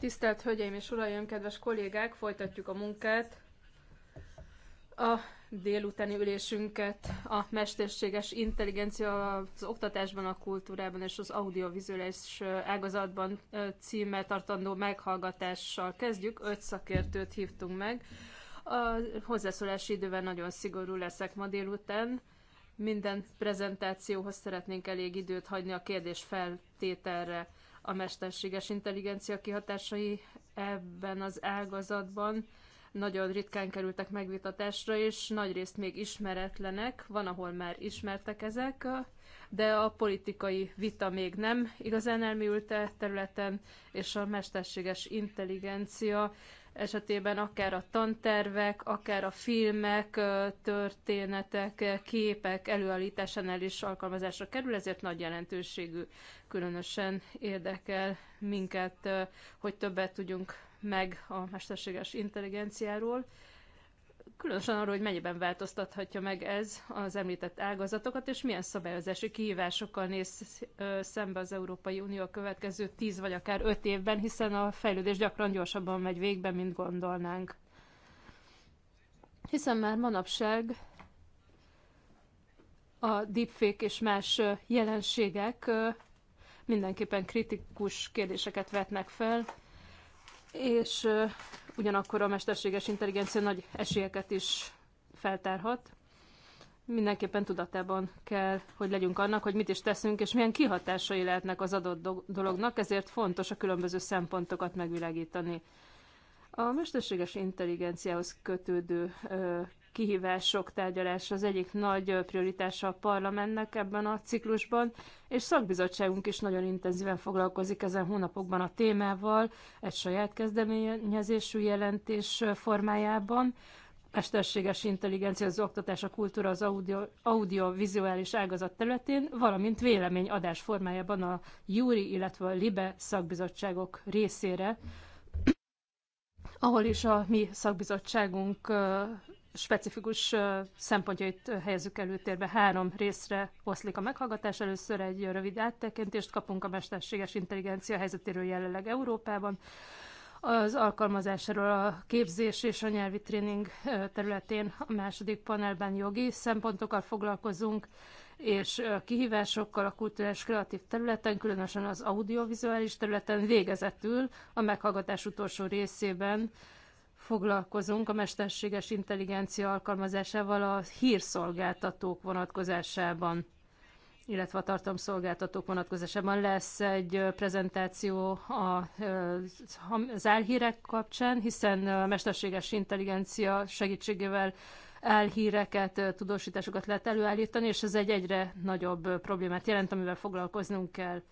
Tisztelt Hölgyeim és Uraim, kedves kollégák, folytatjuk a munkát. A délutáni ülésünket a mesterséges intelligencia az oktatásban, a kultúrában és az audiovizuális ágazatban címmel tartandó meghallgatással kezdjük. Öt szakértőt hívtunk meg. A hozzászólási idővel nagyon szigorú leszek ma délután minden prezentációhoz szeretnénk elég időt hagyni a kérdés feltételre. A mesterséges intelligencia kihatásai ebben az ágazatban nagyon ritkán kerültek megvitatásra, és nagyrészt még ismeretlenek, van, ahol már ismertek ezek, de a politikai vita még nem igazán elmélyült e területen, és a mesterséges intelligencia esetében akár a tantervek, akár a filmek, történetek, képek előállításánál is alkalmazásra kerül, ezért nagy jelentőségű, különösen érdekel minket, hogy többet tudjunk meg a mesterséges intelligenciáról, különösen arról, hogy mennyiben változtathatja meg ez az említett ágazatokat, és milyen szabályozási kihívásokkal néz szembe az Európai Unió a következő tíz vagy akár öt évben, hiszen a fejlődés gyakran gyorsabban megy végbe, mint gondolnánk. Hiszen már manapság a deepfake és más jelenségek mindenképpen kritikus kérdéseket vetnek fel, és ugyanakkor a mesterséges intelligencia nagy esélyeket is feltárhat. Mindenképpen tudatában kell, hogy legyünk annak, hogy mit is teszünk, és milyen kihatásai lehetnek az adott dolognak, ezért fontos a különböző szempontokat megvilágítani. A mesterséges intelligenciához kötődő kihívások tárgyalása az egyik nagy prioritása a parlamentnek ebben a ciklusban, és szakbizottságunk is nagyon intenzíven foglalkozik ezen hónapokban a témával, egy saját kezdeményezésű jelentés formájában. Mesterséges intelligencia, az oktatás, a kultúra, az audio, vizuális ágazat területén, valamint véleményadás formájában a Júri, illetve a Libe szakbizottságok részére, ahol is a mi szakbizottságunk specifikus szempontjait helyezzük előtérbe. Három részre oszlik a meghallgatás. Először egy rövid áttekintést kapunk a mesterséges intelligencia helyzetéről jelenleg Európában, az alkalmazásról a képzés és a nyelvi tréning területén a második panelben jogi szempontokkal foglalkozunk, és kihívásokkal a kulturális kreatív területen, különösen az audiovizuális területen végezetül a meghallgatás utolsó részében foglalkozunk a mesterséges intelligencia alkalmazásával a hírszolgáltatók vonatkozásában illetve a tartalomszolgáltatók vonatkozásában lesz egy prezentáció a, az álhírek kapcsán, hiszen a mesterséges intelligencia segítségével álhíreket, tudósításokat lehet előállítani, és ez egy egyre nagyobb problémát jelent, amivel foglalkoznunk kell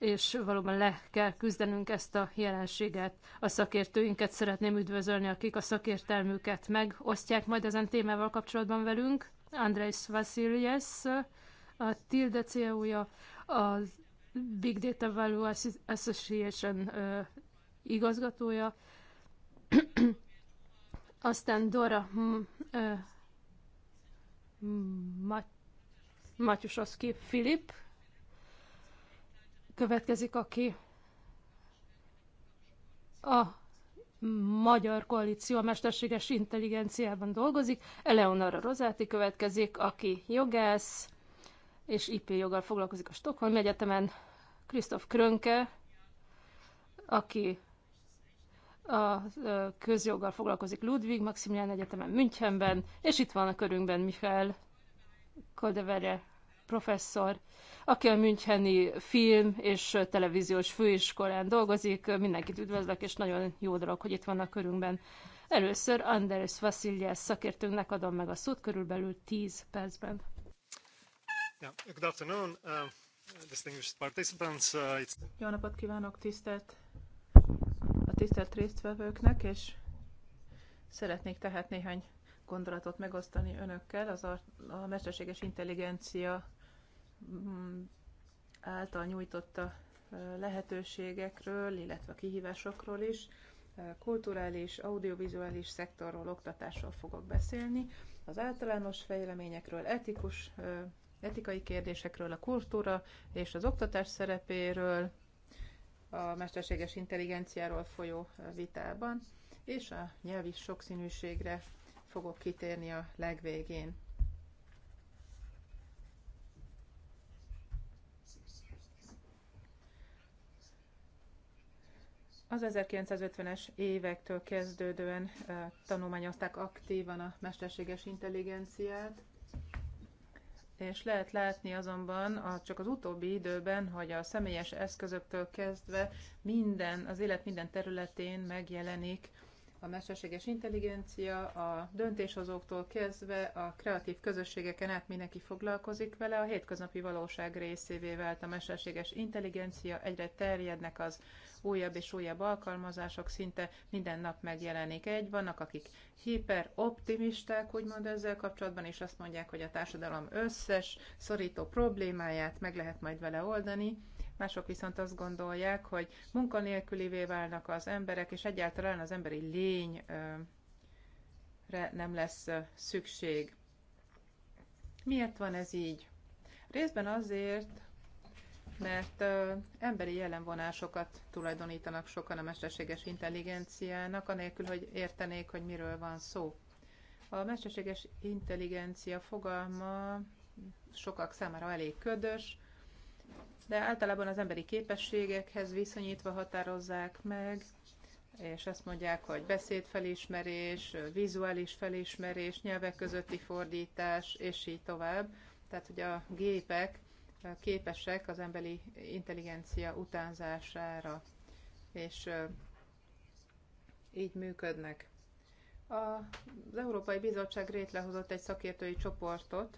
és valóban le kell küzdenünk ezt a jelenséget. A szakértőinket szeretném üdvözölni, akik a szakértelmüket megosztják majd ezen témával kapcsolatban velünk. Andrés Vasilyes, a Tilde CEO-ja, a Big Data Value Association igazgatója, aztán Dora Matyusoszki Filip, következik, aki a magyar koalíció a mesterséges intelligenciában dolgozik. Eleonora Rozáti következik, aki jogász és IP joggal foglalkozik a Stockholm Egyetemen. Krisztof Krönke, aki a közjoggal foglalkozik Ludwig Maximilian Egyetemen Münchenben, és itt van a körünkben Michael Kodevere professzor, aki a Müncheni film és televíziós főiskolán dolgozik. Mindenkit üdvözlök, és nagyon jó dolog, hogy itt vannak körünkben. Először Anders Vasiljes szakértőnknek adom meg a szót körülbelül 10 percben. Yeah, good afternoon, uh, distinguished participants. Uh, it's... Jó napot kívánok, tisztelt a tisztelt résztvevőknek, és szeretnék tehát néhány gondolatot megosztani önökkel az a, a mesterséges intelligencia által nyújtotta lehetőségekről, illetve a kihívásokról is, kulturális, audiovizuális szektorról, oktatásról fogok beszélni, az általános fejleményekről, etikus, etikai kérdésekről, a kultúra és az oktatás szerepéről, a mesterséges intelligenciáról folyó vitában, és a nyelvi sokszínűségre fogok kitérni a legvégén. Az 1950-es évektől kezdődően tanulmányozták aktívan a mesterséges intelligenciát, és lehet látni azonban a, csak az utóbbi időben, hogy a személyes eszközöktől kezdve minden, az élet minden területén megjelenik a mesterséges intelligencia, a döntéshozóktól kezdve a kreatív közösségeken át mindenki foglalkozik vele, a hétköznapi valóság részévé vált a mesterséges intelligencia, egyre terjednek az újabb és újabb alkalmazások, szinte minden nap megjelenik egy, vannak akik hiperoptimisták, úgymond ezzel kapcsolatban, és azt mondják, hogy a társadalom összes szorító problémáját meg lehet majd vele oldani, mások viszont azt gondolják, hogy munkanélkülivé válnak az emberek, és egyáltalán az emberi lényre nem lesz szükség. Miért van ez így? Részben azért, mert emberi jelenvonásokat tulajdonítanak sokan a mesterséges intelligenciának, anélkül, hogy értenék, hogy miről van szó. A mesterséges intelligencia fogalma sokak számára elég ködös, de általában az emberi képességekhez viszonyítva határozzák meg, és azt mondják, hogy beszédfelismerés, vizuális felismerés, nyelvek közötti fordítás, és így tovább. Tehát, hogy a gépek képesek az emberi intelligencia utánzására, és így működnek. Az Európai Bizottság rétlehozott egy szakértői csoportot,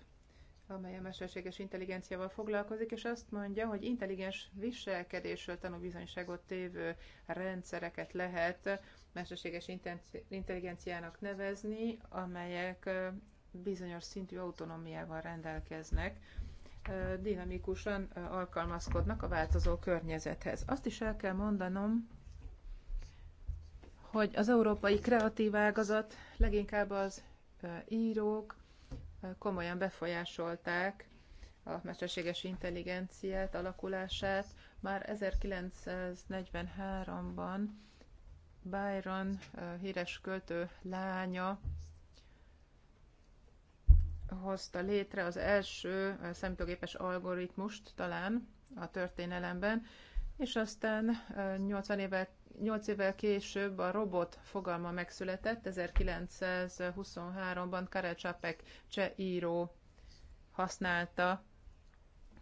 amely a mesterséges intelligenciával foglalkozik, és azt mondja, hogy intelligens viselkedésről bizonyságot tévő rendszereket lehet mesterséges intelligenciának nevezni, amelyek bizonyos szintű autonómiával rendelkeznek, dinamikusan alkalmazkodnak a változó környezethez. Azt is el kell mondanom, hogy az európai kreatív ágazat leginkább az írók, komolyan befolyásolták a mesterséges intelligenciát, alakulását. Már 1943-ban Byron híres költő lánya hozta létre az első számítógépes algoritmust talán a történelemben, és aztán 80 évvel 8 évvel később a robot fogalma megszületett, 1923-ban Karel Csapek cseh író használta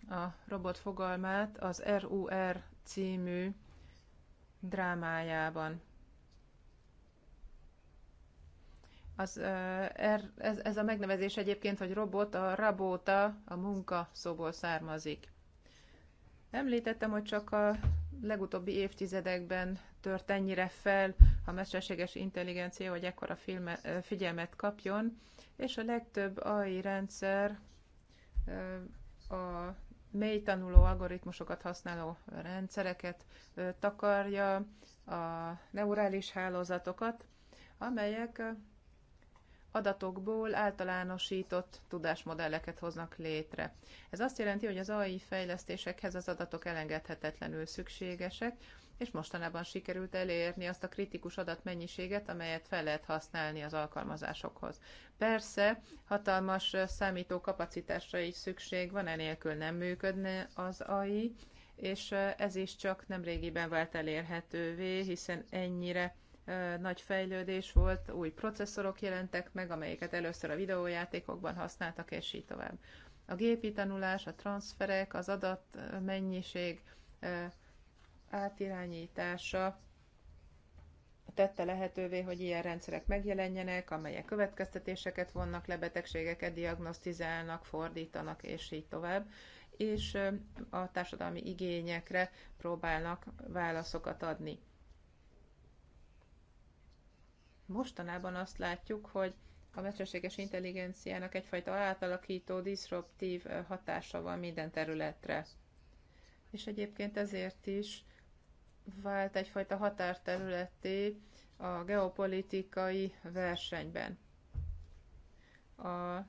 a robot fogalmát az RUR című drámájában. Az, er, ez, ez a megnevezés egyébként, hogy robot, a rabóta, a munka szóból származik. Említettem, hogy csak a legutóbbi évtizedekben tört ennyire fel a mesterséges intelligencia, hogy ekkora filme, figyelmet kapjon, és a legtöbb AI rendszer a mély tanuló algoritmusokat használó rendszereket takarja, a neurális hálózatokat, amelyek adatokból általánosított tudásmodelleket hoznak létre. Ez azt jelenti, hogy az AI fejlesztésekhez az adatok elengedhetetlenül szükségesek, és mostanában sikerült elérni azt a kritikus adatmennyiséget, amelyet fel lehet használni az alkalmazásokhoz. Persze, hatalmas számítókapacitásra is szükség van, enélkül nem működne az AI, és ez is csak nem régiben vált elérhetővé, hiszen ennyire nagy fejlődés volt, új processzorok jelentek meg, amelyeket először a videójátékokban használtak, és így tovább. A gépi tanulás, a transferek, az adatmennyiség átirányítása tette lehetővé, hogy ilyen rendszerek megjelenjenek, amelyek következtetéseket vonnak le, betegségeket diagnosztizálnak, fordítanak, és így tovább és a társadalmi igényekre próbálnak válaszokat adni mostanában azt látjuk, hogy a mesterséges intelligenciának egyfajta átalakító, diszruptív hatása van minden területre. És egyébként ezért is vált egyfajta határterületé a geopolitikai versenyben. A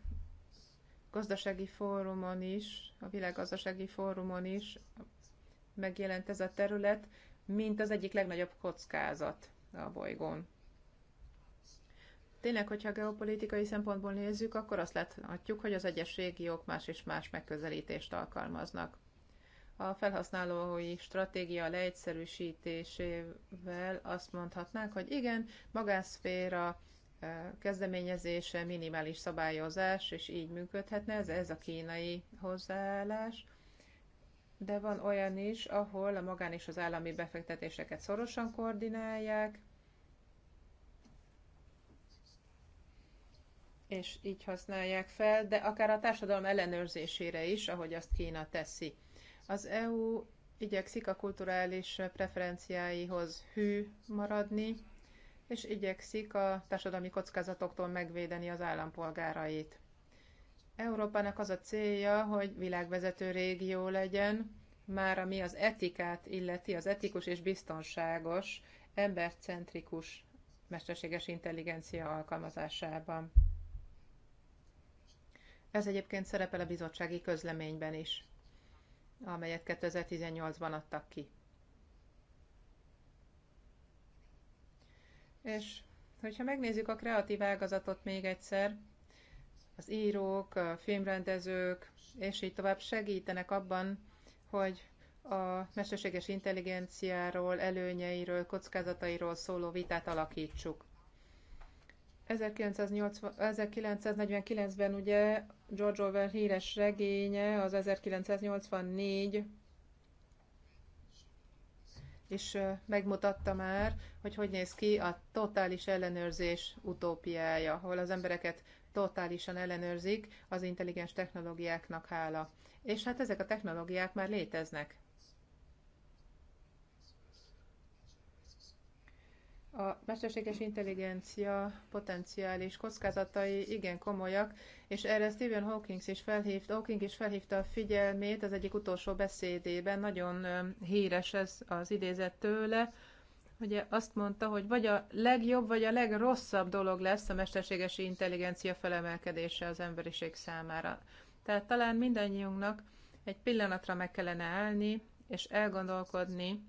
gazdasági fórumon is, a világgazdasági fórumon is megjelent ez a terület, mint az egyik legnagyobb kockázat a bolygón. Tényleg, hogyha geopolitikai szempontból nézzük, akkor azt láthatjuk, hogy az egyes régiók más és más megközelítést alkalmaznak. A felhasználói stratégia leegyszerűsítésével azt mondhatnánk, hogy igen, magánszféra eh, kezdeményezése, minimális szabályozás, és így működhetne, ez, ez a kínai hozzáállás. De van olyan is, ahol a magán és az állami befektetéseket szorosan koordinálják, és így használják fel, de akár a társadalom ellenőrzésére is, ahogy azt Kína teszi. Az EU igyekszik a kulturális preferenciáihoz hű maradni, és igyekszik a társadalmi kockázatoktól megvédeni az állampolgárait. Európának az a célja, hogy világvezető régió legyen, már ami az etikát illeti, az etikus és biztonságos, embercentrikus mesterséges intelligencia alkalmazásában. Ez egyébként szerepel a bizottsági közleményben is, amelyet 2018-ban adtak ki. És hogyha megnézzük a kreatív ágazatot még egyszer, az írók, a filmrendezők, és így tovább segítenek abban, hogy a mesterséges intelligenciáról, előnyeiről, kockázatairól szóló vitát alakítsuk. 1949-ben ugye George Orwell híres regénye, az 1984, és megmutatta már, hogy hogy néz ki a totális ellenőrzés utópiája, ahol az embereket totálisan ellenőrzik az intelligens technológiáknak hála. És hát ezek a technológiák már léteznek. A mesterséges intelligencia potenciális kockázatai igen komolyak, és erre Stephen Hawking is, felhívta, Hawking is felhívta a figyelmét az egyik utolsó beszédében, nagyon híres ez az idézet tőle, ugye azt mondta, hogy vagy a legjobb, vagy a legrosszabb dolog lesz a mesterséges intelligencia felemelkedése az emberiség számára. Tehát talán mindannyiunknak egy pillanatra meg kellene állni, és elgondolkodni,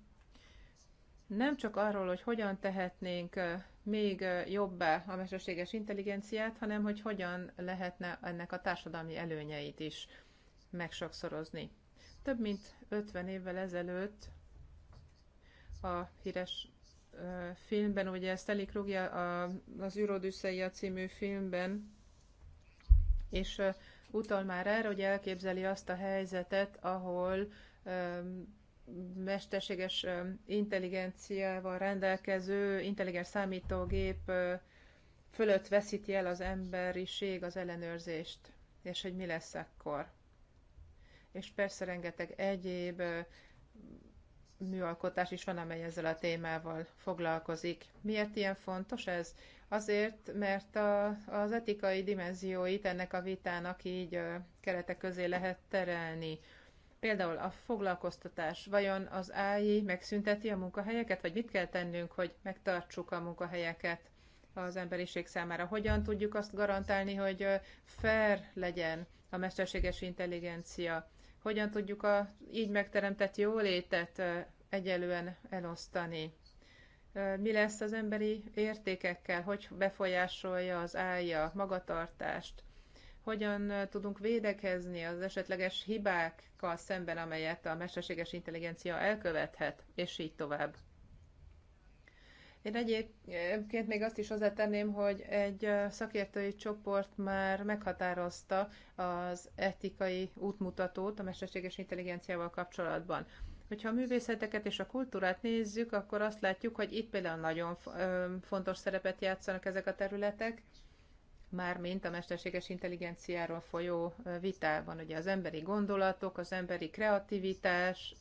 nem csak arról, hogy hogyan tehetnénk még jobbá a mesterséges intelligenciát, hanem hogy hogyan lehetne ennek a társadalmi előnyeit is megsokszorozni. Több mint 50 évvel ezelőtt a híres filmben, ugye Stanley Krugja az űrodüsszeia című filmben, és utal már erre, hogy elképzeli azt a helyzetet, ahol mesterséges intelligenciával rendelkező intelligens számítógép fölött veszíti el az emberiség az ellenőrzést, és hogy mi lesz akkor. És persze rengeteg egyéb műalkotás is van, amely ezzel a témával foglalkozik. Miért ilyen fontos ez? Azért, mert a, az etikai dimenzióit ennek a vitának így keretek közé lehet terelni Például a foglalkoztatás vajon az AI megszünteti a munkahelyeket, vagy mit kell tennünk, hogy megtartsuk a munkahelyeket az emberiség számára? Hogyan tudjuk azt garantálni, hogy fair legyen a mesterséges intelligencia? Hogyan tudjuk a így megteremtett jólétet egyelően elosztani? mi lesz az emberi értékekkel, hogy befolyásolja az állja magatartást, hogyan tudunk védekezni az esetleges hibákkal szemben, amelyet a mesterséges intelligencia elkövethet, és így tovább. Én egyébként még azt is hozzátenném, hogy egy szakértői csoport már meghatározta az etikai útmutatót a mesterséges intelligenciával kapcsolatban. Hogyha a művészeteket és a kultúrát nézzük, akkor azt látjuk, hogy itt például nagyon fontos szerepet játszanak ezek a területek, mármint a mesterséges intelligenciáról folyó vitában. Ugye az emberi gondolatok, az emberi kreativitás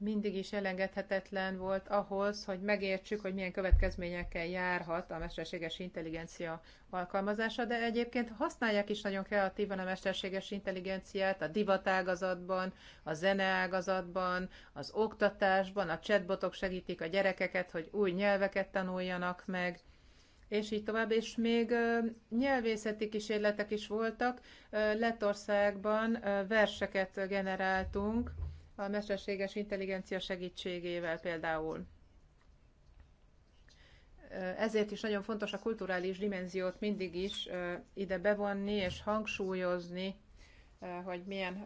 mindig is elengedhetetlen volt ahhoz, hogy megértsük, hogy milyen következményekkel járhat a mesterséges intelligencia alkalmazása, de egyébként használják is nagyon kreatívan a mesterséges intelligenciát a divatágazatban, a zeneágazatban, az oktatásban, a chatbotok segítik a gyerekeket, hogy új nyelveket tanuljanak meg, és így tovább, és még nyelvészeti kísérletek is voltak. Lettországban verseket generáltunk a mesterséges intelligencia segítségével például. Ezért is nagyon fontos a kulturális dimenziót mindig is ide bevonni és hangsúlyozni, hogy milyen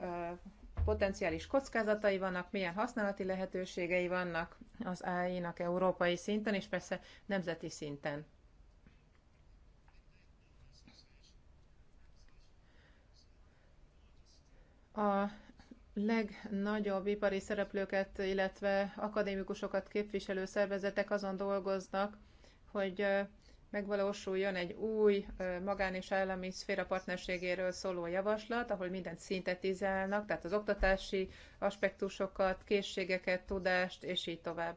potenciális kockázatai vannak, milyen használati lehetőségei vannak az AI-nak európai szinten, és persze nemzeti szinten. a legnagyobb ipari szereplőket, illetve akadémikusokat képviselő szervezetek azon dolgoznak, hogy megvalósuljon egy új magán és állami szféra partnerségéről szóló javaslat, ahol mindent szintetizálnak, tehát az oktatási aspektusokat, készségeket, tudást, és így tovább.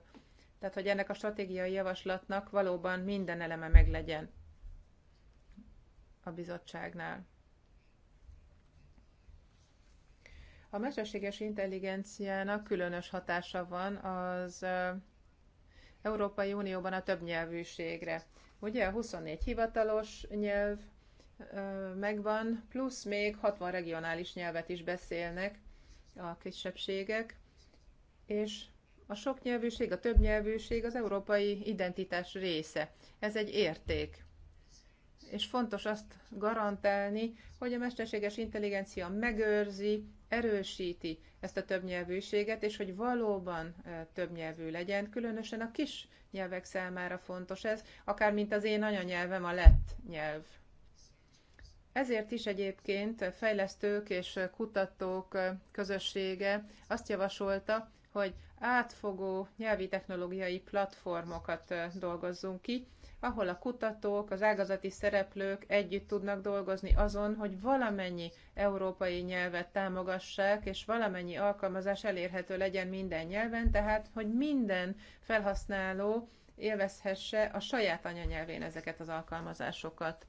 Tehát, hogy ennek a stratégiai javaslatnak valóban minden eleme meglegyen a bizottságnál. A mesterséges intelligenciának különös hatása van az Európai Unióban a többnyelvűségre. Ugye a 24 hivatalos nyelv megvan, plusz még 60 regionális nyelvet is beszélnek a kisebbségek, és a soknyelvűség, a többnyelvűség az európai identitás része. Ez egy érték. És fontos azt garantálni, hogy a mesterséges intelligencia megőrzi erősíti ezt a többnyelvűséget, és hogy valóban többnyelvű legyen, különösen a kis nyelvek számára fontos ez, akár mint az én anyanyelvem a lett nyelv. Ezért is egyébként fejlesztők és kutatók közössége azt javasolta, hogy átfogó nyelvi technológiai platformokat dolgozzunk ki, ahol a kutatók, az ágazati szereplők együtt tudnak dolgozni azon, hogy valamennyi európai nyelvet támogassák, és valamennyi alkalmazás elérhető legyen minden nyelven, tehát hogy minden felhasználó élvezhesse a saját anyanyelvén ezeket az alkalmazásokat.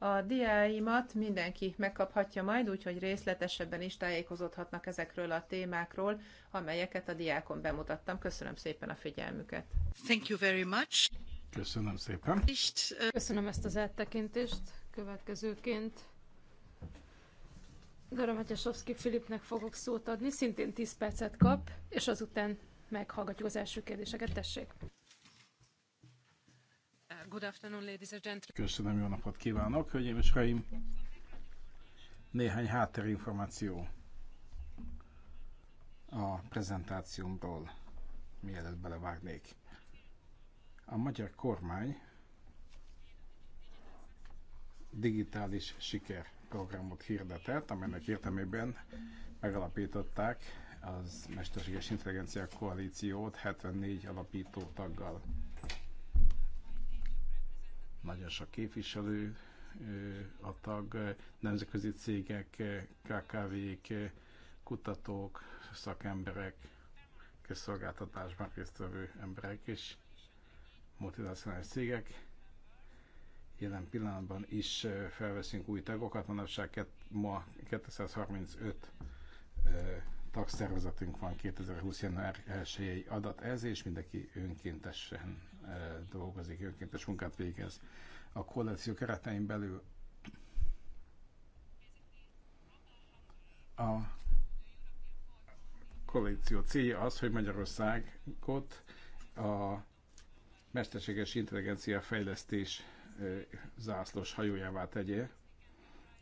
A diáimat mindenki megkaphatja majd, úgyhogy részletesebben is tájékozódhatnak ezekről a témákról, amelyeket a diákon bemutattam. Köszönöm szépen a figyelmüket. Thank you very much. Köszönöm szépen. Köszönöm ezt az áttekintést. Következőként Daramatyasovszki Filipnek fogok szót adni, szintén 10 percet kap, és azután meghallgatjuk az első kérdéseket. Tessék! Good afternoon, ladies and gentlemen. Köszönöm, jó napot kívánok, hölgyeim és uraim. Néhány háttérinformáció a prezentációmról, mielőtt belevágnék. A magyar kormány digitális sikerprogramot hirdetett, amelynek értelmében megalapították az Mesterséges Intelligencia Koalíciót 74 alapító taggal nagyon sok képviselő a tag, nemzetközi cégek, KKV-k, kutatók, szakemberek, közszolgáltatásban résztvevő emberek és multinacionális cégek. Jelen pillanatban is felveszünk új tagokat, manapság ma 235 tagszervezetünk van 2020. január 1 adat ez, és mindenki önkéntesen dolgozik, önkéntes munkát végez. A koalíció keretein belül a koalíció célja az, hogy Magyarországot a mesterséges intelligencia fejlesztés zászlós hajójává tegye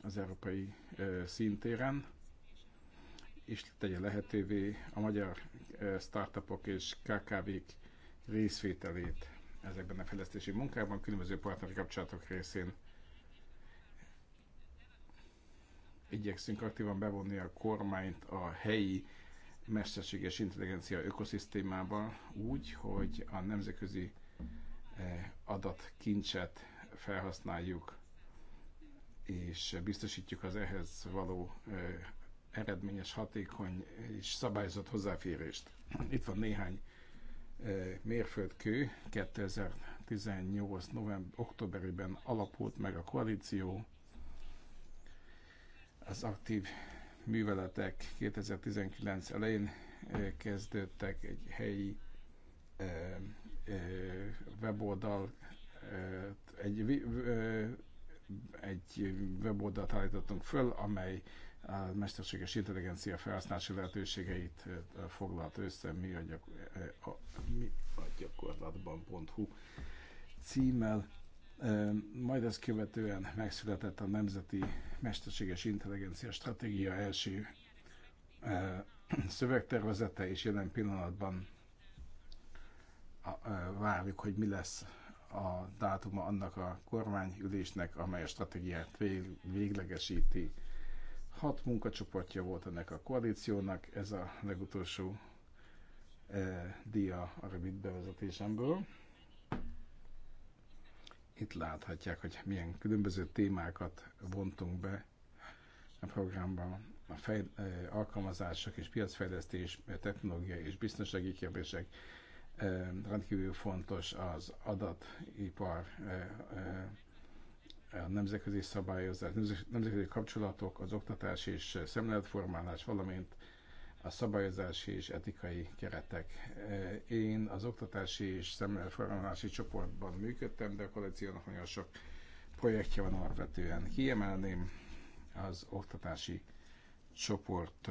az európai szintéren, és tegye lehetővé a magyar startupok és KKV-k részvételét ezekben a fejlesztési munkában, különböző partneri kapcsolatok részén igyekszünk aktívan bevonni a kormányt a helyi mesterséges intelligencia ökoszisztémába úgy, hogy a nemzetközi eh, adatkincset felhasználjuk és biztosítjuk az ehhez való eh, eredményes, hatékony és szabályozott hozzáférést. Itt van néhány mérföldkő 2018. november, októberében alapult meg a koalíció, az aktív műveletek 2019 elején kezdődtek egy helyi weboldal, egy, egy weboldalt állítottunk föl, amely a mesterséges intelligencia felhasználási lehetőségeit foglalt össze mi a, gyak, a, mi a gyakorlatban.hu címmel. Majd ezt követően megszületett a Nemzeti Mesterséges Intelligencia Stratégia első szövegtervezete, és jelen pillanatban várjuk, hogy mi lesz a dátuma annak a kormányülésnek, amely a stratégiát véglegesíti Hat munkacsoportja volt ennek a koalíciónak, ez a legutolsó e, dia a rövid bevezetésemből. Itt láthatják, hogy milyen különböző témákat vontunk be a programban. A fej, e, alkalmazások és piacfejlesztés, technológia és biztonsági kérdések, eh, rendkívül fontos az adatipar a nemzetközi szabályozás, nemzetközi kapcsolatok, az oktatás és szemléletformálás, valamint a szabályozási és etikai keretek. Én az oktatási és szemléletformálási csoportban működtem, de a kollekciónak nagyon sok projektje van alapvetően. Kiemelném az oktatási csoport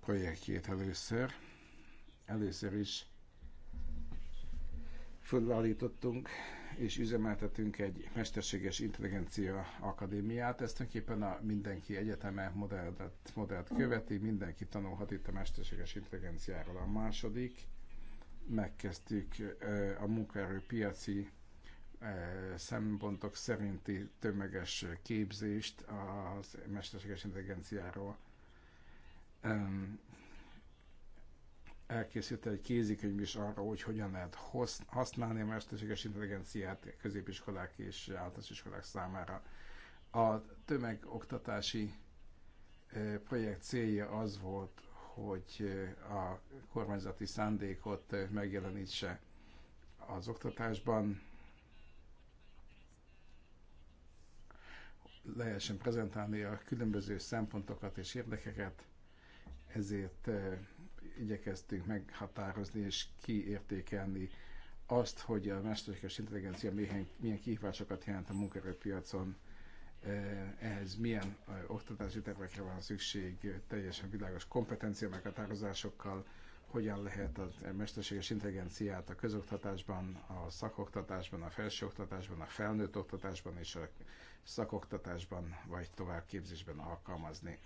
projektjét először. Először is fölállítottunk és üzemeltetünk egy mesterséges intelligencia akadémiát. Ez tulajdonképpen a mindenki egyeteme modellt, modellt követi, mindenki tanulhat itt a mesterséges intelligenciáról. A második, megkezdtük a munkaerőpiaci szempontok szerinti tömeges képzést a mesterséges intelligenciáról elkészít egy kézikönyv is arra, hogy hogyan lehet használni a mesterséges intelligenciát középiskolák és általános iskolák számára. A tömegoktatási projekt célja az volt, hogy a kormányzati szándékot megjelenítse az oktatásban, lehessen prezentálni a különböző szempontokat és érdekeket, ezért igyekeztünk meghatározni és kiértékelni azt, hogy a mesterséges intelligencia milyen, milyen kihívásokat jelent a munkaerőpiacon, eh, ehhez milyen eh, oktatási tervekre van szükség, teljesen világos kompetencia meghatározásokkal, hogyan lehet a eh, mesterséges intelligenciát a közoktatásban, a szakoktatásban, a felsőoktatásban, a felnőtt oktatásban és a szakoktatásban vagy továbbképzésben alkalmazni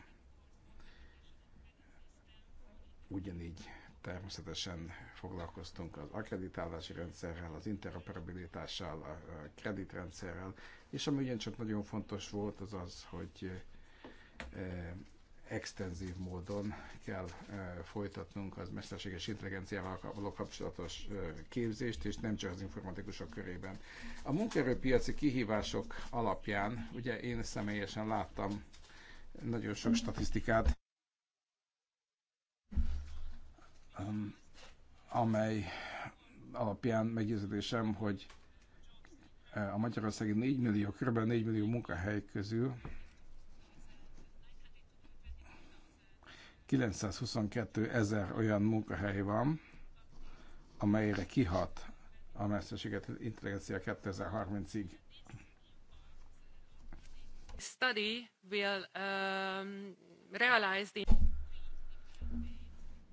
ugyanígy természetesen foglalkoztunk az akkreditálási rendszerrel, az interoperabilitással, a kreditrendszerrel, és ami ugyancsak nagyon fontos volt, az az, hogy e, extenzív módon kell e, folytatnunk az mesterséges intelligenciával való kapcsolatos e, képzést, és nem csak az informatikusok körében. A munkaerőpiaci kihívások alapján, ugye én személyesen láttam nagyon sok statisztikát, amely alapján meggyőződésem, hogy a Magyarországi 4 millió, kb. 4 millió munkahely közül 922 ezer olyan munkahely van, amelyre kihat a mesterséget intelligencia 2030-ig. Study will um, realize the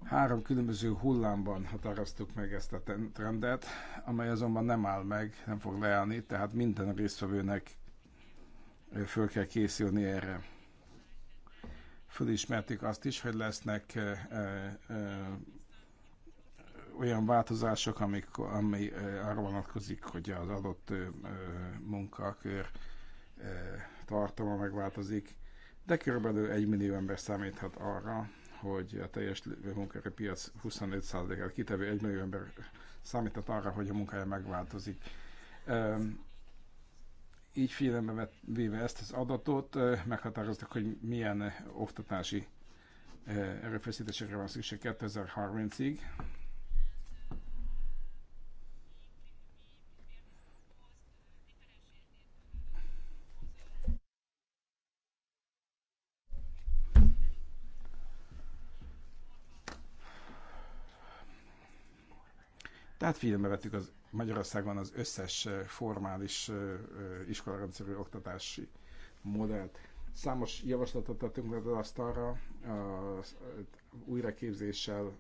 Három különböző hullámban határoztuk meg ezt a trendet, amely azonban nem áll meg, nem fog leállni, tehát minden résztvevőnek föl kell készülni erre. Fölismerték azt is, hogy lesznek olyan változások, amik, ami arra vonatkozik, hogy az adott munkakör tartalma megváltozik, de körülbelül egy millió ember számíthat arra, hogy a teljes piac 25%-át kitevő millió ember számított arra, hogy a munkája megváltozik. Így figyelembe véve ezt az adatot, meghatároztak, hogy milyen oktatási erőfeszítésekre van szükség 2030-ig, Tehát figyelembe vettük az Magyarországon az összes formális iskolarendszerű oktatási modellt. Számos javaslatot tettünk le az asztalra, az újraképzéssel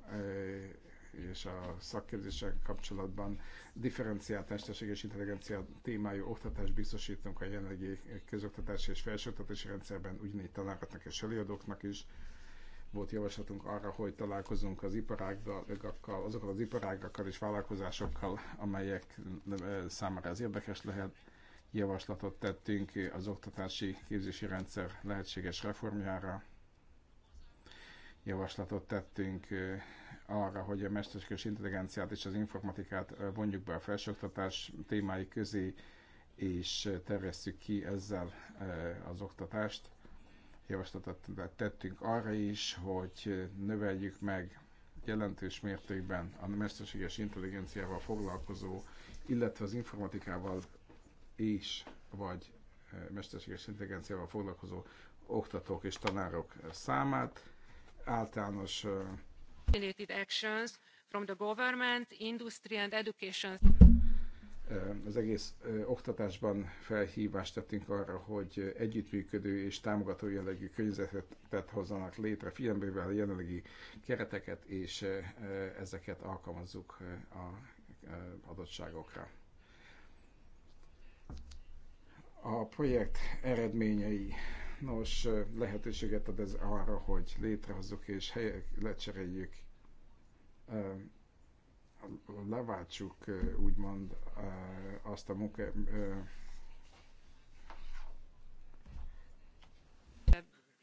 és a szakképzéssel kapcsolatban differenciált és intelligencia témájú oktatást biztosítunk a jelenlegi közoktatási és felsőoktatási rendszerben, ugyanígy tanároknak és előadóknak is volt javaslatunk arra, hogy találkozunk az iparágakkal, azokkal az iparágakkal és vállalkozásokkal, amelyek számára ez érdekes lehet. Javaslatot tettünk az oktatási képzési rendszer lehetséges reformjára. Javaslatot tettünk arra, hogy a mesterséges intelligenciát és az informatikát vonjuk be a felsőoktatás témái közé, és terjesszük ki ezzel az oktatást javaslatot tettünk arra is, hogy növeljük meg jelentős mértékben a mesterséges intelligenciával foglalkozó, illetve az informatikával és vagy eh, mesterséges intelligenciával foglalkozó oktatók és tanárok számát. Általános eh, actions from the government, industry and education az egész oktatásban felhívást tettünk arra, hogy együttműködő és támogató jellegű környezetet hozzanak létre, figyelembe a jelenlegi kereteket, és ezeket alkalmazzuk a adottságokra. A projekt eredményei nos lehetőséget ad ez arra, hogy létrehozzuk és helyek lecseréljük leváltsuk úgymond azt a munka...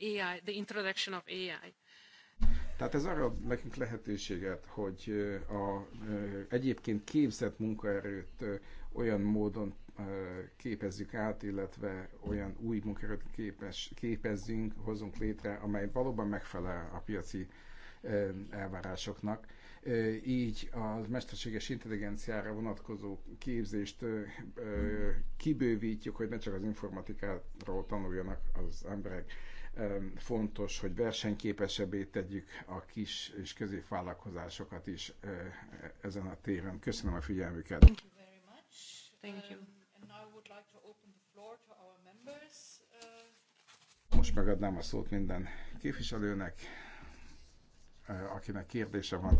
AI, the introduction of AI. Tehát ez arra nekünk lehetőséget, hogy a egyébként képzett munkaerőt olyan módon képezzük át, illetve olyan új munkaerőt képes, képezzünk, hozunk létre, amely valóban megfelel a piaci elvárásoknak így az mesterséges intelligenciára vonatkozó képzést kibővítjük, hogy ne csak az informatikáról tanuljanak az emberek. Fontos, hogy versenyképesebbé tegyük a kis és középvállalkozásokat is ezen a téren. Köszönöm a figyelmüket. Um, uh, Most megadnám a szót minden képviselőnek. Eh, akinek kérdése van.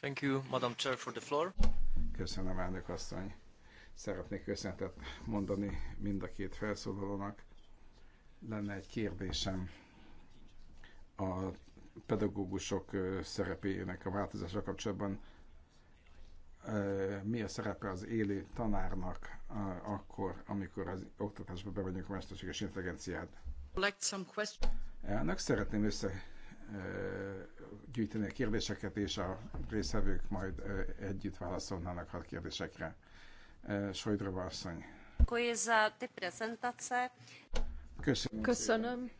Thank you, Madam Chair, for the floor. Köszönöm, elnök asszony. Szeretnék köszönetet mondani mind a két felszólalónak. Lenne egy kérdésem a pedagógusok eh, szerepének a változása kapcsolatban eh, mi a szerepe az élő tanárnak akkor, amikor az oktatásba bevonjuk a mesterséges intelligenciát? elnök. Szeretném összegyűjteni a kérdéseket, és a részvevők majd együtt válaszolnának a kérdésekre. Sojdrova asszony. Köszönöm. Köszönöm.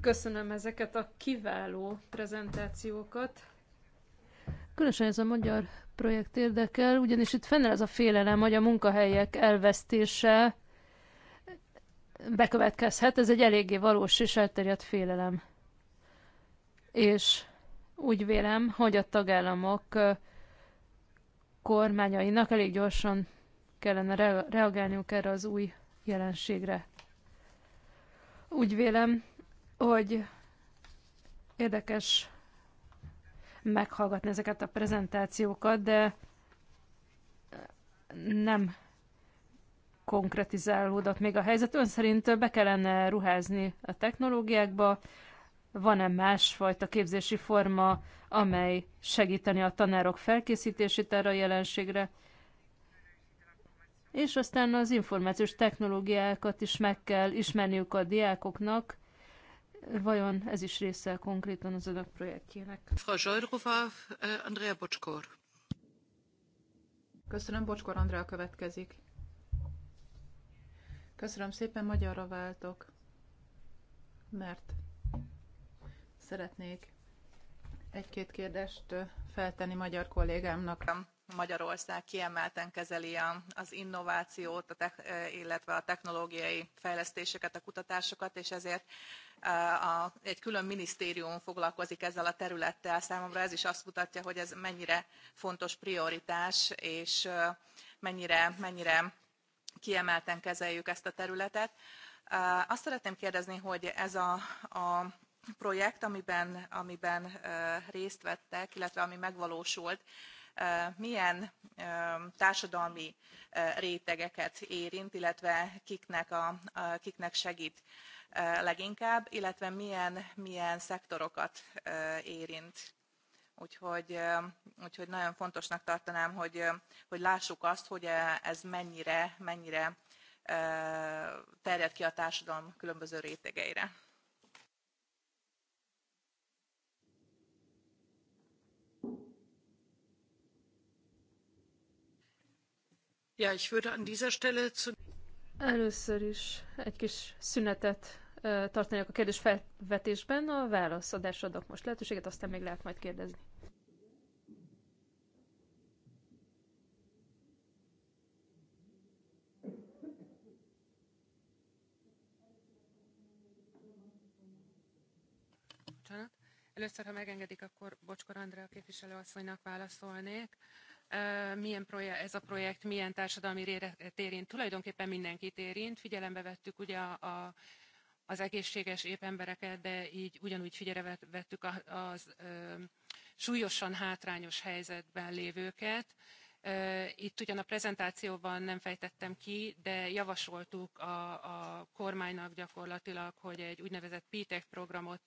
Köszönöm ezeket a kiváló prezentációkat. Különösen ez a magyar projekt érdekel, ugyanis itt fennáll az a félelem, hogy a munkahelyek elvesztése bekövetkezhet. Ez egy eléggé valós és elterjedt félelem. És úgy vélem, hogy a tagállamok kormányainak elég gyorsan kellene re reagálniuk erre az új jelenségre. Úgy vélem, hogy érdekes meghallgatni ezeket a prezentációkat, de nem konkretizálódott még a helyzet. Ön szerint be kellene ruházni a technológiákba, van-e másfajta képzési forma, amely segíteni a tanárok felkészítését erre a jelenségre? És aztán az információs technológiákat is meg kell ismerniük a diákoknak. Vajon ez is része konkrétan az önök projektjének? Eh, Andrea Bocskor. Köszönöm, Bocskor Andrea következik. Köszönöm szépen, magyarra váltok, mert szeretnék egy-két kérdést feltenni magyar kollégámnak. Magyarország kiemelten kezeli az innovációt, illetve a technológiai fejlesztéseket, a kutatásokat, és ezért a, egy külön minisztérium foglalkozik ezzel a területtel. Számomra ez is azt mutatja, hogy ez mennyire fontos prioritás, és mennyire, mennyire kiemelten kezeljük ezt a területet. Azt szeretném kérdezni, hogy ez a, a projekt, amiben, amiben részt vettek, illetve ami megvalósult, milyen társadalmi rétegeket érint, illetve kiknek, a, kiknek segít leginkább, illetve milyen, milyen szektorokat érint úgyhogy, úgyhogy nagyon fontosnak tartanám, hogy, hogy lássuk azt, hogy e, ez mennyire, mennyire terjed ki a társadalom különböző rétegeire. Ja, ich würde an dieser Stelle zu Először is egy kis szünetet tartani a kérdés felvetésben, a válaszadásra adok most lehetőséget, aztán még lehet majd kérdezni. Először, ha megengedik, akkor Bocskor Andrea képviselőasszonynak válaszolnék. Milyen projekt, ez a projekt milyen társadalmi réret érint? Tulajdonképpen mindenkit érint. Figyelembe vettük ugye a, a az egészséges épp embereket, de így ugyanúgy figyelembe vettük az, az súlyosan hátrányos helyzetben lévőket. Itt ugyan a prezentációban nem fejtettem ki, de javasoltuk a, a kormánynak gyakorlatilag, hogy egy úgynevezett PTEC programot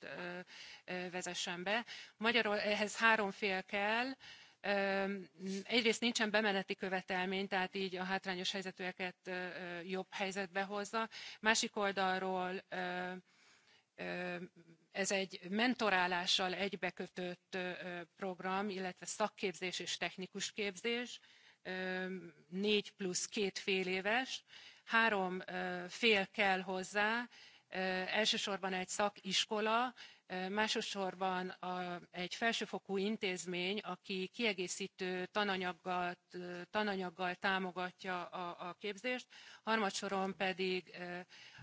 vezessen be. Magyarul ehhez három fél kell, Egyrészt nincsen bemeneti követelmény, tehát így a hátrányos helyzetűeket jobb helyzetbe hozza. Másik oldalról ez egy mentorálással egybekötött program, illetve szakképzés és technikus képzés, négy plusz két fél éves, három fél kell hozzá, elsősorban egy szakiskola, másodszorban egy felsőfokú intézmény, aki kiegészítő tananyaggal, tananyaggal támogatja a, a képzést, harmadsoron pedig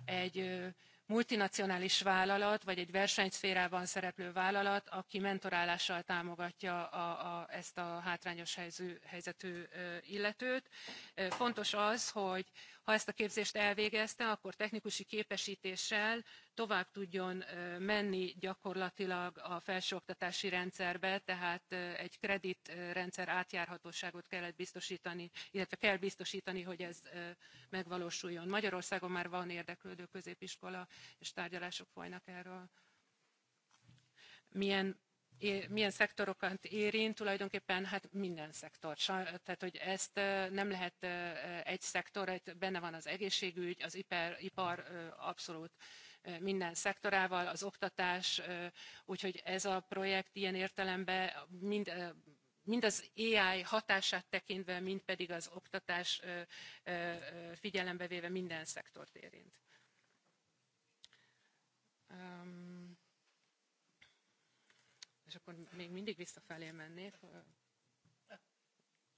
egy multinacionális vállalat, vagy egy versenyszférában szereplő vállalat, aki mentorálással támogatja a, a, ezt a hátrányos helyzetű illetőt. Fontos az, hogy ha ezt a képzést elvégezte, akkor technikusi képesítéssel tovább tudjon menni gyakorlatilag a felsőoktatási rendszerbe, tehát egy kreditrendszer átjárhatóságot kellett biztosítani, illetve kell biztosítani, hogy ez megvalósuljon. Magyarországon már van érdeklődő középiskola, és tárgyalások folynak erről. Milyen milyen szektorokat érint, tulajdonképpen hát minden szektort. Tehát, hogy ezt nem lehet egy szektor, benne van az egészségügy, az ipar, ipar abszolút minden szektorával, az oktatás, úgyhogy ez a projekt ilyen értelemben mind, mind az AI hatását tekintve, mind pedig az oktatás figyelembe véve minden szektort érint. És akkor még mindig visszafelé mennék.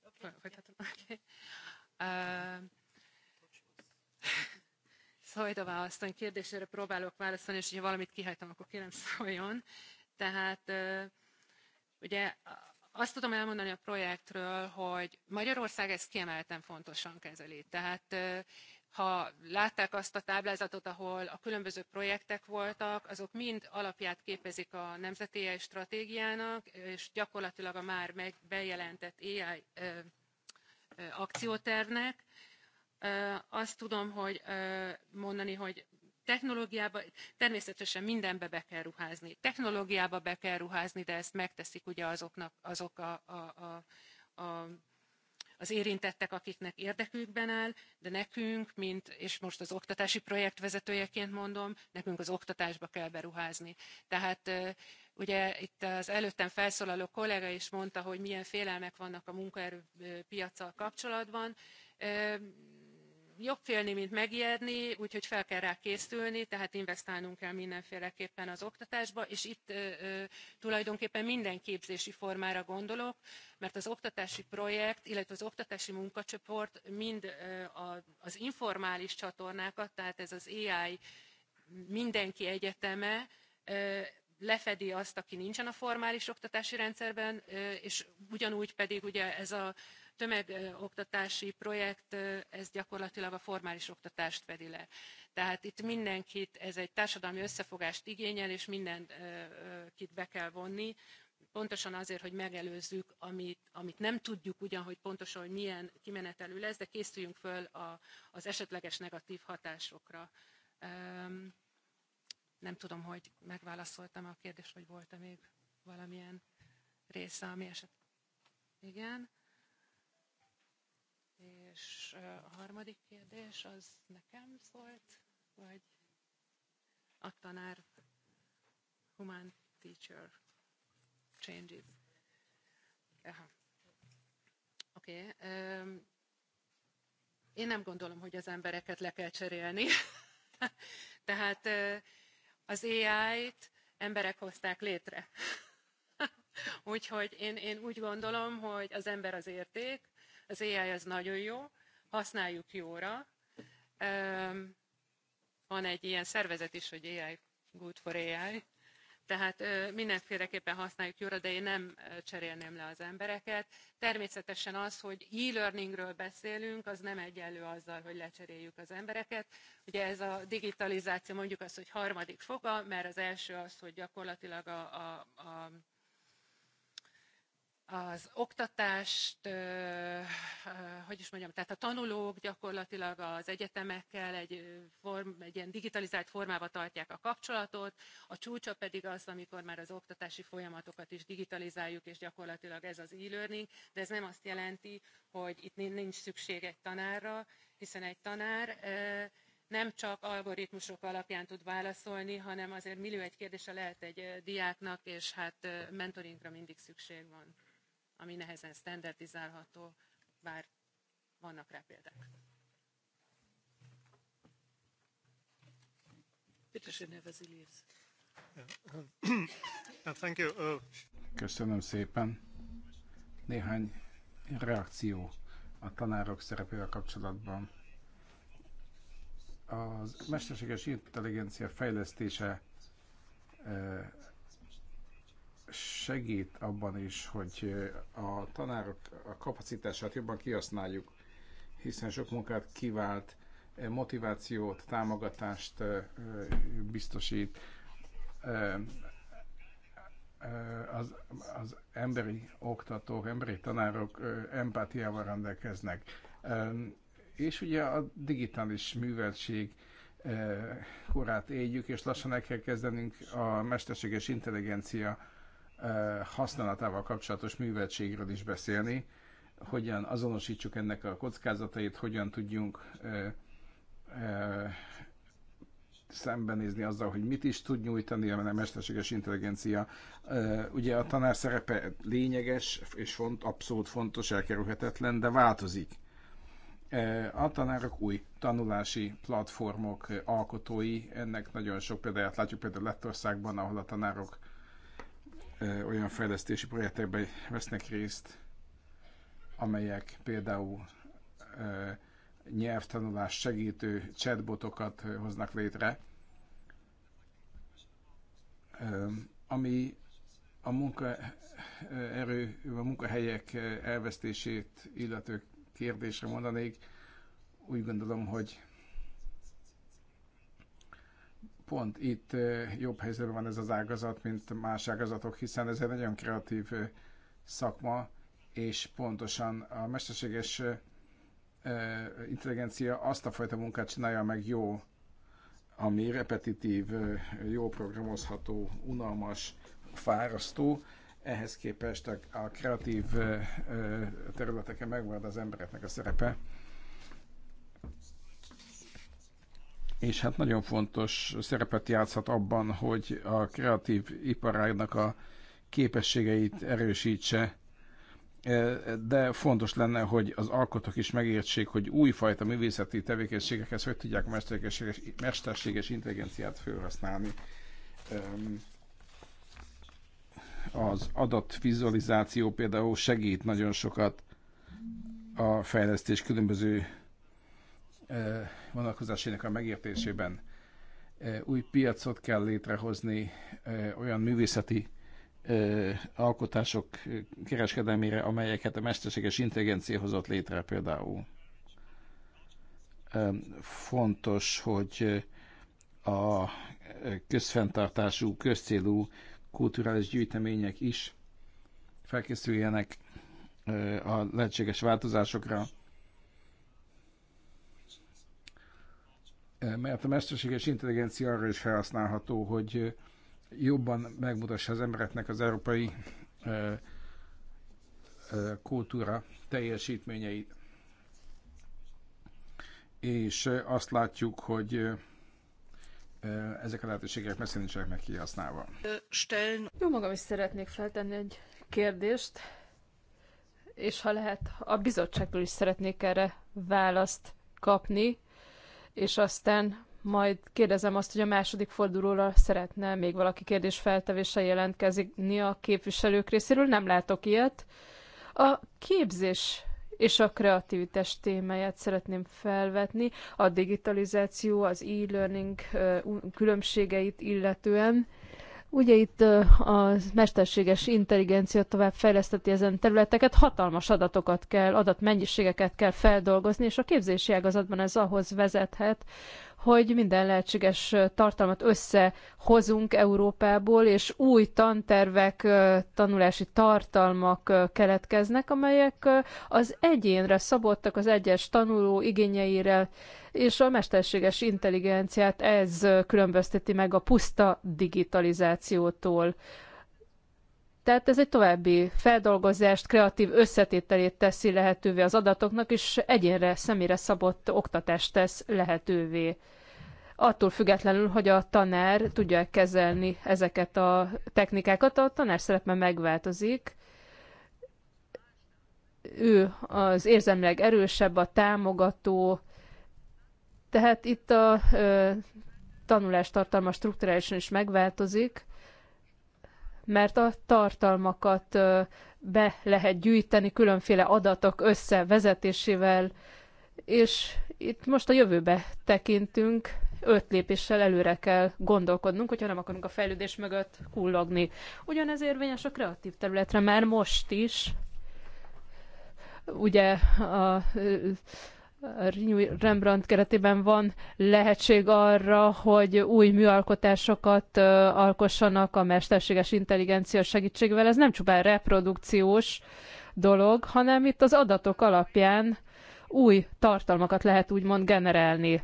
okay. Okay. Uh, Szajdová asszony kérdésére próbálok válaszolni, és hogyha valamit kihagytam, akkor kérem szóljon. Tehát ugye azt tudom elmondani a projektről, hogy Magyarország ezt kiemelten fontosan kezeli. Tehát ha látták azt a táblázatot, ahol a különböző projektek voltak, azok mind alapját képezik a nemzeti AI stratégiának, és gyakorlatilag a már bejelentett AI akciótervnek, azt tudom, hogy mondani, hogy technológiába, természetesen mindenbe be kell ruházni. Technológiába be kell ruházni, de ezt megteszik ugye azoknak, azok a, a, a, a az érintettek, akiknek érdekükben áll, de nekünk, mint, és most az oktatási projektvezetőjeként mondom, nekünk az oktatásba kell beruházni. Tehát ugye itt az előttem felszólaló kollega is mondta, hogy milyen félelmek vannak a munkaerőpiacsal kapcsolatban jobb félni, mint megijedni, úgyhogy fel kell rá készülni, tehát investálnunk kell mindenféleképpen az oktatásba, és itt ö, ö, tulajdonképpen minden képzési formára gondolok, mert az oktatási projekt, illetve az oktatási munkacsoport mind ö, a, az informális csatornákat, tehát ez az AI mindenki egyeteme, ö, lefedi azt, aki nincsen a formális oktatási rendszerben, és ugyanúgy pedig ugye ez a tömegoktatási projekt, ez gyakorlatilag a formális oktatást fedi le. Tehát itt mindenkit, ez egy társadalmi összefogást igényel, és mindenkit be kell vonni, pontosan azért, hogy megelőzzük, amit, amit nem tudjuk ugyan, hogy pontosan, hogy milyen kimenetelű lesz, de készüljünk föl a, az esetleges negatív hatásokra. nem tudom, hogy megválaszoltam a kérdést, vagy volt-e még valamilyen része, ami eset... Igen. És a harmadik kérdés az nekem szólt, vagy a tanár human teacher changes. Aha. Oké. Okay. Um, én nem gondolom, hogy az embereket le kell cserélni. Tehát az AI-t emberek hozták létre. Úgyhogy én, én úgy gondolom, hogy az ember az érték, az AI az nagyon jó, használjuk jóra. Van egy ilyen szervezet is, hogy AI, good for AI. Tehát mindenféleképpen használjuk jóra, de én nem cserélném le az embereket. Természetesen az, hogy e-learningről beszélünk, az nem egyenlő azzal, hogy lecseréljük az embereket. Ugye ez a digitalizáció mondjuk az, hogy harmadik foga, mert az első az, hogy gyakorlatilag a, a, a az oktatást, hogy is mondjam, tehát a tanulók gyakorlatilag az egyetemekkel egy, form, egy ilyen digitalizált formába tartják a kapcsolatot, a csúcsa pedig az, amikor már az oktatási folyamatokat is digitalizáljuk, és gyakorlatilag ez az e-learning, de ez nem azt jelenti, hogy itt nincs szükség egy tanárra, hiszen egy tanár nem csak algoritmusok alapján tud válaszolni, hanem azért millió egy kérdése lehet egy diáknak, és hát mentoringra mindig szükség van ami nehezen standardizálható, bár vannak rá példák. Uh, Köszönöm szépen. Néhány reakció a tanárok szerepével kapcsolatban. A mesterséges intelligencia fejlesztése eh, segít abban is, hogy eh, a tanárok a kapacitását jobban kihasználjuk, hiszen sok munkát kivált, eh, motivációt, támogatást eh, biztosít, az, az emberi oktatók, emberi tanárok empátiával rendelkeznek. És ugye a digitális műveltség korát éljük, és lassan el kell kezdenünk a mesterséges intelligencia használatával kapcsolatos műveltségről is beszélni, hogyan azonosítsuk ennek a kockázatait, hogyan tudjunk szembenézni azzal, hogy mit is tud nyújtani a mesterséges intelligencia. Ugye a tanár szerepe lényeges és font, abszolút fontos, elkerülhetetlen, de változik. A tanárok új tanulási platformok alkotói, ennek nagyon sok példáját látjuk például Lettországban, ahol a tanárok olyan fejlesztési projektekben vesznek részt, amelyek például nyelvtanulás segítő chatbotokat hoznak létre, ami a munkaerő, a munkahelyek elvesztését illető kérdésre mondanék, úgy gondolom, hogy pont itt jobb helyzetben van ez az ágazat, mint más ágazatok, hiszen ez egy nagyon kreatív szakma, és pontosan a mesterséges intelligencia azt a fajta munkát csinálja meg jó, ami repetitív, jó programozható, unalmas, fárasztó, ehhez képest a kreatív területeken megmarad az embereknek a szerepe. és hát nagyon fontos szerepet játszhat abban, hogy a kreatív iparágnak a képességeit erősítse, e, de fontos lenne, hogy az alkotók is megértsék, hogy újfajta művészeti tevékenységekhez hogy tudják mesterséges, mesterséges intelligenciát felhasználni. Az adatvizualizáció például segít nagyon sokat a fejlesztés különböző vonalkozásének a megértésében. Új piacot kell létrehozni olyan művészeti alkotások kereskedelmére, amelyeket a mesterséges intelligencia hozott létre például. Fontos, hogy a közfenntartású, közcélú kulturális gyűjtemények is felkészüljenek a lehetséges változásokra. mert a mesterséges intelligencia arra is felhasználható, hogy jobban megmutassa az embereknek az európai kultúra teljesítményeit. És azt látjuk, hogy ezek a lehetőségek messze nincsenek meg kihasználva. Jó magam is szeretnék feltenni egy kérdést, és ha lehet, a bizottságtól is szeretnék erre választ kapni és aztán majd kérdezem azt, hogy a második fordulóra szeretne még valaki kérdés feltevése jelentkezni a képviselők részéről. Nem látok ilyet. A képzés és a kreativitás témáját szeretném felvetni, a digitalizáció, az e-learning különbségeit illetően. Ugye itt a mesterséges intelligencia tovább fejleszteti ezen területeket, hatalmas adatokat kell, adatmennyiségeket kell feldolgozni, és a képzési ágazatban ez ahhoz vezethet, hogy minden lehetséges tartalmat összehozunk Európából, és új tantervek, tanulási tartalmak keletkeznek, amelyek az egyénre szabottak, az egyes tanuló igényeire, és a mesterséges intelligenciát ez különbözteti meg a puszta digitalizációtól. Tehát ez egy további feldolgozást, kreatív összetételét teszi lehetővé az adatoknak, és egyénre, személyre szabott oktatást tesz lehetővé. Attól függetlenül, hogy a tanár tudja kezelni ezeket a technikákat, a tanár szerepe megváltozik. Ő az érzelmileg erősebb, a támogató, tehát itt a ö, tanulás tartalma strukturálisan is megváltozik mert a tartalmakat be lehet gyűjteni különféle adatok összevezetésével, és itt most a jövőbe tekintünk, öt lépéssel előre kell gondolkodnunk, hogyha nem akarunk a fejlődés mögött kullogni. Ugyanez érvényes a kreatív területre, már most is. Ugye a Rembrandt keretében van lehetség arra, hogy új műalkotásokat alkossanak a mesterséges intelligencia segítségével. Ez nem csupán reprodukciós dolog, hanem itt az adatok alapján új tartalmakat lehet úgymond generálni.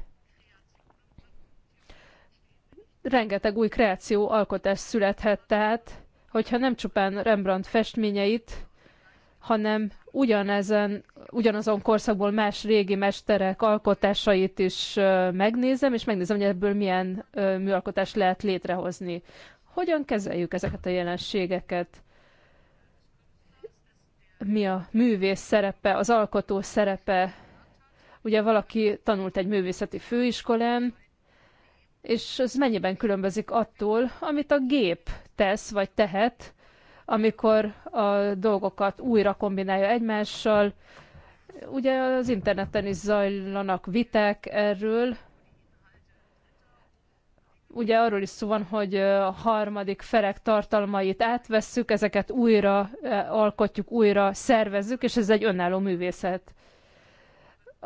Rengeteg új kreáció, alkotás születhet tehát, hogyha nem csupán Rembrandt festményeit, hanem ugyanezen, ugyanazon korszakból más régi mesterek alkotásait is megnézem, és megnézem, hogy ebből milyen műalkotást lehet létrehozni. Hogyan kezeljük ezeket a jelenségeket? Mi a művész szerepe, az alkotó szerepe? Ugye valaki tanult egy művészeti főiskolán, és ez mennyiben különbözik attól, amit a gép tesz vagy tehet, amikor a dolgokat újra kombinálja egymással. Ugye az interneten is zajlanak viták erről, ugye arról is szó van, hogy a harmadik felek tartalmait átvesszük, ezeket újra eh, alkotjuk, újra szervezzük, és ez egy önálló művészet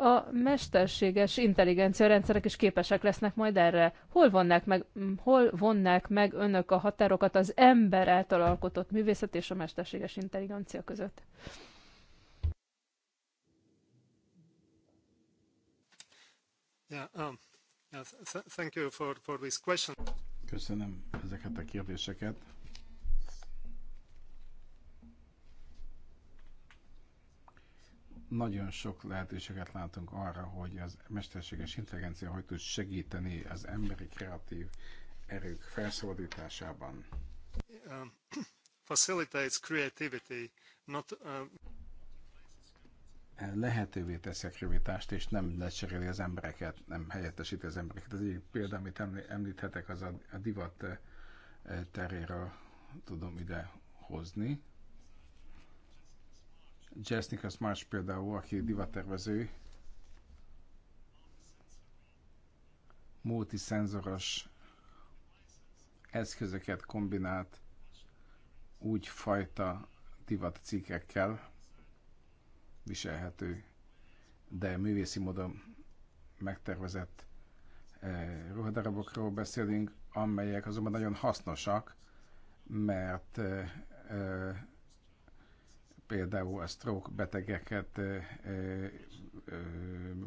a mesterséges intelligencia rendszerek is képesek lesznek majd erre. Hol vonnák meg, hol vonnák meg önök a határokat az ember által alkotott művészet és a mesterséges intelligencia között? Yeah, um, yeah, thank you for, for this question. Köszönöm ezeket a kérdéseket. nagyon sok lehetőséget látunk arra, hogy az mesterséges intelligencia hogy tud segíteni az emberi kreatív erők felszabadításában. Um, facilitates creativity, not, uh, Lehetővé teszi a kreativitást, és nem lecseréli az embereket, nem helyettesíti az embereket. Az egyik példa, amit említhetek, az a, a divat uh, teréről tudom ide hozni Jazz Nichols Marsh például, aki divattervező, multiszenzoros eszközöket kombinált úgy fajta divat cikkekkel viselhető, de művészi módon megtervezett eh, ruhadarabokról beszélünk, amelyek azonban nagyon hasznosak, mert eh, eh, például a stroke betegeket ö, ö, ö,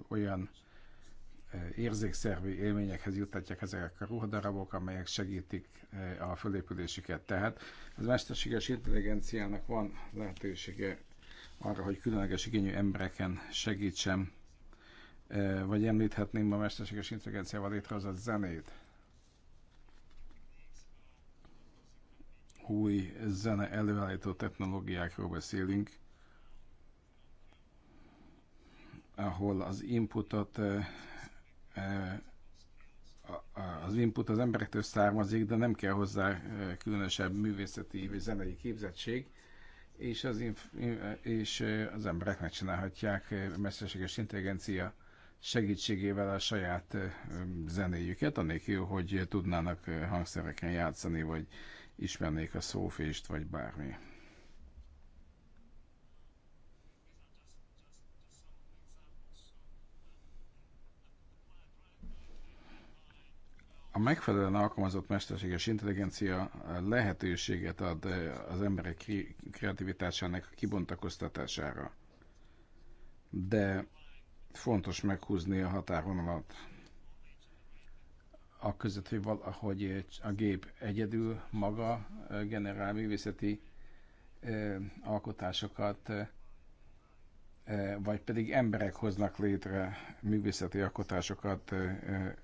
olyan érzékszervi élményekhez juttatják ezek a ruhadarabok, amelyek segítik a fölépülésüket. Tehát az mesterséges intelligenciának van lehetősége arra, hogy különleges igényű embereken segítsem, vagy említhetném a mesterséges intelligenciával létrehozott zenét. új zene előállító technológiákról beszélünk, ahol az inputot eh, eh, az input az emberektől származik, de nem kell hozzá eh, különösebb művészeti vagy zenei képzettség, és az, inf- és az emberek megcsinálhatják mesterséges intelligencia segítségével a saját zenéjüket, anélkül, hogy tudnának hangszereken játszani, vagy ismernék a szófést, vagy bármi. a megfelelően alkalmazott mesterséges intelligencia lehetőséget ad eh, az emberek kreativitásának kibontakoztatására. De fontos meghúzni a határvonalat a között, hogy valahogy a gép egyedül maga generál művészeti alkotásokat, vagy pedig emberek hoznak létre művészeti alkotásokat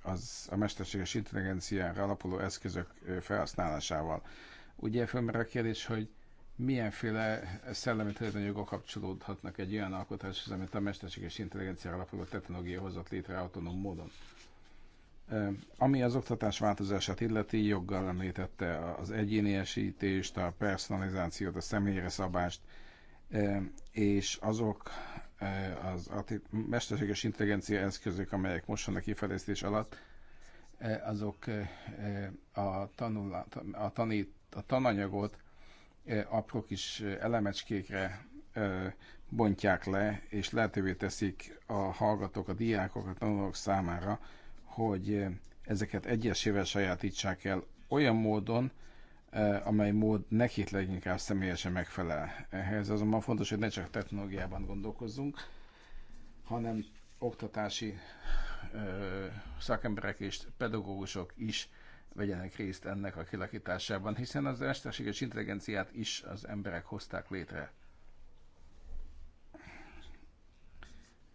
az a mesterséges intelligenciára alapuló eszközök felhasználásával. Ugye fölmerül a kérdés, hogy milyenféle szellemi tulajdonjogok kapcsolódhatnak egy olyan alkotáshoz, amit a mesterséges intelligenciára alapuló technológia hozott létre autonóm módon. Ami az oktatás változását illeti, joggal említette az egyéniesítést, a personalizációt, a személyre szabást, és azok az mesterséges intelligencia eszközök, amelyek most vannak kifejlesztés alatt, azok a, tanul, a, tanít, a tananyagot apró kis elemecskékre bontják le, és lehetővé teszik a hallgatók, a diákok, a tanulók számára, hogy ezeket egyesével sajátítsák el olyan módon, amely mód nekik leginkább személyesen megfelel. Ehhez azonban fontos, hogy ne csak technológiában gondolkozzunk, hanem oktatási ö, szakemberek és pedagógusok is vegyenek részt ennek a kilakításában, hiszen az mesterséges intelligenciát is az emberek hozták létre.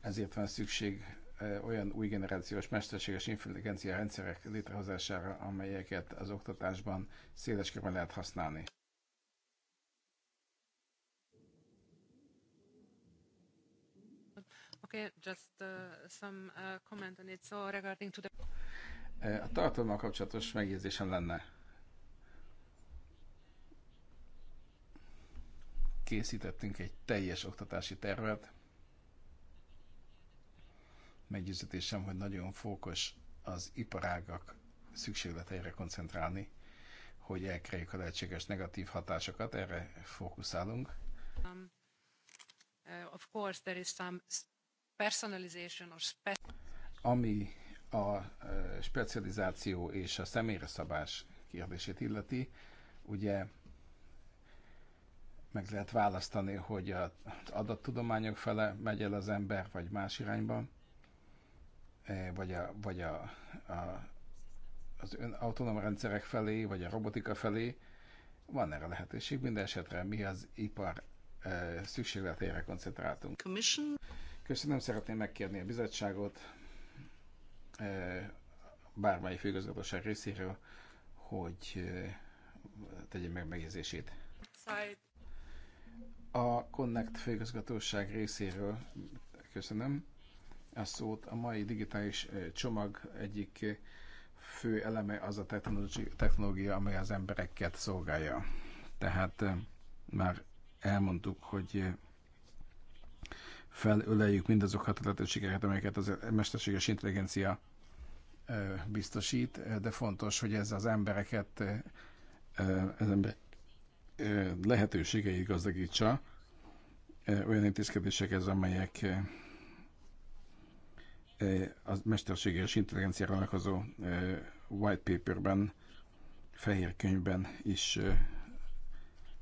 Ezért van szükség olyan új generációs mesterséges intelligencia rendszerek létrehozására, amelyeket az oktatásban széles körben lehet használni. Okay, just uh, some uh, comment on it. So regarding to the... A tartalommal kapcsolatos megjegyzésem lenne. Készítettünk egy teljes oktatási tervet, Meggyőződésem, hogy nagyon fókos az iparágak szükségleteire koncentrálni, hogy elkerüljük a lehetséges negatív hatásokat, erre fókuszálunk. Um, uh, of course there is some personalization or spe- Ami a uh, specializáció és a személyre szabás kérdését illeti, ugye meg lehet választani, hogy az adattudományok fele megy el az ember, vagy más irányba. Eh, vagy, a, vagy a, a, az önautonóm rendszerek felé, vagy a robotika felé, van erre lehetőség. Minden esetre mi az ipar eh, szükségletére koncentráltunk. Commission. Köszönöm, szeretném megkérni a bizottságot eh, bármely főgazgatóság részéről, hogy tegyen meg megjegyzését. A Connect főgazgatóság részéről köszönöm a szót. A mai digitális csomag egyik fő eleme az a technológia, amely az embereket szolgálja. Tehát már elmondtuk, hogy felöleljük mindazokat a lehetőségeket, amelyeket az mesterséges intelligencia biztosít, de fontos, hogy ez az embereket, az ember lehetőségeit gazdagítsa olyan intézkedések ez, amelyek a mesterséges intelligenciára vonatkozó white paperben, fehér könyvben is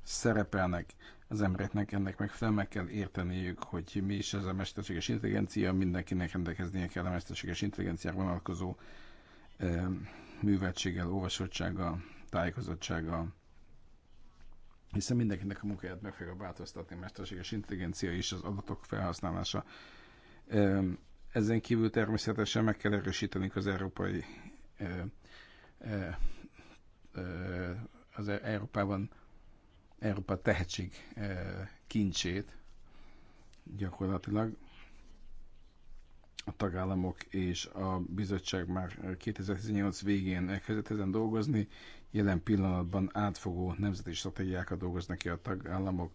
szerepelnek az embereknek, ennek fel meg kell érteniük, hogy mi is ez a mesterséges intelligencia, mindenkinek rendelkeznie kell a mesterséges intelligenciára vonatkozó műveltséggel, olvasottsággal, tájékozottsággal, hiszen mindenkinek a munkáját meg fogja változtatni mesterséges intelligencia és az adatok felhasználása. Ezen kívül természetesen meg kell erősíteni az európai az e- Európában Európa tehetség kincsét gyakorlatilag a tagállamok és a bizottság már 2018 végén elkezdett ezen dolgozni, jelen pillanatban átfogó nemzeti stratégiákat dolgoznak ki a tagállamok.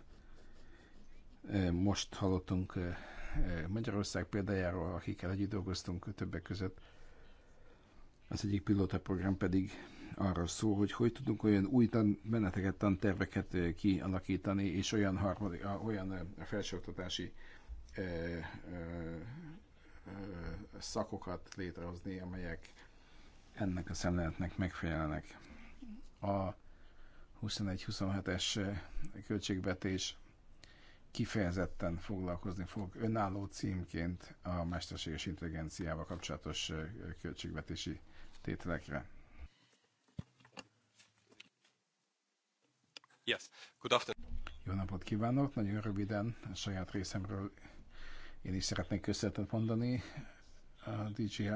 Most hallottunk Magyarország példájáról, akikkel együtt dolgoztunk többek között. Az egyik pilótaprogram pedig arról szól, hogy hogy tudunk olyan új tan, benneteket, tanterveket eh, kialakítani, és olyan, harmadik, olyan eh, felsőoktatási eh, szakokat létrehozni, amelyek ennek a szemléletnek megfelelnek. A 21-27-es költségvetés kifejezetten foglalkozni fog önálló címként a mesterséges intelligenciával kapcsolatos költségvetési tételekre. Yes. Good afternoon. Jó napot kívánok! Nagyon röviden a saját részemről én is szeretnék köszönetet mondani a DJ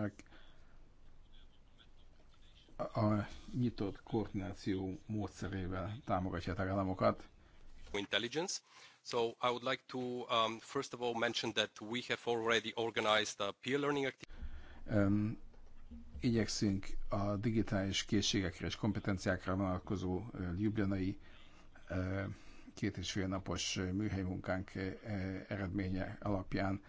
a nyitott koordináció módszerével támogatja a tagállamokat. Intelligence. So I would like to um, first of all mention that we have already organized a peer learning activity. Um, igyekszünk a digitális készségekre és kompetenciákra vonatkozó ljubljanai két és fél napos műhelymunkánk e, eredménye alapján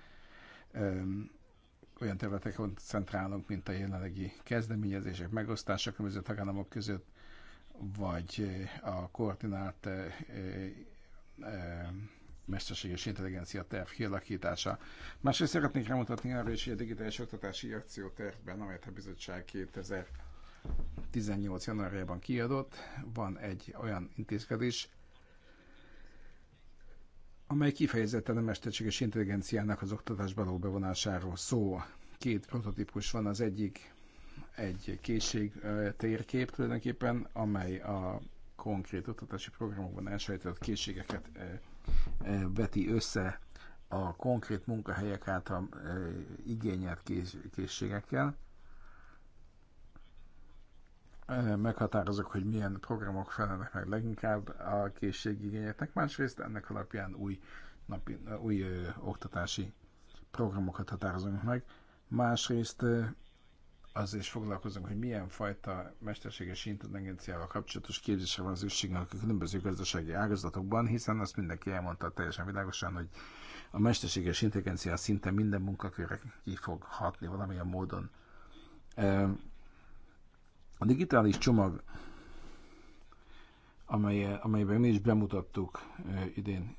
olyan területekre koncentrálunk, mint a jelenlegi kezdeményezések megosztása a tagállamok között, vagy a koordinált Eh, mesterséges intelligencia terv kialakítása. Másrészt szeretnék rámutatni arra is, hogy a digitális oktatási akciótervben, amelyet a bizottság 2018. januárjában kiadott, van egy olyan intézkedés, amely kifejezetten a mesterséges intelligenciának az oktatás való bevonásáról szó. Két prototípus van, az egyik egy készség térkép tulajdonképpen, amely a konkrét oktatási programokban elsajtott készségeket eh, eh, veti össze a konkrét munkahelyek által eh, igényelt készségekkel. Meghatározok, hogy milyen programok felelnek meg leginkább a készségigényeknek, másrészt ennek alapján új, napi, új oktatási programokat határozunk meg, másrészt az is foglalkozunk, hogy milyen fajta mesterséges intelligenciával kapcsolatos képzésre van szükség a különböző gazdasági ágazatokban, hiszen azt mindenki elmondta teljesen világosan, hogy a mesterséges intelligencia szinte minden munkakörre ki fog hatni valamilyen módon. A digitális csomag, amely, amelyben mi is bemutattuk idén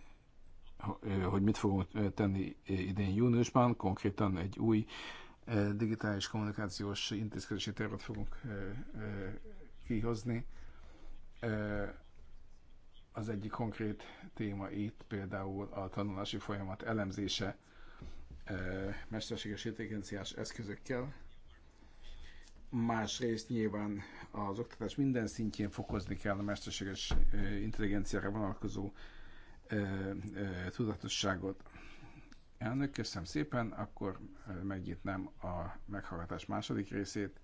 hogy mit fogunk tenni idén júniusban, konkrétan egy új Eh, digitális kommunikációs intézkedési tervet fogunk eh, eh, kihozni. Az egyik konkrét téma itt például a tanulási folyamat elemzése mesterséges intelligenciás eszközökkel. Másrészt nyilván az oktatás minden szintjén fokozni kell a mesterséges intelligenciára vonalkozó tudatosságot Elnök, köszönöm szépen, akkor megnyitnám a meghallgatás második részét.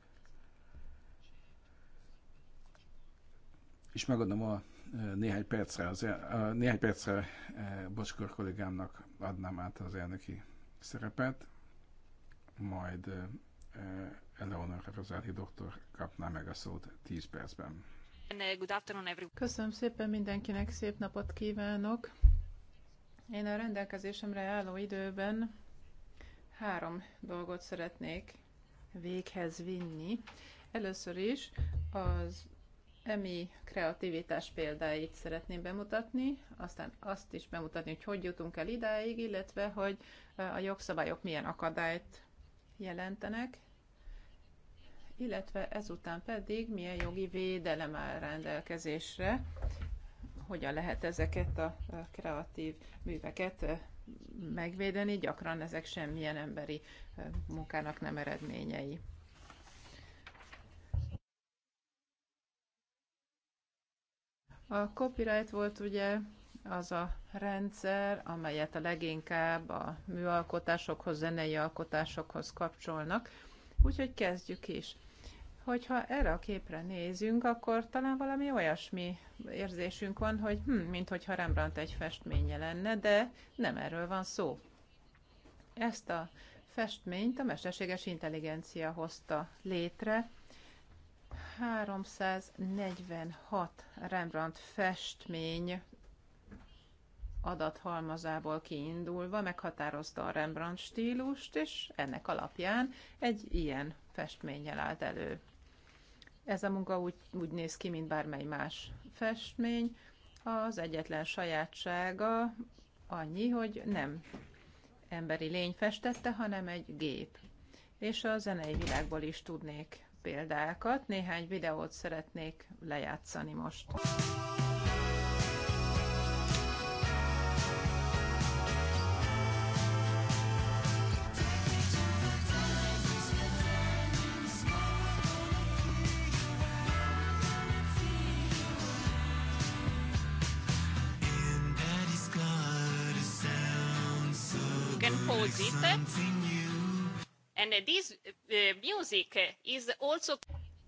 És megadom a néhány percre, az, a néhány percre Bocskor kollégámnak adnám át az elnöki szerepet, majd Eleonor Rozáti doktor kapná meg a szót 10 percben. Köszönöm szépen mindenkinek, szép napot kívánok! Én a rendelkezésemre álló időben három dolgot szeretnék véghez vinni. Először is az emi kreativitás példáit szeretném bemutatni, aztán azt is bemutatni, hogy hogy jutunk el idáig, illetve hogy a jogszabályok milyen akadályt jelentenek, illetve ezután pedig milyen jogi védelem áll rendelkezésre hogyan lehet ezeket a kreatív műveket megvédeni, gyakran ezek semmilyen emberi munkának nem eredményei. A copyright volt ugye az a rendszer, amelyet a leginkább a műalkotásokhoz, zenei alkotásokhoz kapcsolnak. Úgyhogy kezdjük is hogyha erre a képre nézünk, akkor talán valami olyasmi érzésünk van, hogy hm, minthogyha Rembrandt egy festménye lenne, de nem erről van szó. Ezt a festményt a mesterséges intelligencia hozta létre. 346 Rembrandt festmény adathalmazából kiindulva meghatározta a Rembrandt stílust, és ennek alapján egy ilyen festménnyel állt elő. Ez a munka úgy, úgy néz ki, mint bármely más festmény. Az egyetlen sajátsága annyi, hogy nem emberi lény festette, hanem egy gép. És a zenei világból is tudnék példákat, néhány videót szeretnék lejátszani most.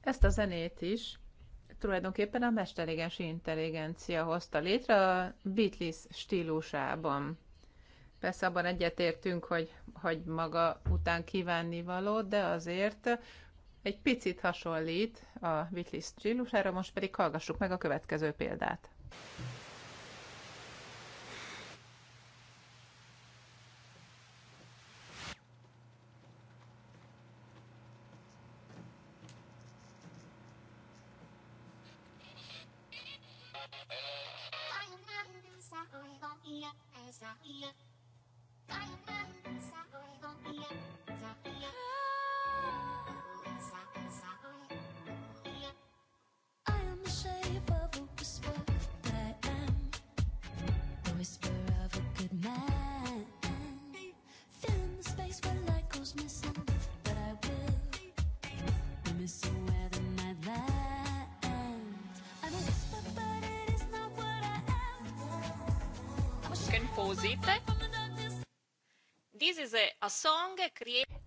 Ezt a zenét is tulajdonképpen a mesterséges intelligencia hozta létre a Beatles stílusában. Persze abban egyetértünk, hogy, hogy maga után kívánni való, de azért egy picit hasonlít a Beatles stílusára, most pedig hallgassuk meg a következő példát.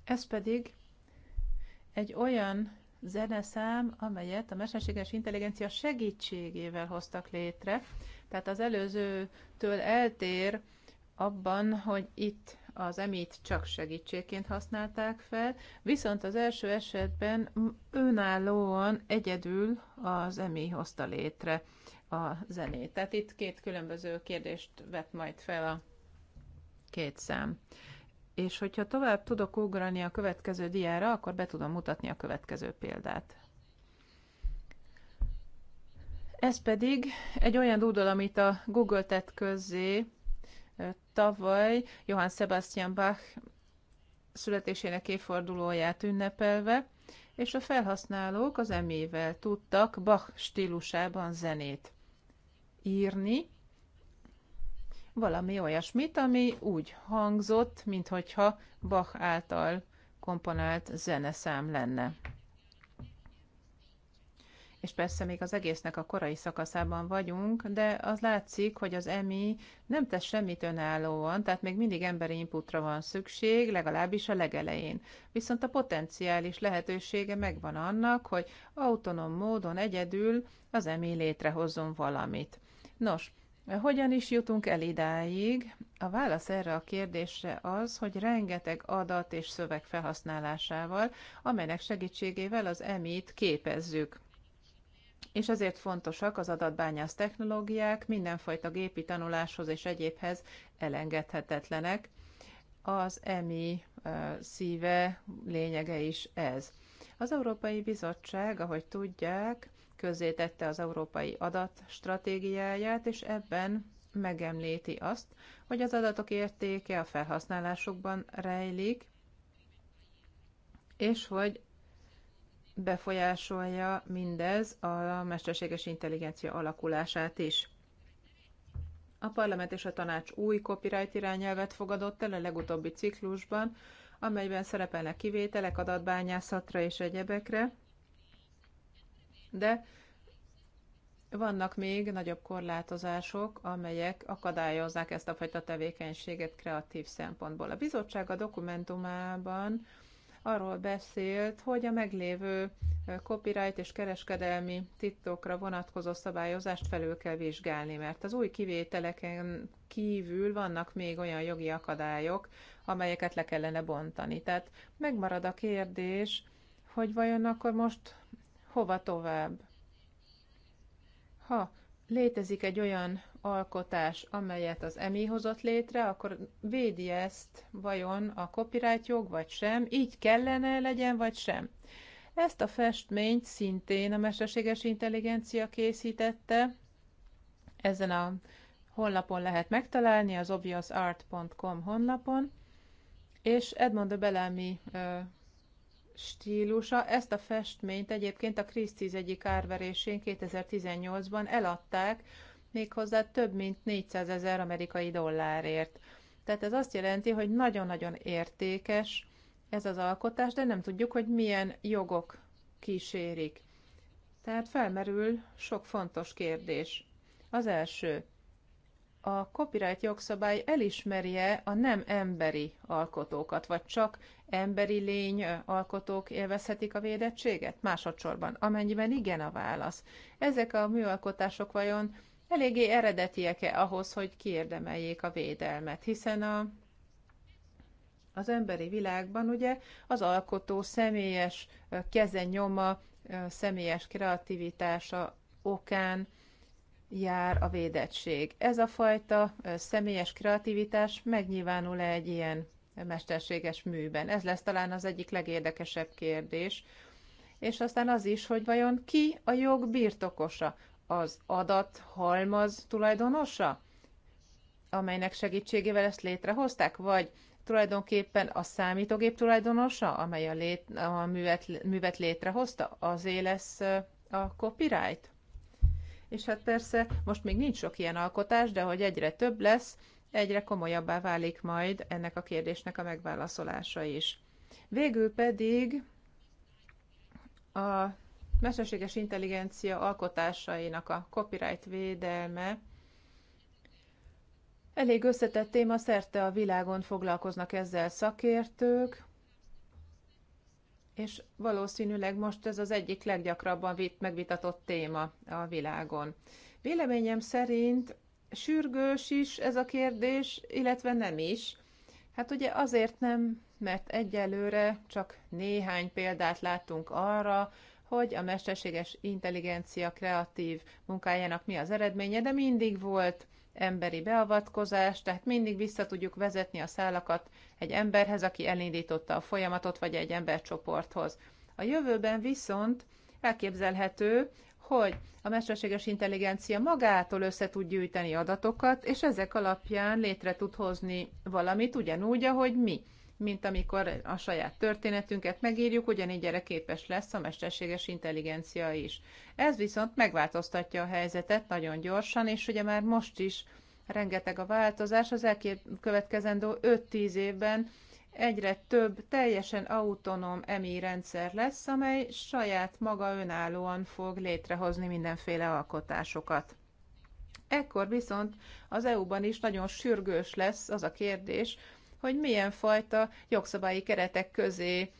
Ez pedig egy olyan zeneszám, amelyet a mesterséges intelligencia segítségével hoztak létre. Tehát az előzőtől eltér abban, hogy itt az emit csak segítségként használták fel, viszont az első esetben önállóan egyedül az emi hozta létre a zenét. Tehát itt két különböző kérdést vett majd fel a két szám. És hogyha tovább tudok ugrani a következő diára, akkor be tudom mutatni a következő példát. Ez pedig egy olyan doodle, amit a Google tett közzé tavaly Johann Sebastian Bach születésének évfordulóját ünnepelve, és a felhasználók az emével tudtak Bach stílusában zenét írni, valami olyasmit, ami úgy hangzott, minthogyha Bach által komponált zeneszám lenne. És persze még az egésznek a korai szakaszában vagyunk, de az látszik, hogy az EMI nem tesz semmit önállóan, tehát még mindig emberi inputra van szükség, legalábbis a legelején. Viszont a potenciális lehetősége megvan annak, hogy autonóm módon egyedül az EMI létrehozzon valamit. Nos, hogyan is jutunk el idáig? A válasz erre a kérdésre az, hogy rengeteg adat és szöveg felhasználásával, amelynek segítségével az emit képezzük. És ezért fontosak az adatbányász technológiák, mindenfajta gépi tanuláshoz és egyébhez elengedhetetlenek. Az EMI szíve, lényege is ez. Az Európai Bizottság, ahogy tudják, közzétette az európai adatstratégiáját, és ebben megemlíti azt, hogy az adatok értéke a felhasználásokban rejlik, és hogy befolyásolja mindez a mesterséges intelligencia alakulását is. A parlament és a tanács új copyright irányelvet fogadott el a legutóbbi ciklusban, amelyben szerepelnek kivételek adatbányászatra és egyebekre, de vannak még nagyobb korlátozások, amelyek akadályozzák ezt a fajta tevékenységet kreatív szempontból. A bizottság a dokumentumában arról beszélt, hogy a meglévő copyright és kereskedelmi titokra vonatkozó szabályozást felül kell vizsgálni, mert az új kivételeken kívül vannak még olyan jogi akadályok, amelyeket le kellene bontani. Tehát megmarad a kérdés, hogy vajon akkor most hova tovább. Ha létezik egy olyan alkotás, amelyet az EMI hozott létre, akkor védi ezt vajon a copyright jog, vagy sem, így kellene legyen, vagy sem. Ezt a festményt szintén a mesterséges intelligencia készítette, ezen a honlapon lehet megtalálni, az obviousart.com honlapon, és Edmond de Bellamy stílusa. Ezt a festményt egyébként a Christie's egyik árverésén 2018-ban eladták, méghozzá több mint 400 ezer amerikai dollárért. Tehát ez azt jelenti, hogy nagyon-nagyon értékes ez az alkotás, de nem tudjuk, hogy milyen jogok kísérik. Tehát felmerül sok fontos kérdés. Az első, a copyright jogszabály elismerje a nem emberi alkotókat, vagy csak emberi lény alkotók élvezhetik a védettséget? Másodszorban, amennyiben igen a válasz. Ezek a műalkotások vajon eléggé eredetiek-e ahhoz, hogy kiérdemeljék a védelmet, hiszen a az emberi világban ugye az alkotó személyes kezenyoma, személyes kreativitása okán jár a védettség. Ez a fajta személyes kreativitás megnyilvánul -e egy ilyen mesterséges műben? Ez lesz talán az egyik legérdekesebb kérdés. És aztán az is, hogy vajon ki a jog birtokosa? Az adat halmaz tulajdonosa, amelynek segítségével ezt létrehozták? Vagy tulajdonképpen a számítógép tulajdonosa, amely a, lét, a művet, művet létrehozta, azé lesz a copyright? és hát persze most még nincs sok ilyen alkotás, de hogy egyre több lesz, egyre komolyabbá válik majd ennek a kérdésnek a megválaszolása is. Végül pedig a mesterséges intelligencia alkotásainak a copyright védelme elég összetett téma, szerte a világon foglalkoznak ezzel szakértők, és valószínűleg most ez az egyik leggyakrabban megvitatott téma a világon. Véleményem szerint sürgős is ez a kérdés, illetve nem is. Hát ugye azért nem, mert egyelőre csak néhány példát láttunk arra, hogy a mesterséges intelligencia kreatív munkájának mi az eredménye, de mindig volt emberi beavatkozás, tehát mindig vissza tudjuk vezetni a szálakat egy emberhez, aki elindította a folyamatot, vagy egy embercsoporthoz. A jövőben viszont elképzelhető, hogy a mesterséges intelligencia magától össze tud gyűjteni adatokat, és ezek alapján létre tud hozni valamit, ugyanúgy, ahogy mi mint amikor a saját történetünket megírjuk, ugyanígy erre képes lesz a mesterséges intelligencia is. Ez viszont megváltoztatja a helyzetet nagyon gyorsan, és ugye már most is rengeteg a változás, az elkövetkezendő 5-10 évben egyre több teljesen autonóm emi rendszer lesz, amely saját maga önállóan fog létrehozni mindenféle alkotásokat. Ekkor viszont az EU-ban is nagyon sürgős lesz az a kérdés, hogy milyen fajta jogszabályi keretek közé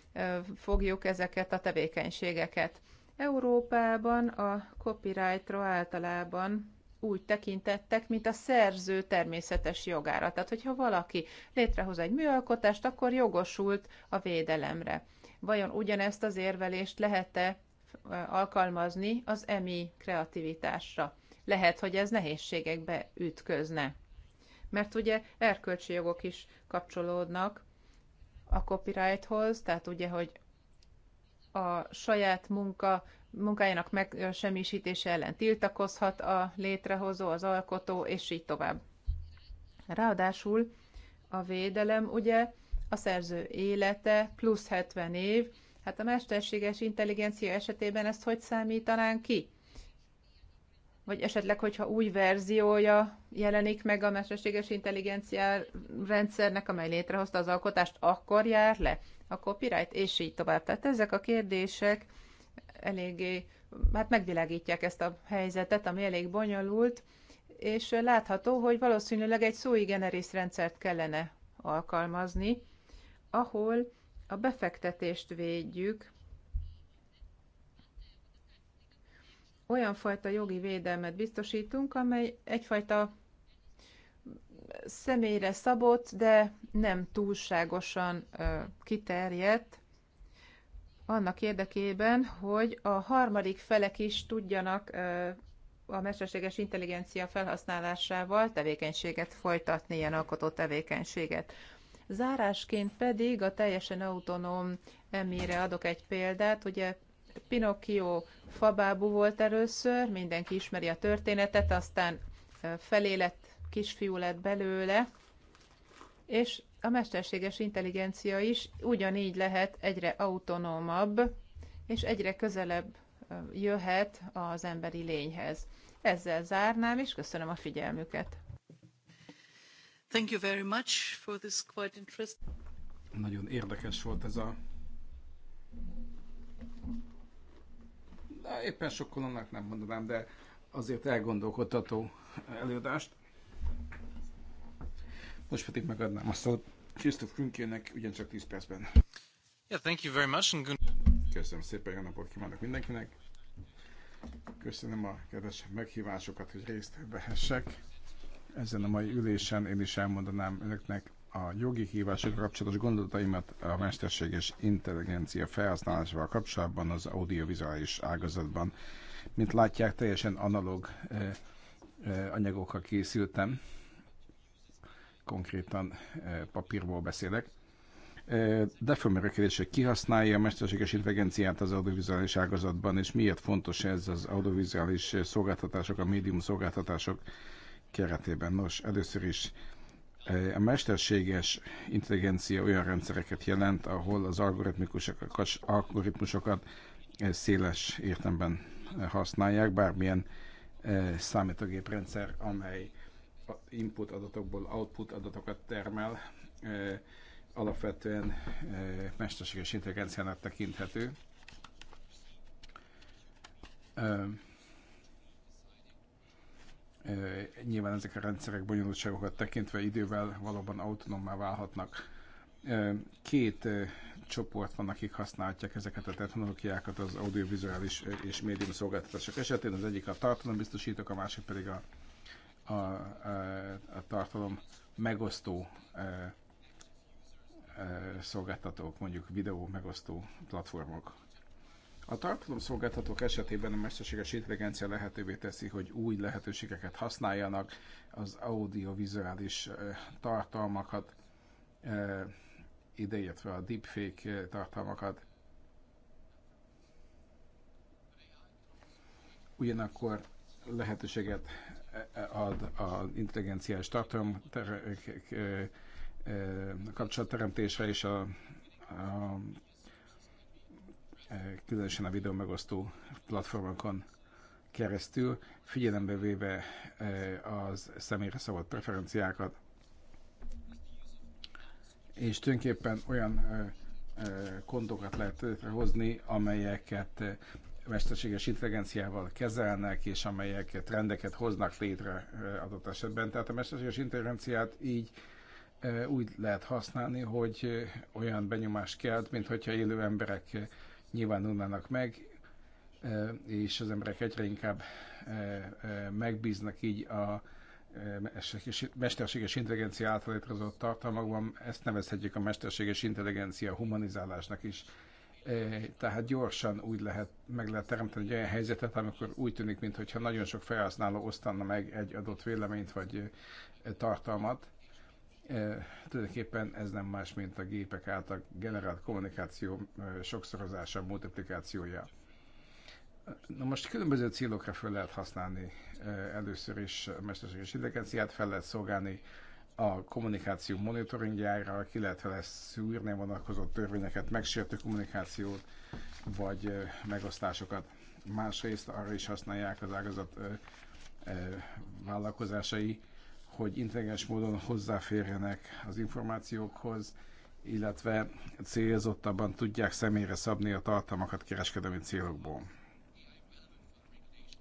fogjuk ezeket a tevékenységeket. Európában a copyrightra általában úgy tekintettek, mint a szerző természetes jogára. Tehát, hogyha valaki létrehoz egy műalkotást, akkor jogosult a védelemre. Vajon ugyanezt az érvelést lehet-e alkalmazni az emi kreativitásra? Lehet, hogy ez nehézségekbe ütközne mert ugye erkölcsi jogok is kapcsolódnak a copyrighthoz, tehát ugye, hogy a saját munka, munkájának megsemmisítése ellen tiltakozhat a létrehozó, az alkotó, és így tovább. Ráadásul a védelem ugye a szerző élete plusz 70 év, hát a mesterséges intelligencia esetében ezt hogy számítanánk ki? vagy esetleg, hogyha új verziója jelenik meg a mesterséges intelligencia rendszernek, amely létrehozta az alkotást, akkor jár le a copyright, és így tovább. Tehát ezek a kérdések eléggé, hát megvilágítják ezt a helyzetet, ami elég bonyolult, és látható, hogy valószínűleg egy szói generis rendszert kellene alkalmazni, ahol a befektetést védjük, olyan fajta jogi védelmet biztosítunk, amely egyfajta személyre szabott, de nem túlságosan kiterjedt, annak érdekében, hogy a harmadik felek is tudjanak a mesterséges intelligencia felhasználásával tevékenységet folytatni, ilyen alkotó tevékenységet. Zárásként pedig a teljesen autonóm emére adok egy példát, ugye Pinocchio fabábú volt először, mindenki ismeri a történetet, aztán lett, kisfiú lett belőle, és a mesterséges intelligencia is ugyanígy lehet egyre autonómabb, és egyre közelebb jöhet az emberi lényhez. Ezzel zárnám, és köszönöm a figyelmüket. Thank you very much for this quite interesting. Nagyon érdekes volt ez a de éppen sokkolónak nem mondanám, de azért elgondolkodható előadást. Most pedig megadnám a szót Krisztof Krünkének ugyancsak 10 percben. Yeah, thank you very much. And good... Köszönöm szépen, jó napot kívánok mindenkinek. Köszönöm a kedves meghívásokat, hogy részt vehessek. Ezen a mai ülésen én is elmondanám önöknek a jogi hívásokra kapcsolatos gondolataimat a mesterséges intelligencia felhasználásával kapcsolatban az audiovizuális ágazatban. Mint látják, teljesen analóg eh, eh, anyagokkal készültem, konkrétan eh, papírból beszélek. De ki kihasználja a mesterséges intelligenciát az audiovizuális ágazatban, és miért fontos ez az audiovizuális szolgáltatások, a médium szolgáltatások keretében. Nos, először is a mesterséges intelligencia olyan rendszereket jelent, ahol az algoritmusokat eh, széles értemben eh, használják, bármilyen eh, számítógép rendszer, amely input adatokból output adatokat termel, alapvetően mesterséges intelligenciának tekinthető Nyilván ezek a rendszerek bonyolultságokat tekintve idővel valóban autonómá válhatnak. Két csoport van, akik használhatják ezeket a technológiákat az audiovizuális és médium szolgáltatások esetén. Az egyik a tartalombiztosítók, a másik pedig a, a, a, a tartalom megosztó szolgáltatók, mondjuk videó megosztó platformok. A tartalomszolgáltatók esetében a mesterséges intelligencia lehetővé teszi, hogy új lehetőségeket használjanak, az audiovizuális tartalmakat, ideértve a deepfake tartalmakat. Ugyanakkor lehetőséget ad az intelligenciás tartalom kapcsolatteremtésre és a, a Eh, különösen a videó megosztó platformokon keresztül, figyelembe véve eh, az személyre szabott preferenciákat. És tulajdonképpen olyan eh, kontokat lehet hozni, amelyeket mesterséges intelligenciával kezelnek, és amelyek trendeket hoznak létre adott esetben. Tehát a mesterséges intelligenciát így úgy lehet használni, hogy olyan benyomást kelt, mint hogyha élő emberek nyilvánulnának meg, és az emberek egyre inkább megbíznak így a mesterséges intelligencia által létrehozott tartalmakban. Ezt nevezhetjük a mesterséges intelligencia humanizálásnak is. Tehát gyorsan úgy lehet, meg lehet teremteni egy olyan helyzetet, amikor úgy tűnik, mintha nagyon sok felhasználó osztanna meg egy adott véleményt vagy tartalmat, Tulajdonképpen ez nem más, mint a gépek által generált kommunikáció sokszorozása, multiplikációja. Na most különböző célokra fel lehet használni először is a mesterséges intelligenciát, fel lehet szolgálni a kommunikáció monitoringjára, ki lehet vele szűrni vonatkozó törvényeket, megsértő kommunikációt, vagy megosztásokat. Másrészt arra is használják az ágazat vállalkozásai, hogy intelligens módon hozzáférjenek az információkhoz, illetve célzottabban tudják személyre szabni a tartalmakat kereskedelmi célokból.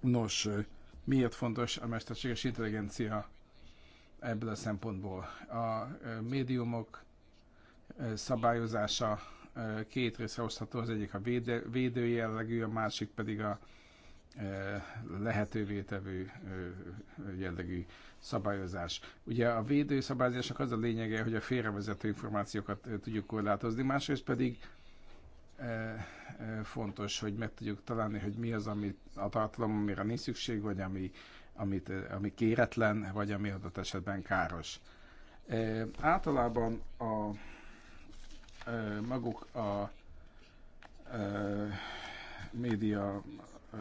Nos, miért fontos a mesterséges intelligencia ebből a szempontból? A médiumok szabályozása két részre osztható, az egyik a védő, védő jellegű, a másik pedig a lehetővé tevő jellegű szabályozás. Ugye a védőszabályozásnak az a lényege, hogy a félrevezető információkat tudjuk korlátozni, másrészt pedig fontos, hogy meg tudjuk találni, hogy mi az, ami a tartalom, amire nincs szükség, vagy ami, amit, ami kéretlen, vagy ami adott esetben káros. Általában a, maguk a média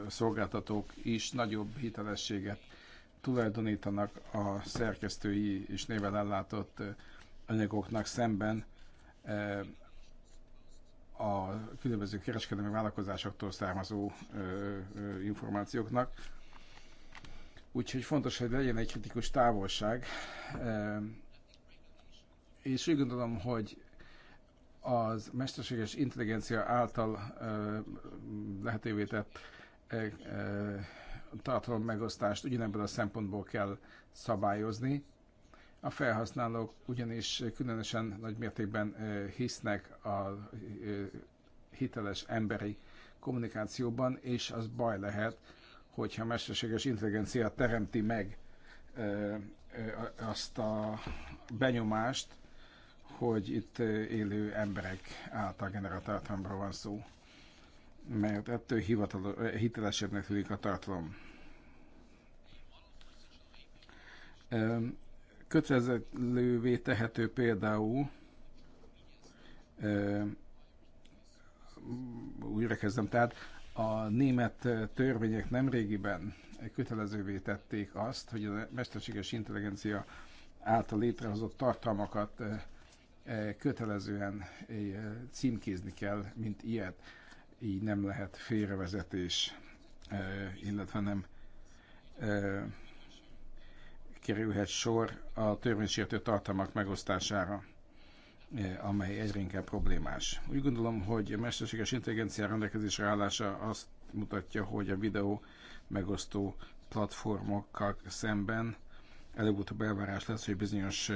szolgáltatók is nagyobb hitelességet tulajdonítanak a szerkesztői és néven ellátott eh, anyagoknak szemben eh, a különböző kereskedelmi vállalkozásoktól származó eh, információknak. Úgyhogy fontos, hogy legyen egy kritikus távolság. És úgy gondolom, hogy az mesterséges intelligencia által lehetővé tett tartalom megosztást ugyanebből a szempontból kell szabályozni. A felhasználók ugyanis különösen nagy mértékben hisznek a hiteles emberi kommunikációban, és az baj lehet, hogyha mesterséges intelligencia teremti meg azt a benyomást, hogy itt élő emberek által generált tartalomról van szó mert ettől hivatal, hitelesebbnek tűnik a tartalom. Kötelezővé tehető például újra kezdem, tehát a német törvények nemrégiben kötelezővé tették azt, hogy a mesterséges intelligencia által létrehozott tartalmakat eh, eh, kötelezően eh, címkézni kell, mint ilyet így nem lehet félrevezetés, illetve nem kerülhet sor a törvénysértő tartalmak megosztására, amely egyre inkább problémás. Úgy gondolom, hogy a mesterséges intelligencia rendelkezésre állása azt mutatja, hogy a videó megosztó platformokkal szemben előbb-utóbb elvárás lesz, hogy bizonyos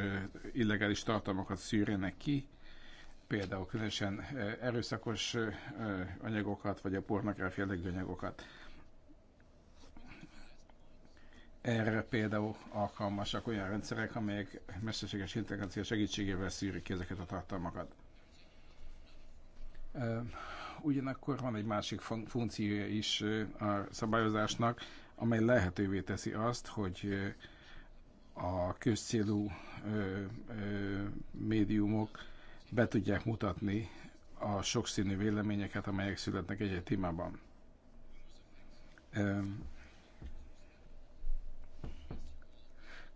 illegális tartalmakat szűrjenek ki, például különösen eh, erőszakos eh, eh, anyagokat, vagy a pornak jellegű anyagokat. Erre például alkalmasak olyan rendszerek, amelyek mesterséges intelligencia segítségével szűrik ki ezeket a tartalmakat. Ugyanakkor van egy másik funkciója is a szabályozásnak, amely lehetővé teszi azt, hogy a közcélú médiumok be tudják mutatni a sokszínű véleményeket, amelyek születnek egy-egy témában.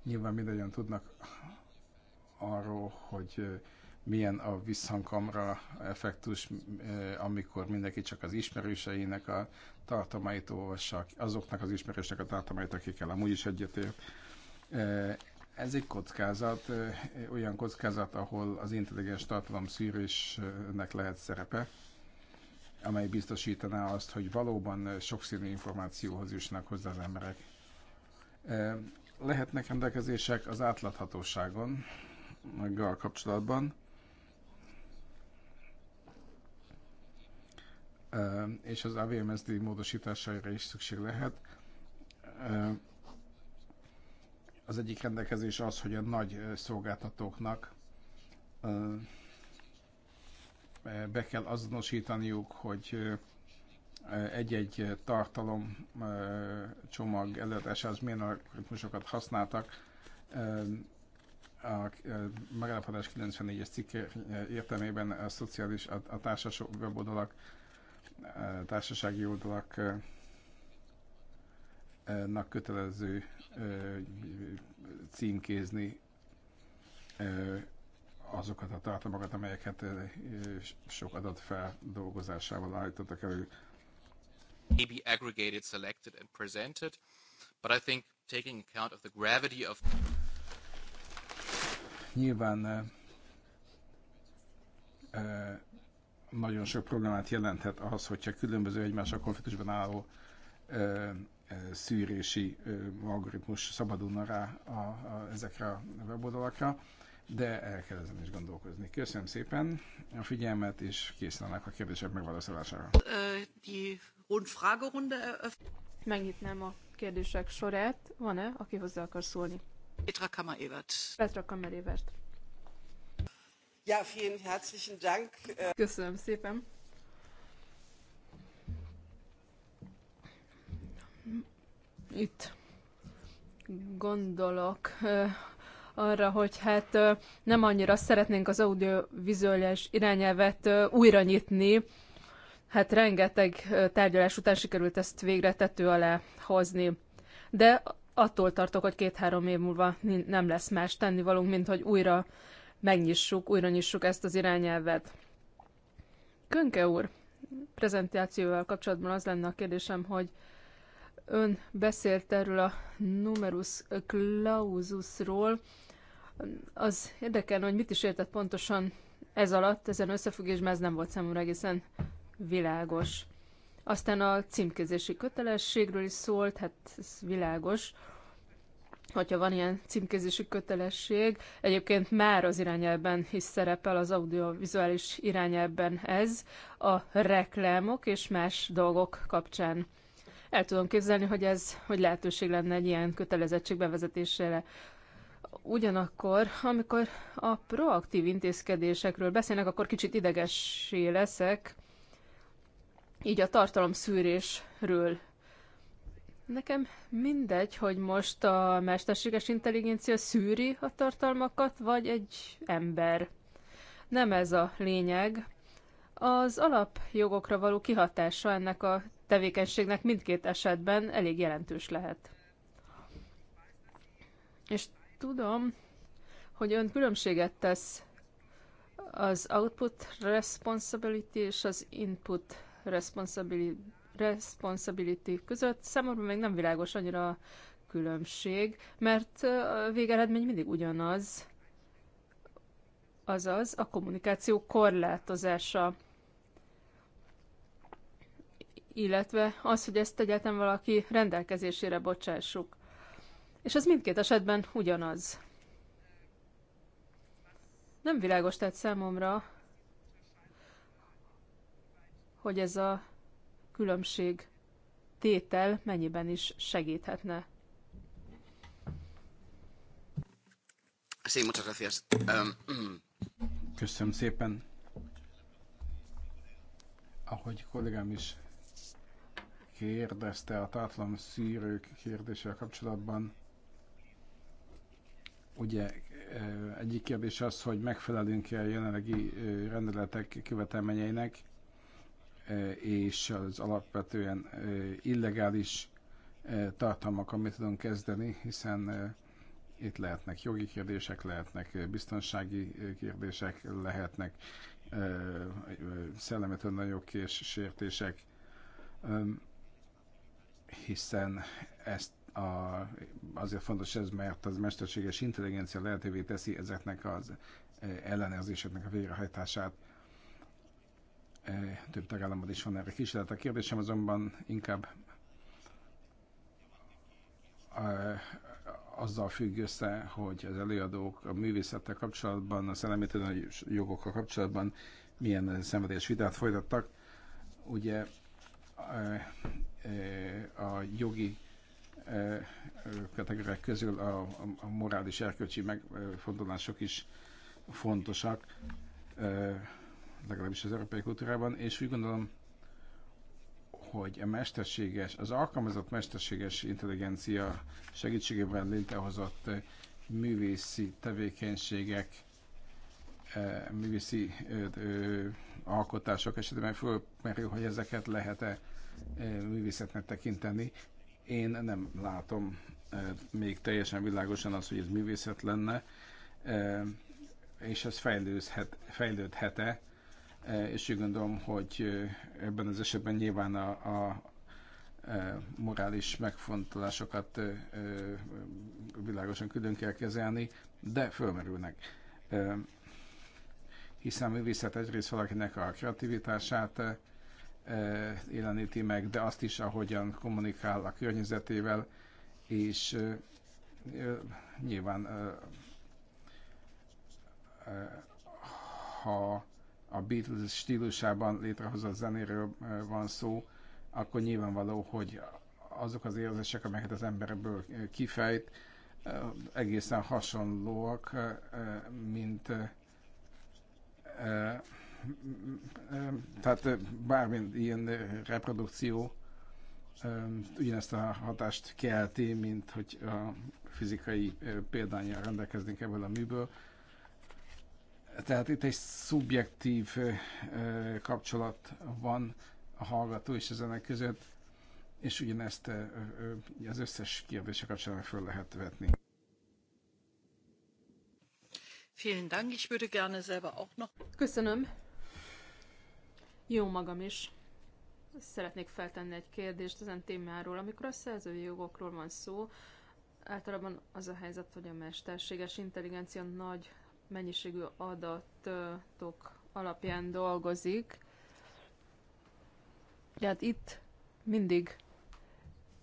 Nyilván mindannyian tudnak arról, hogy milyen a visszhangkamra effektus, amikor mindenki csak az ismerőseinek a tartomait olvassa, azoknak az ismerősnek a tartomait, akikkel amúgy is egyetért. Ez egy kockázat, olyan kockázat, ahol az intelligens tartalom szűrésnek lehet szerepe, amely biztosítaná azt, hogy valóban sokszínű információhoz jussnak hozzá az emberek. Lehetnek rendelkezések az átláthatóságon, a kapcsolatban, és az AVMSD módosításaira is szükség lehet az egyik rendelkezés az, hogy a nagy szolgáltatóknak be kell azonosítaniuk, hogy egy-egy tartalom csomag az milyen algoritmusokat használtak. A megállapodás 94-es cikke értelmében a szociális, a, a társas weboldalak, társasági oldalaknak kötelező címkézni azokat a tartalmakat, amelyeket sok adat feldolgozásával állítottak elő. Maybe aggregated, selected and presented, but I think taking account of the gravity of Nyilván nagyon sok problémát jelenthet az, hogyha különböző egymással konfliktusban álló szűrési algoritmus szabadulna rá a, a, ezekre a weboldalakra, de el kell ezen is gondolkozni. Köszönöm szépen a figyelmet, és készülnek a kérdések megválaszolására. Megnyitnám a kérdések sorát. Van-e, aki hozzá akar szólni? Petra Evert. Petra Evert. Ja, vielen herzlichen Dank. Äh, Köszönöm szépen. Itt gondolok arra, hogy hát nem annyira szeretnénk az audiovizuális irányelvet újra nyitni, hát rengeteg tárgyalás után sikerült ezt végre tető alá hozni. De attól tartok, hogy két-három év múlva nem lesz más tennivalunk, mint hogy újra megnyissuk, újra nyissuk ezt az irányelvet. Könke úr, prezentációval kapcsolatban az lenne a kérdésem, hogy Ön beszélt erről a numerus claususról. Az érdekelne, hogy mit is értett pontosan ez alatt, ezen összefüggésben ez nem volt számomra egészen világos. Aztán a címkézési kötelességről is szólt, hát ez világos, hogyha van ilyen címkézési kötelesség. Egyébként már az irányelben is szerepel, az audiovizuális irányelben ez, a reklámok és más dolgok kapcsán. El tudom képzelni, hogy ez, hogy lehetőség lenne egy ilyen kötelezettség bevezetésére. Ugyanakkor, amikor a proaktív intézkedésekről beszélnek, akkor kicsit idegesé leszek, így a tartalom szűrésről. Nekem mindegy, hogy most a mesterséges intelligencia szűri a tartalmakat, vagy egy ember. Nem ez a lényeg. Az alapjogokra való kihatása ennek a tevékenységnek mindkét esetben elég jelentős lehet. És tudom, hogy ön különbséget tesz az output responsibility és az input responsibility, között. Számomra még nem világos annyira a különbség, mert a végeredmény mindig ugyanaz, azaz a kommunikáció korlátozása illetve az, hogy ezt egyáltalán valaki rendelkezésére bocsássuk. És ez mindkét esetben ugyanaz. Nem világos tett számomra, hogy ez a különbség tétel mennyiben is segíthetne. Sí, muchas gracias. Köszönöm szépen. Ahogy kollégám is kérdezte a tátlan szűrők kérdéssel kapcsolatban. Ugye egyik kérdés az, hogy megfelelünk-e a jelenlegi rendeletek követelményeinek, és az alapvetően illegális tartalmak, amit tudunk kezdeni, hiszen itt lehetnek jogi kérdések, lehetnek biztonsági kérdések, lehetnek szellemetlen nagyok és sértések hiszen ezt a, azért fontos ez, mert az mesterséges intelligencia lehetővé teszi ezeknek az eh, ellenőrzéseknek a végrehajtását. Eh, több tagállamban is van erre kísérlet. A kérdésem azonban inkább eh, azzal függ össze, hogy az előadók a művészettel kapcsolatban, a szellemi jogokkal kapcsolatban milyen szenvedés vitát folytattak. Ugye Eh, a jogi eh, kategóriák közül a, a morális erkölcsi megfontolások is fontosak, eh, legalábbis az európai kultúrában, és úgy gondolom, hogy a mesterséges, az alkalmazott mesterséges intelligencia segítségével létrehozott művészi tevékenységek, művészi alkotások esetében fölmerül, hogy ezeket lehet-e művészetnek tekinteni. Én nem látom még teljesen világosan azt, hogy ez művészet lenne, és ez fejlődhet, fejlődhet-e, és úgy gondolom, hogy ebben az esetben nyilván a, a morális megfontolásokat világosan külön kell kezelni, de fölmerülnek. Hiszen a művészet egyrészt valakinek a kreativitását, jeleníti meg, de azt is, ahogyan kommunikál a környezetével, és nyilván ha a Beatles stílusában létrehozott zenéről van szó, akkor nyilvánvaló, hogy azok az érzések, amelyeket az emberből kifejt, egészen hasonlóak, mint tehát bármilyen ilyen reprodukció ugyanezt a hatást kelti, mint hogy a fizikai példányjal rendelkeznénk ebből a műből. Tehát itt egy szubjektív kapcsolat van a hallgató és a zenek között, és ugyanezt az összes kérdése kapcsolatban föl lehet vetni. Vielen Dank, ich würde gerne selber auch Köszönöm. Jó magam is. Szeretnék feltenni egy kérdést ezen témáról. Amikor a szerzői jogokról van szó, általában az a helyzet, hogy a mesterséges intelligencia nagy mennyiségű adatok alapján dolgozik. Tehát itt mindig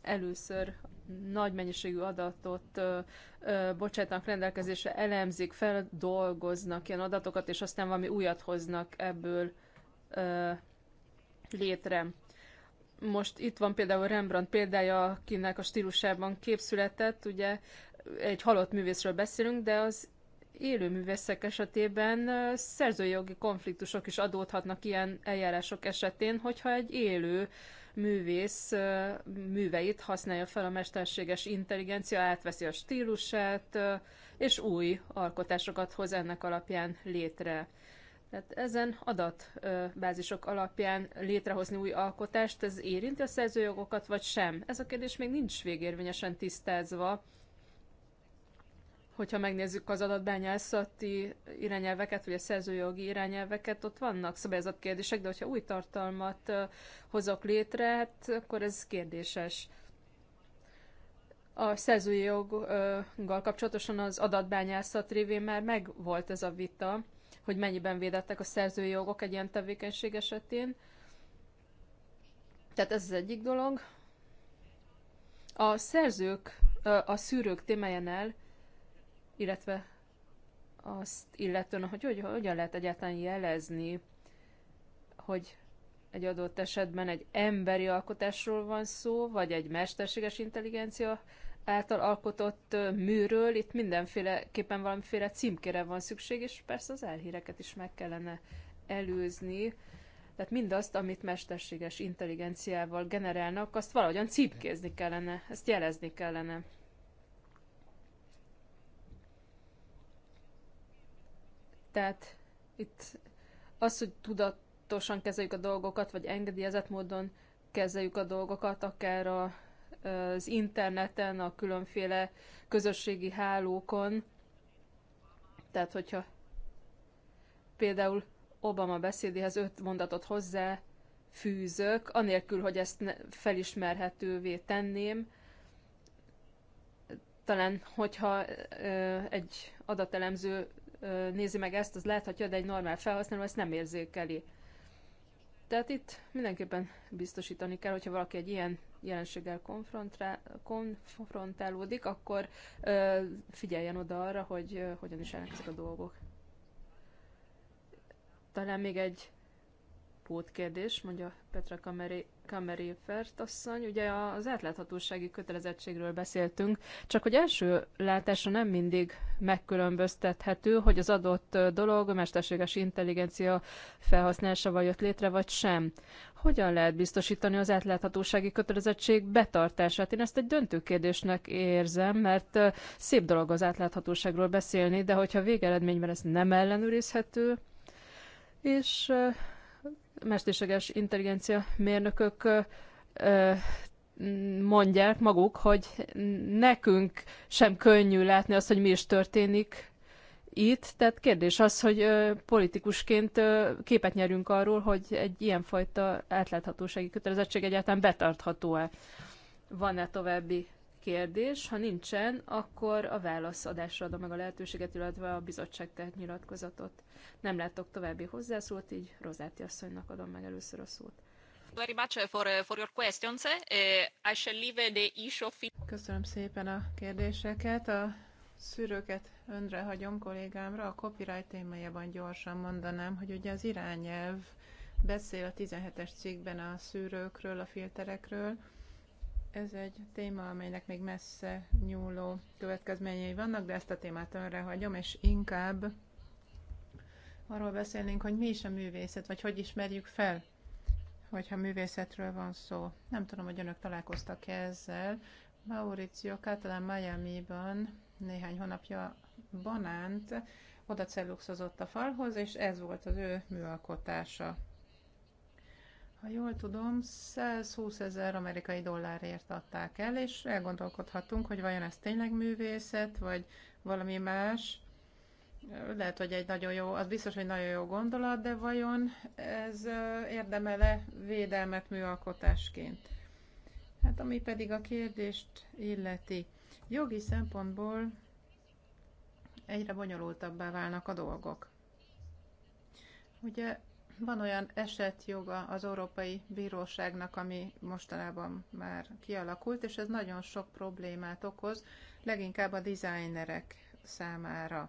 először nagy mennyiségű adatot ö, ö, bocsátanak rendelkezésre, elemzik, feldolgoznak ilyen adatokat, és aztán valami újat hoznak ebből létre. Most itt van például Rembrandt példája, akinek a stílusában kép született, ugye egy halott művészről beszélünk, de az élő művészek esetében szerzőjogi konfliktusok is adódhatnak ilyen eljárások esetén, hogyha egy élő művész műveit használja fel a mesterséges intelligencia, átveszi a stílusát, és új alkotásokat hoz ennek alapján létre. Tehát ezen adatbázisok alapján létrehozni új alkotást, ez érinti a szerzőjogokat, vagy sem? Ez a kérdés még nincs végérvényesen tisztázva. Hogyha megnézzük az adatbányászati irányelveket, vagy a szerzőjogi irányelveket, ott vannak szabályozott kérdések, de hogyha új tartalmat hozok létre, hát akkor ez kérdéses. A szerzőjoggal kapcsolatosan az adatbányászat révén már megvolt ez a vita, hogy mennyiben védettek a szerzői jogok egy ilyen tevékenység esetén. Tehát ez az egyik dolog. A szerzők, a szűrők el, illetve azt illetően, hogy, hogy hogyan lehet egyáltalán jelezni, hogy egy adott esetben egy emberi alkotásról van szó, vagy egy mesterséges intelligencia által alkotott műről, itt mindenféleképpen valamiféle címkére van szükség, és persze az elhíreket is meg kellene előzni. Tehát mindazt, amit mesterséges intelligenciával generálnak, azt valahogyan címkézni kellene, ezt jelezni kellene. Tehát itt az, hogy tudatosan kezeljük a dolgokat, vagy engedélyezett módon kezeljük a dolgokat, akár a az interneten, a különféle közösségi hálókon. Tehát, hogyha például Obama beszédéhez öt mondatot hozzá fűzök, anélkül, hogy ezt felismerhetővé tenném, talán, hogyha egy adatelemző nézi meg ezt, az láthatja, de egy normál felhasználó ezt nem érzékeli. Tehát itt mindenképpen biztosítani kell, hogyha valaki egy ilyen jelenséggel konfrontálódik, akkor ö, figyeljen oda arra, hogy ö, hogyan is állnak ezek a dolgok. Talán még egy pótkérdés, mondja Petra Kameri, Kameri Fertasszony. Ugye az átláthatósági kötelezettségről beszéltünk, csak hogy első látásra nem mindig megkülönböztethető, hogy az adott dolog a mesterséges intelligencia vagy jött létre, vagy sem. Hogyan lehet biztosítani az átláthatósági kötelezettség betartását? Én ezt egy döntő kérdésnek érzem, mert szép dolog az átláthatóságról beszélni, de hogyha végeredményben ez nem ellenőrizhető, és mesterséges intelligencia mérnökök mondják maguk, hogy nekünk sem könnyű látni azt, hogy mi is történik itt. Tehát kérdés az, hogy politikusként képet nyerünk arról, hogy egy ilyenfajta átláthatósági kötelezettség egyáltalán betartható-e. Van-e további kérdés. Ha nincsen, akkor a adásra adom meg a lehetőséget, illetve a bizottság tehet nyilatkozatot. Nem látok további hozzászólt, így Rozáti asszonynak adom meg először a szót. Köszönöm szépen a kérdéseket. A szűrőket önre hagyom kollégámra. A copyright témájában gyorsan mondanám, hogy ugye az irányelv beszél a 17-es cikkben a szűrőkről, a filterekről, ez egy téma, amelynek még messze nyúló következményei vannak, de ezt a témát önre hagyom, és inkább arról beszélnénk, hogy mi is a művészet, vagy hogy ismerjük fel, hogyha művészetről van szó. Nem tudom, hogy önök találkoztak -e ezzel. Mauricio Catalan Miami-ban néhány hónapja banánt oda celluxozott a falhoz, és ez volt az ő műalkotása. Ha jól tudom, 120 ezer amerikai dollárért adták el, és elgondolkodhatunk, hogy vajon ez tényleg művészet, vagy valami más. Lehet, hogy egy nagyon jó, az biztos, hogy nagyon jó gondolat, de vajon ez érdemele védelmet műalkotásként? Hát ami pedig a kérdést illeti. Jogi szempontból egyre bonyolultabbá válnak a dolgok. Ugye van olyan esetjoga az Európai Bíróságnak, ami mostanában már kialakult, és ez nagyon sok problémát okoz, leginkább a designerek számára.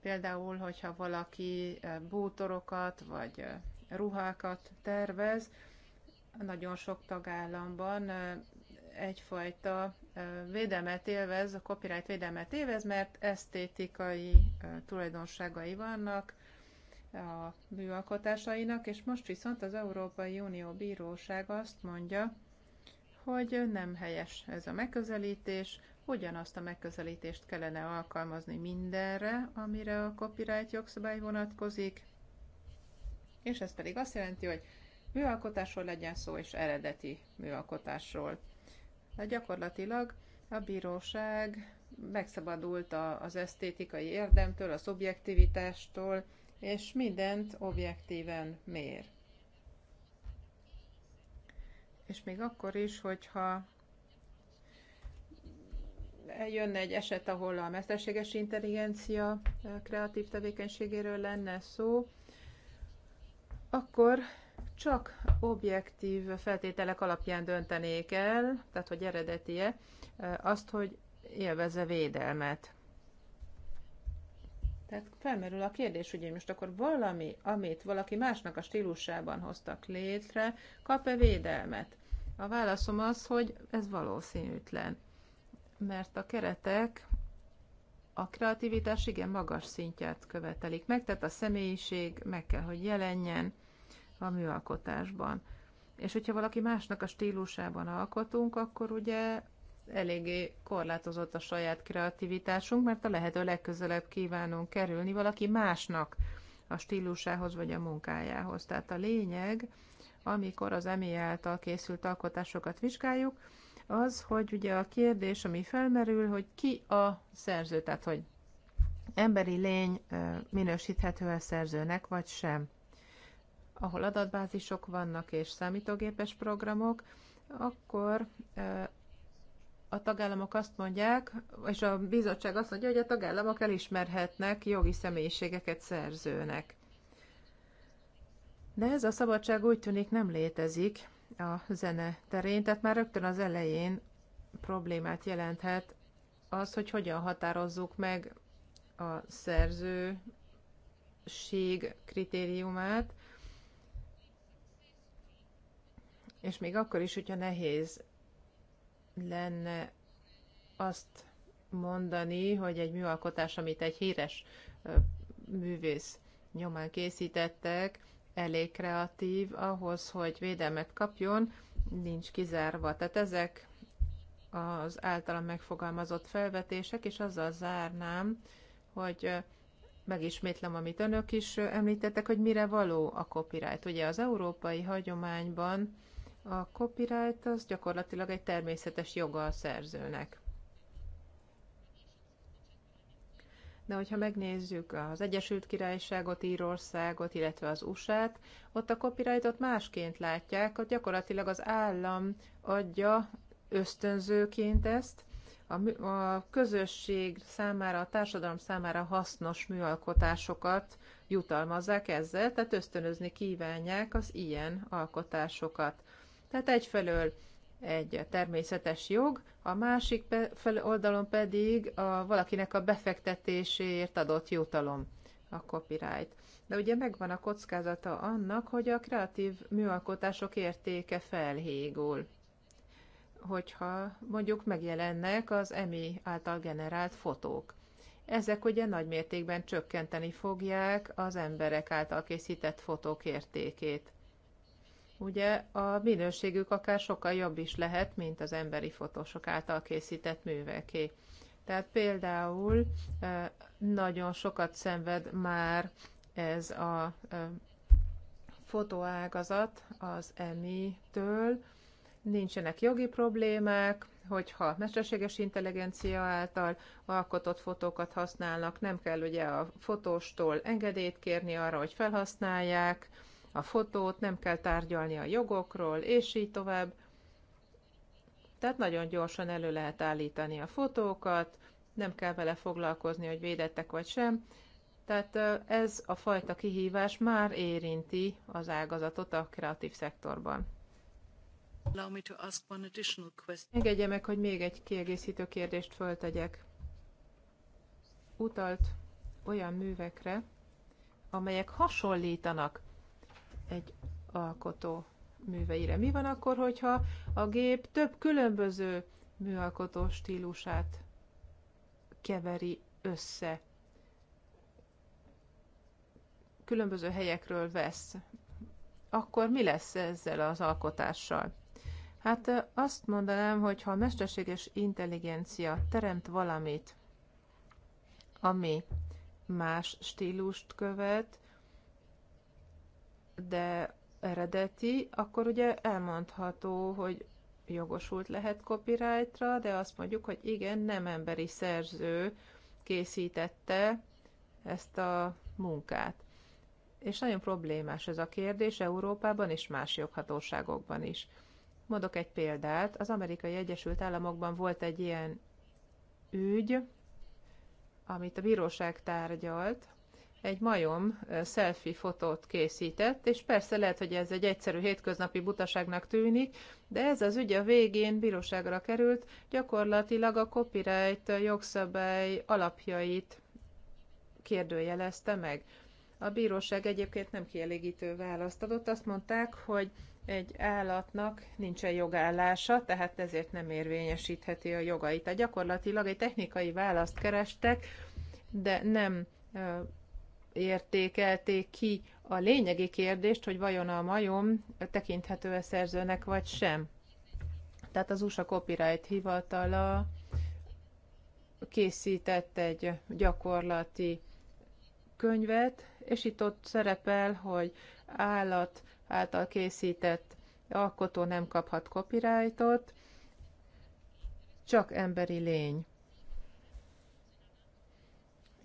Például, hogyha valaki eh, bútorokat vagy eh, ruhákat tervez, nagyon sok tagállamban eh, egyfajta védelmet élvez, a copyright védelmet élvez, mert esztétikai tulajdonságai vannak, a műalkotásainak, és most viszont az Európai Unió Bíróság azt mondja, hogy nem helyes ez a megközelítés, ugyanazt a megközelítést kellene alkalmazni mindenre, amire a copyright jogszabály vonatkozik, és ez pedig azt jelenti, hogy műalkotásról legyen szó, és eredeti műalkotásról. De gyakorlatilag a bíróság megszabadult az esztétikai érdemtől, a szubjektivitástól, és mindent objektíven mér. És még akkor is, hogyha jönne egy eset, ahol a mesterséges intelligencia eh, kreatív tevékenységéről lenne szó, akkor csak objektív feltételek alapján döntenék el, tehát hogy eredetie, eh, azt, hogy élvezze védelmet. Tehát felmerül a kérdés, hogy most akkor valami, amit valaki másnak a stílusában hoztak létre, kap-e védelmet? A válaszom az, hogy ez valószínűtlen, mert a keretek a kreativitás igen magas szintját követelik meg, tehát a személyiség meg kell, hogy jelenjen a műalkotásban. És hogyha valaki másnak a stílusában alkotunk, akkor ugye eléggé korlátozott a saját kreativitásunk, mert a lehető legközelebb kívánunk kerülni valaki másnak a stílusához vagy a munkájához. Tehát a lényeg, amikor az EMI által készült alkotásokat vizsgáljuk, az, hogy ugye a kérdés, ami felmerül, hogy ki a szerző, tehát hogy emberi lény minősíthető a szerzőnek, vagy sem. Ahol adatbázisok vannak és számítógépes programok, akkor a tagállamok azt mondják, és a bizottság azt mondja, hogy a tagállamok elismerhetnek jogi személyiségeket szerzőnek. De ez a szabadság úgy tűnik nem létezik a zene terén, tehát már rögtön az elején problémát jelenthet az, hogy hogyan határozzuk meg a szerzőség kritériumát, és még akkor is, hogyha nehéz lenne azt mondani, hogy egy műalkotás, amit egy híres művész nyomán készítettek, elég kreatív ahhoz, hogy védelmet kapjon, nincs kizárva. Tehát ezek az általam megfogalmazott felvetések, és azzal zárnám, hogy megismétlem, amit önök is említettek, hogy mire való a copyright. Ugye az európai hagyományban a copyright az gyakorlatilag egy természetes joga a szerzőnek. de hogyha megnézzük az Egyesült Királyságot, Írországot, illetve az USA-t, ott a copyrightot másként látják, ott gyakorlatilag az állam adja ösztönzőként ezt, a, a közösség számára, a társadalom számára hasznos műalkotásokat jutalmazzák ezzel, tehát ösztönözni kívánják az ilyen alkotásokat. Tehát egyfelől egy természetes jog, a másik oldalon pedig a, valakinek a befektetéséért adott jutalom, a copyright. De ugye megvan a kockázata annak, hogy a kreatív műalkotások értéke felhégul hogyha mondjuk megjelennek az EMI által generált fotók. Ezek ugye nagymértékben csökkenteni fogják az emberek által készített fotók értékét ugye a minőségük akár sokkal jobb is lehet, mint az emberi fotósok által készített műveké. Tehát például nagyon sokat szenved már ez a fotóágazat az EMI-től, nincsenek jogi problémák, hogyha mesterséges intelligencia által alkotott fotókat használnak, nem kell ugye a fotóstól engedélyt kérni arra, hogy felhasználják, a fotót, nem kell tárgyalni a jogokról, és így tovább. Tehát nagyon gyorsan elő lehet állítani a fotókat, nem kell vele foglalkozni, hogy védettek vagy sem. Tehát ez a fajta kihívás már érinti az ágazatot a kreatív szektorban. Engedje meg, hogy még egy kiegészítő kérdést föltegyek. Utalt olyan művekre, amelyek hasonlítanak egy alkotó műveire. Mi van akkor, hogyha a gép több különböző műalkotó stílusát keveri össze? Különböző helyekről vesz. Akkor mi lesz ezzel az alkotással? Hát azt mondanám, hogy ha a mesterséges intelligencia teremt valamit, ami más stílust követ, de eredeti, akkor ugye elmondható, hogy jogosult lehet copyrightra, de azt mondjuk, hogy igen, nem emberi szerző készítette ezt a munkát. És nagyon problémás ez a kérdés Európában és más joghatóságokban is. Mondok egy példát. Az Amerikai Egyesült Államokban volt egy ilyen ügy, amit a bíróság tárgyalt, egy majom selfie fotót készített, és persze lehet, hogy ez egy egyszerű hétköznapi butaságnak tűnik, de ez az ügy a végén bíróságra került, gyakorlatilag a copyright jogszabály alapjait kérdőjelezte meg. A bíróság egyébként nem kielégítő választ adott, azt mondták, hogy egy állatnak nincsen jogállása, tehát ezért nem érvényesítheti a jogait. A gyakorlatilag egy technikai választ kerestek, de nem értékelték ki a lényegi kérdést, hogy vajon a majom tekinthető-e szerzőnek vagy sem. Tehát az USA Copyright Hivatala készített egy gyakorlati könyvet, és itt ott szerepel, hogy állat által készített alkotó nem kaphat copyrightot, csak emberi lény.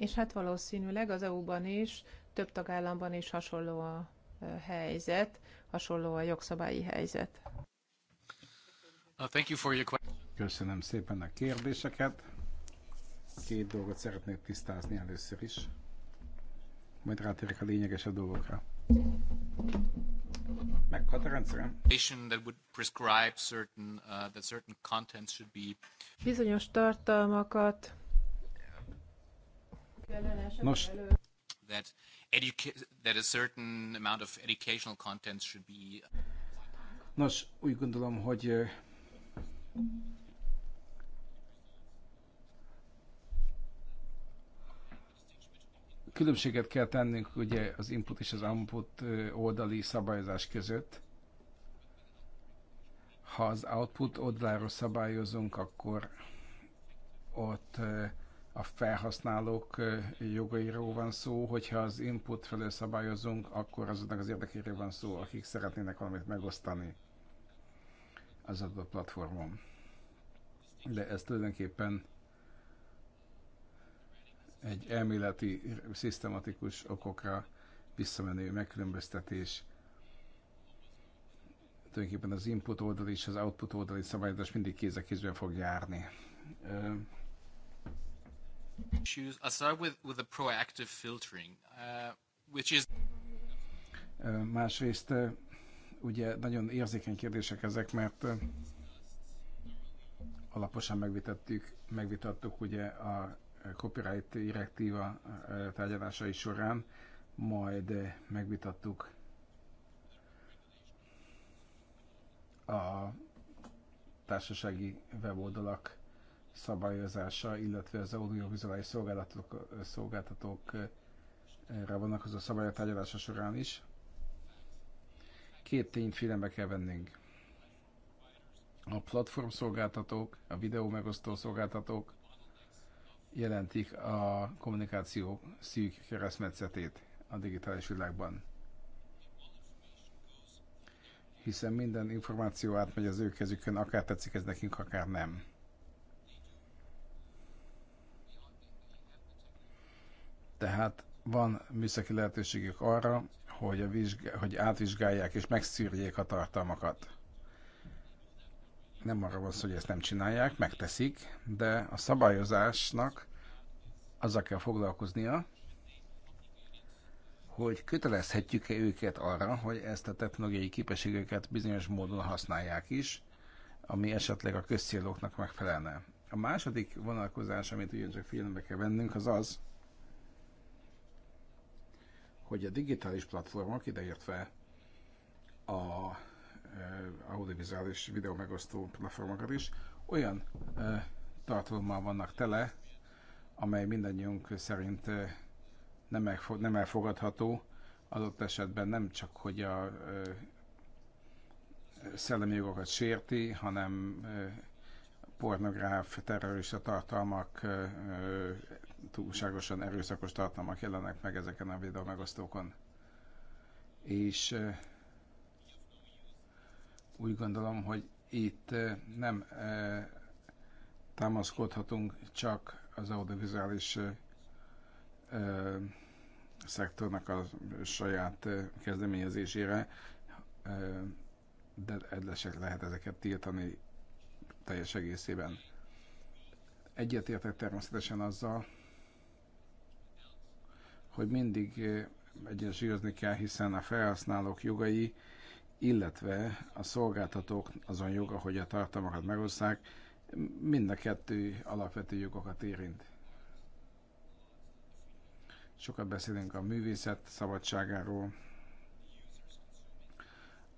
És hát valószínűleg az EU-ban is, több tagállamban is hasonló a helyzet, hasonló a jogszabályi helyzet. Uh, Köszönöm szépen a kérdéseket. Két dolgot szeretnék tisztázni először is. Majd rátérek a a dolgokra. Uh, Bizonyos tartalmakat Nos, that that a certain amount of educational content should be Nos, úgy gondolom, hogy különbséget kell tennünk ugye az input és az output oldali szabályozás között. Ha az output oldaláról szabályozunk, akkor ott a felhasználók jogairól van szó, hogyha az input felől szabályozunk, akkor azoknak az érdekéről van szó, akik szeretnének valamit megosztani az adott platformon. De ez tulajdonképpen egy elméleti, szisztematikus okokra visszamenő megkülönböztetés. Tulajdonképpen az input oldal és az output oldali szabályozás mindig kéz a kézben fog járni. Issues. I'll start with, with the proactive filtering, uh, which is... Másrészt ugye nagyon érzékeny kérdések ezek, mert alaposan megvitettük, megvitattuk ugye a copyright direktíva tárgyalásai során, majd megvitattuk a társasági weboldalak szabályozása, illetve az audiovizuális szolgáltatók, szolgáltatókra eh, vonatkozó szabályok tárgyalása során is. Két tényt figyelembe kell vennünk. A platform szolgáltatók, a videó megosztó szolgáltatók jelentik a kommunikáció szűk keresztmetszetét a digitális világban hiszen minden információ átmegy az ő kezükön, akár tetszik ez nekünk, akár nem. Tehát van műszaki lehetőségük arra, hogy, a vizsg- hogy átvizsgálják és megszűrjék a tartalmakat. Nem arra van szó, hogy ezt nem csinálják, megteszik, de a szabályozásnak azzal kell foglalkoznia, hogy kötelezhetjük-e őket arra, hogy ezt a technológiai képességeket bizonyos módon használják is, ami esetleg a közcéloknak megfelelne. A második vonalkozás, amit ugyancsak figyelembe kell vennünk, az az, hogy a digitális platformok, ideértve a e, audiovizuális videó megosztó platformokat is, olyan e, tartalommal vannak tele, amely mindannyiunk szerint e, nem elfogadható, adott esetben nem csak, hogy a szellemi jogokat sérti, hanem pornográf, terrorista tartalmak, túlságosan erőszakos tartalmak jelennek meg ezeken a videó megosztókon, És úgy gondolom, hogy itt nem támaszkodhatunk csak az audiovizuális szektornak a saját kezdeményezésére, de lehet ezeket tiltani teljes egészében. Egyetértek természetesen azzal, hogy mindig eh, egyensúlyozni kell, hiszen a felhasználók jogai, illetve a szolgáltatók azon joga, hogy a tartalmakat megosszák, mind a kettő alapvető jogokat érint. Sokat beszélünk a művészet szabadságáról,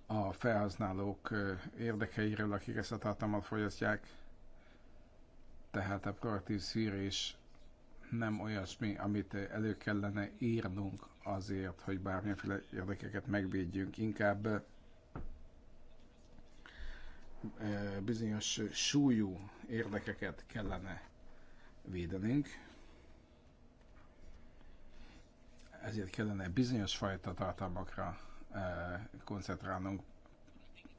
a felhasználók érdekeiről, akik ezt a tartalmat fogyasztják. Tehát a proaktív szűrés nem olyasmi, amit elő kellene írnunk azért, hogy bármilyenféle érdekeket megvédjünk. Inkább bizonyos súlyú érdekeket kellene védenünk. Ezért kellene bizonyos fajta tartalmakra Eh, koncentrálnunk.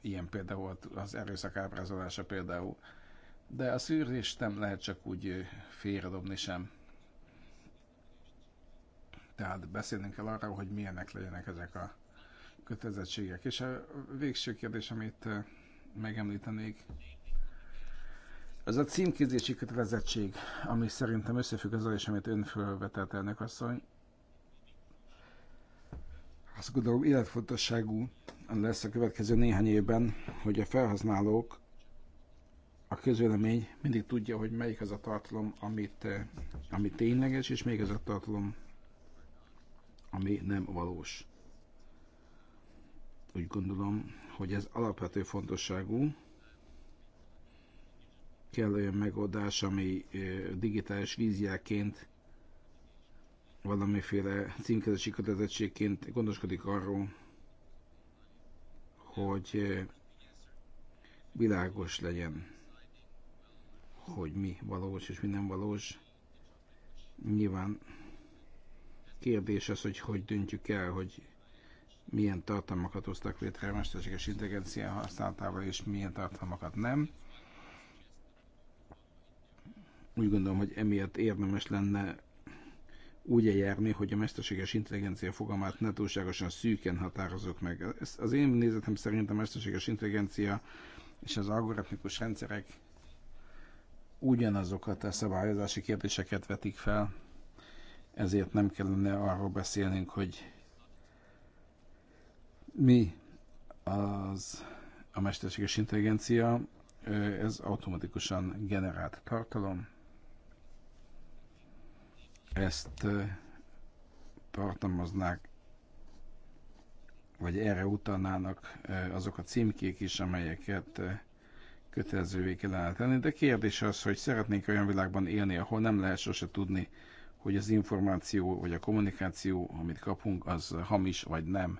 Ilyen például volt az erőszak ábrázolása például. De a szűrést nem lehet csak úgy eh, félredobni sem. Tehát beszélnünk kell arra, hogy milyenek legyenek ezek a kötelezettségek. És a végső kérdés, amit eh, megemlítenék, az a címkézési kötelezettség, ami szerintem összefügg azzal is, amit ön felvetett elnök asszony, azt gondolom életfontosságú lesz a következő néhány évben, hogy a felhasználók, a közvélemény mindig tudja, hogy melyik az a tartalom, amit, eh, ami tényleges, és melyik az a tartalom, ami nem valós. Úgy gondolom, hogy ez alapvető fontosságú, kell olyan megoldás, ami eh, digitális víziáként valamiféle címkezési kötelezettségként gondoskodik arról, hogy eh, világos legyen, hogy mi valós és mi nem valós. Nyilván kérdés az, hogy hogy döntjük el, hogy milyen tartalmakat hoztak létre a mesterséges intelligencia használatával, és milyen tartalmakat nem. Úgy gondolom, hogy emiatt érdemes lenne úgy eljárni, hogy a mesterséges intelligencia fogalmát ne túlságosan szűken határozok meg. Ez, az én nézetem szerint a mesterséges intelligencia és az algoritmikus rendszerek ugyanazokat a szabályozási kérdéseket vetik fel, ezért nem kellene arról beszélnünk, hogy mi az a mesterséges intelligencia, ez automatikusan generált tartalom, ezt tartalmaznák, vagy erre utalnának azok a címkék is, amelyeket kötelezővé kellene tenni. De kérdés az, hogy szeretnénk olyan világban élni, ahol nem lehet sose tudni, hogy az információ vagy a kommunikáció, amit kapunk, az hamis vagy nem.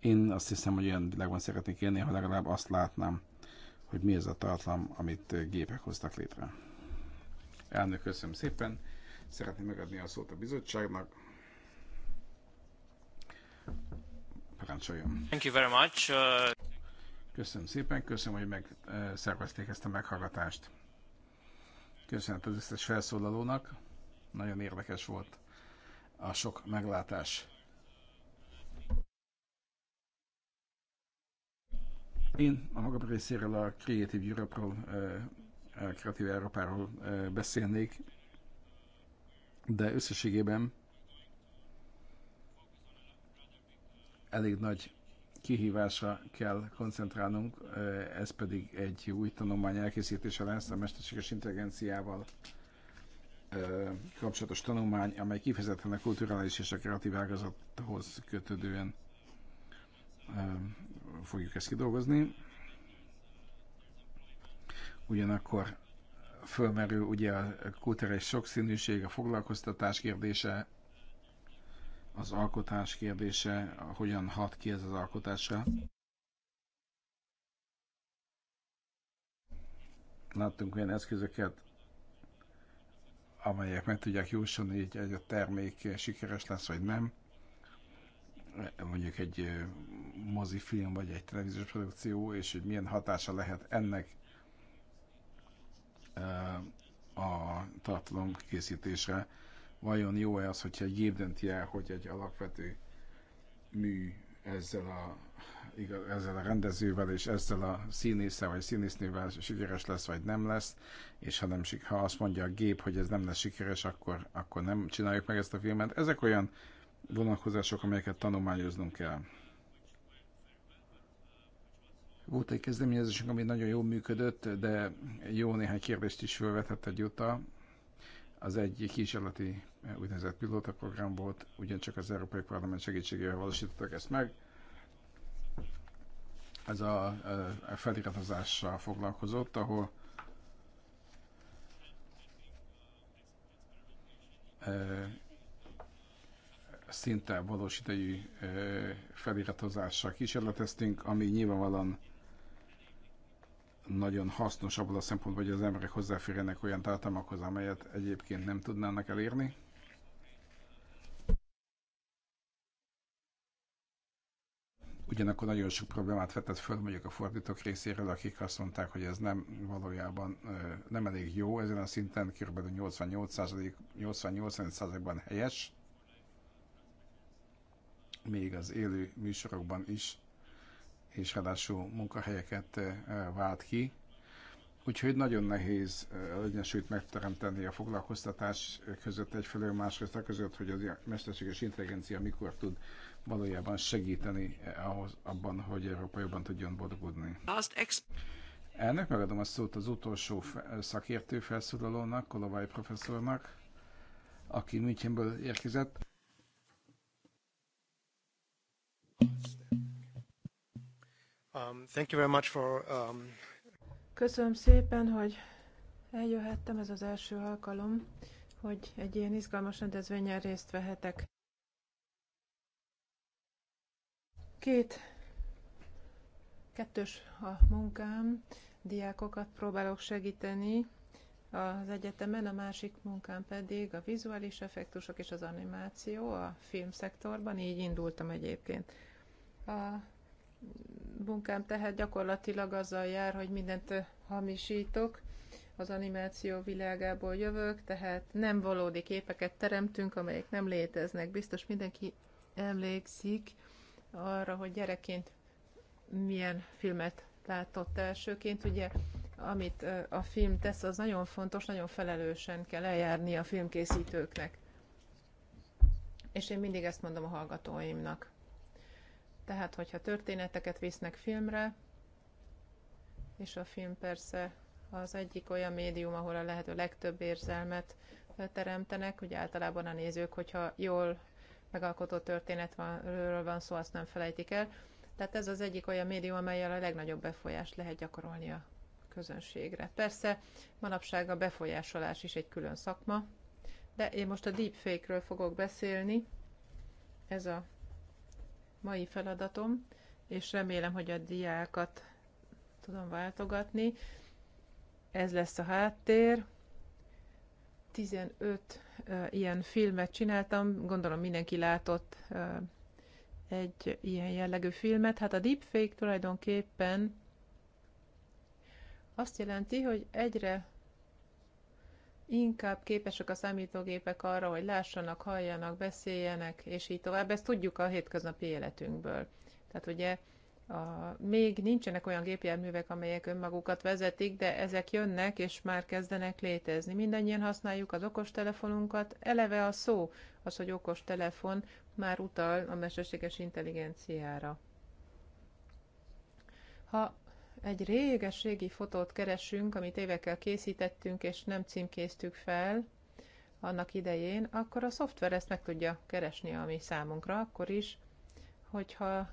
Én azt hiszem, hogy olyan világban szeretnék élni, ha legalább azt látnám, hogy mi ez a tartalom, amit gépek hoztak létre. Elnök, köszönöm szépen! Szeretném megadni a szót a bizottságnak. Parancsoljon. Thank you very much. Uh... Köszönöm szépen, köszönöm, hogy megszervezték uh, ezt a meghallgatást. Köszönöm az összes felszólalónak, nagyon érdekes volt a sok meglátás. Én a magam részéről a Creative Europe-ról, a uh, uh, Creative Európáról beszélnék de összességében elég nagy kihívásra kell koncentrálnunk, eh, ez pedig egy új tanulmány elkészítése lesz a mesterséges intelligenciával eh, kapcsolatos tanulmány, amely kifejezetten a kulturális és a kreatív ágazathoz kötődően eh, fogjuk ezt kidolgozni. Ugyanakkor fölmerül ugye a kulturális sokszínűség, a foglalkoztatás kérdése, az alkotás kérdése, hogyan hat ki ez az alkotásra. Láttunk olyan eszközöket, amelyek meg tudják jósolni, hogy egy termék sikeres lesz, vagy nem. Mondjuk egy mozifilm, vagy egy televíziós produkció, és hogy milyen hatása lehet ennek a tartalom készítésre. Vajon jó-e az, hogyha egy gép dönti el, hogy egy alapvető mű ezzel a, igaz, ezzel a rendezővel és ezzel a színésszel vagy színésznővel sikeres lesz, vagy nem lesz, és ha, nem, ha azt mondja a gép, hogy ez nem lesz sikeres, akkor, akkor nem csináljuk meg ezt a filmet. Ezek olyan vonalkozások, amelyeket tanulmányoznunk kell. Volt egy kezdeményezésünk, ami nagyon jól működött, de jó néhány kérdést is felvetett egy Utah. Az egy kísérleti eh, úgynevezett pilótaprogram volt, ugyancsak az Európai Parlament segítségével valósítottak ezt meg. Ez a, a eh, feliratozással foglalkozott, ahol eh, szinte valós idejű feliratozással kísérleteztünk, ami nyilvánvalóan nagyon hasznos abban a szempontból, hogy az emberek hozzáférjenek olyan tartalmakhoz, amelyet egyébként nem tudnának elérni. Ugyanakkor nagyon sok problémát vetett föl mondjuk a fordítók részéről, akik azt mondták, hogy ez nem valójában nem elég jó, ezen a szinten kb. 88%-ban helyes, még az élő műsorokban is és ráadásul munkahelyeket eh, vált ki. Úgyhogy nagyon nehéz eh, egyensúlyt megteremteni a foglalkoztatás között egyfelől, másrészt a között, hogy az mesterséges intelligencia mikor tud valójában segíteni eh, ahhoz, abban, hogy Európa jobban tudjon boldogulni. Elnök, megadom a szót az utolsó szakértő felszólalónak, Kolovai professzornak, aki Münchenből érkezett. Um, thank you very much for, um... Köszönöm szépen, hogy eljöhettem, ez az első alkalom, hogy egy ilyen izgalmas rendezvényen részt vehetek. Két kettős a munkám, diákokat próbálok segíteni az egyetemen, a másik munkám pedig a vizuális effektusok és az animáció a filmszektorban, így indultam egyébként. A munkám tehát gyakorlatilag azzal jár, hogy mindent hamisítok, az animáció világából jövök, tehát nem valódi képeket teremtünk, amelyek nem léteznek. Biztos mindenki emlékszik arra, hogy gyerekként milyen filmet látott elsőként. Ugye, amit a film tesz, az nagyon fontos, nagyon felelősen kell eljárni a filmkészítőknek. És én mindig ezt mondom a hallgatóimnak. Tehát, hogyha történeteket visznek filmre, és a film persze az egyik olyan médium, ahol a lehető legtöbb érzelmet teremtenek, ugye általában a nézők, hogyha jól megalkotó történetről van szó, azt nem felejtik el. Tehát ez az egyik olyan médium, amelyel a legnagyobb befolyást lehet gyakorolni a közönségre. Persze manapság a befolyásolás is egy külön szakma, de én most a deepfake-ről fogok beszélni. Ez a mai feladatom, és remélem, hogy a diákat tudom váltogatni. Ez lesz a háttér. 15 uh, ilyen filmet csináltam, gondolom mindenki látott uh, egy ilyen jellegű filmet. Hát a deepfake tulajdonképpen azt jelenti, hogy egyre inkább képesek a számítógépek arra, hogy lássanak, halljanak, beszéljenek, és így tovább. Ezt tudjuk a hétköznapi életünkből. Tehát ugye a, még nincsenek olyan gépjárművek, amelyek önmagukat vezetik, de ezek jönnek és már kezdenek létezni. Mindannyian használjuk az okostelefonunkat. Eleve a szó az, hogy okostelefon már utal a mesterséges intelligenciára. Ha egy réges régi fotót keresünk, amit évekkel készítettünk, és nem címkéztük fel annak idején, akkor a szoftver ezt meg tudja keresni a mi számunkra, akkor is, hogyha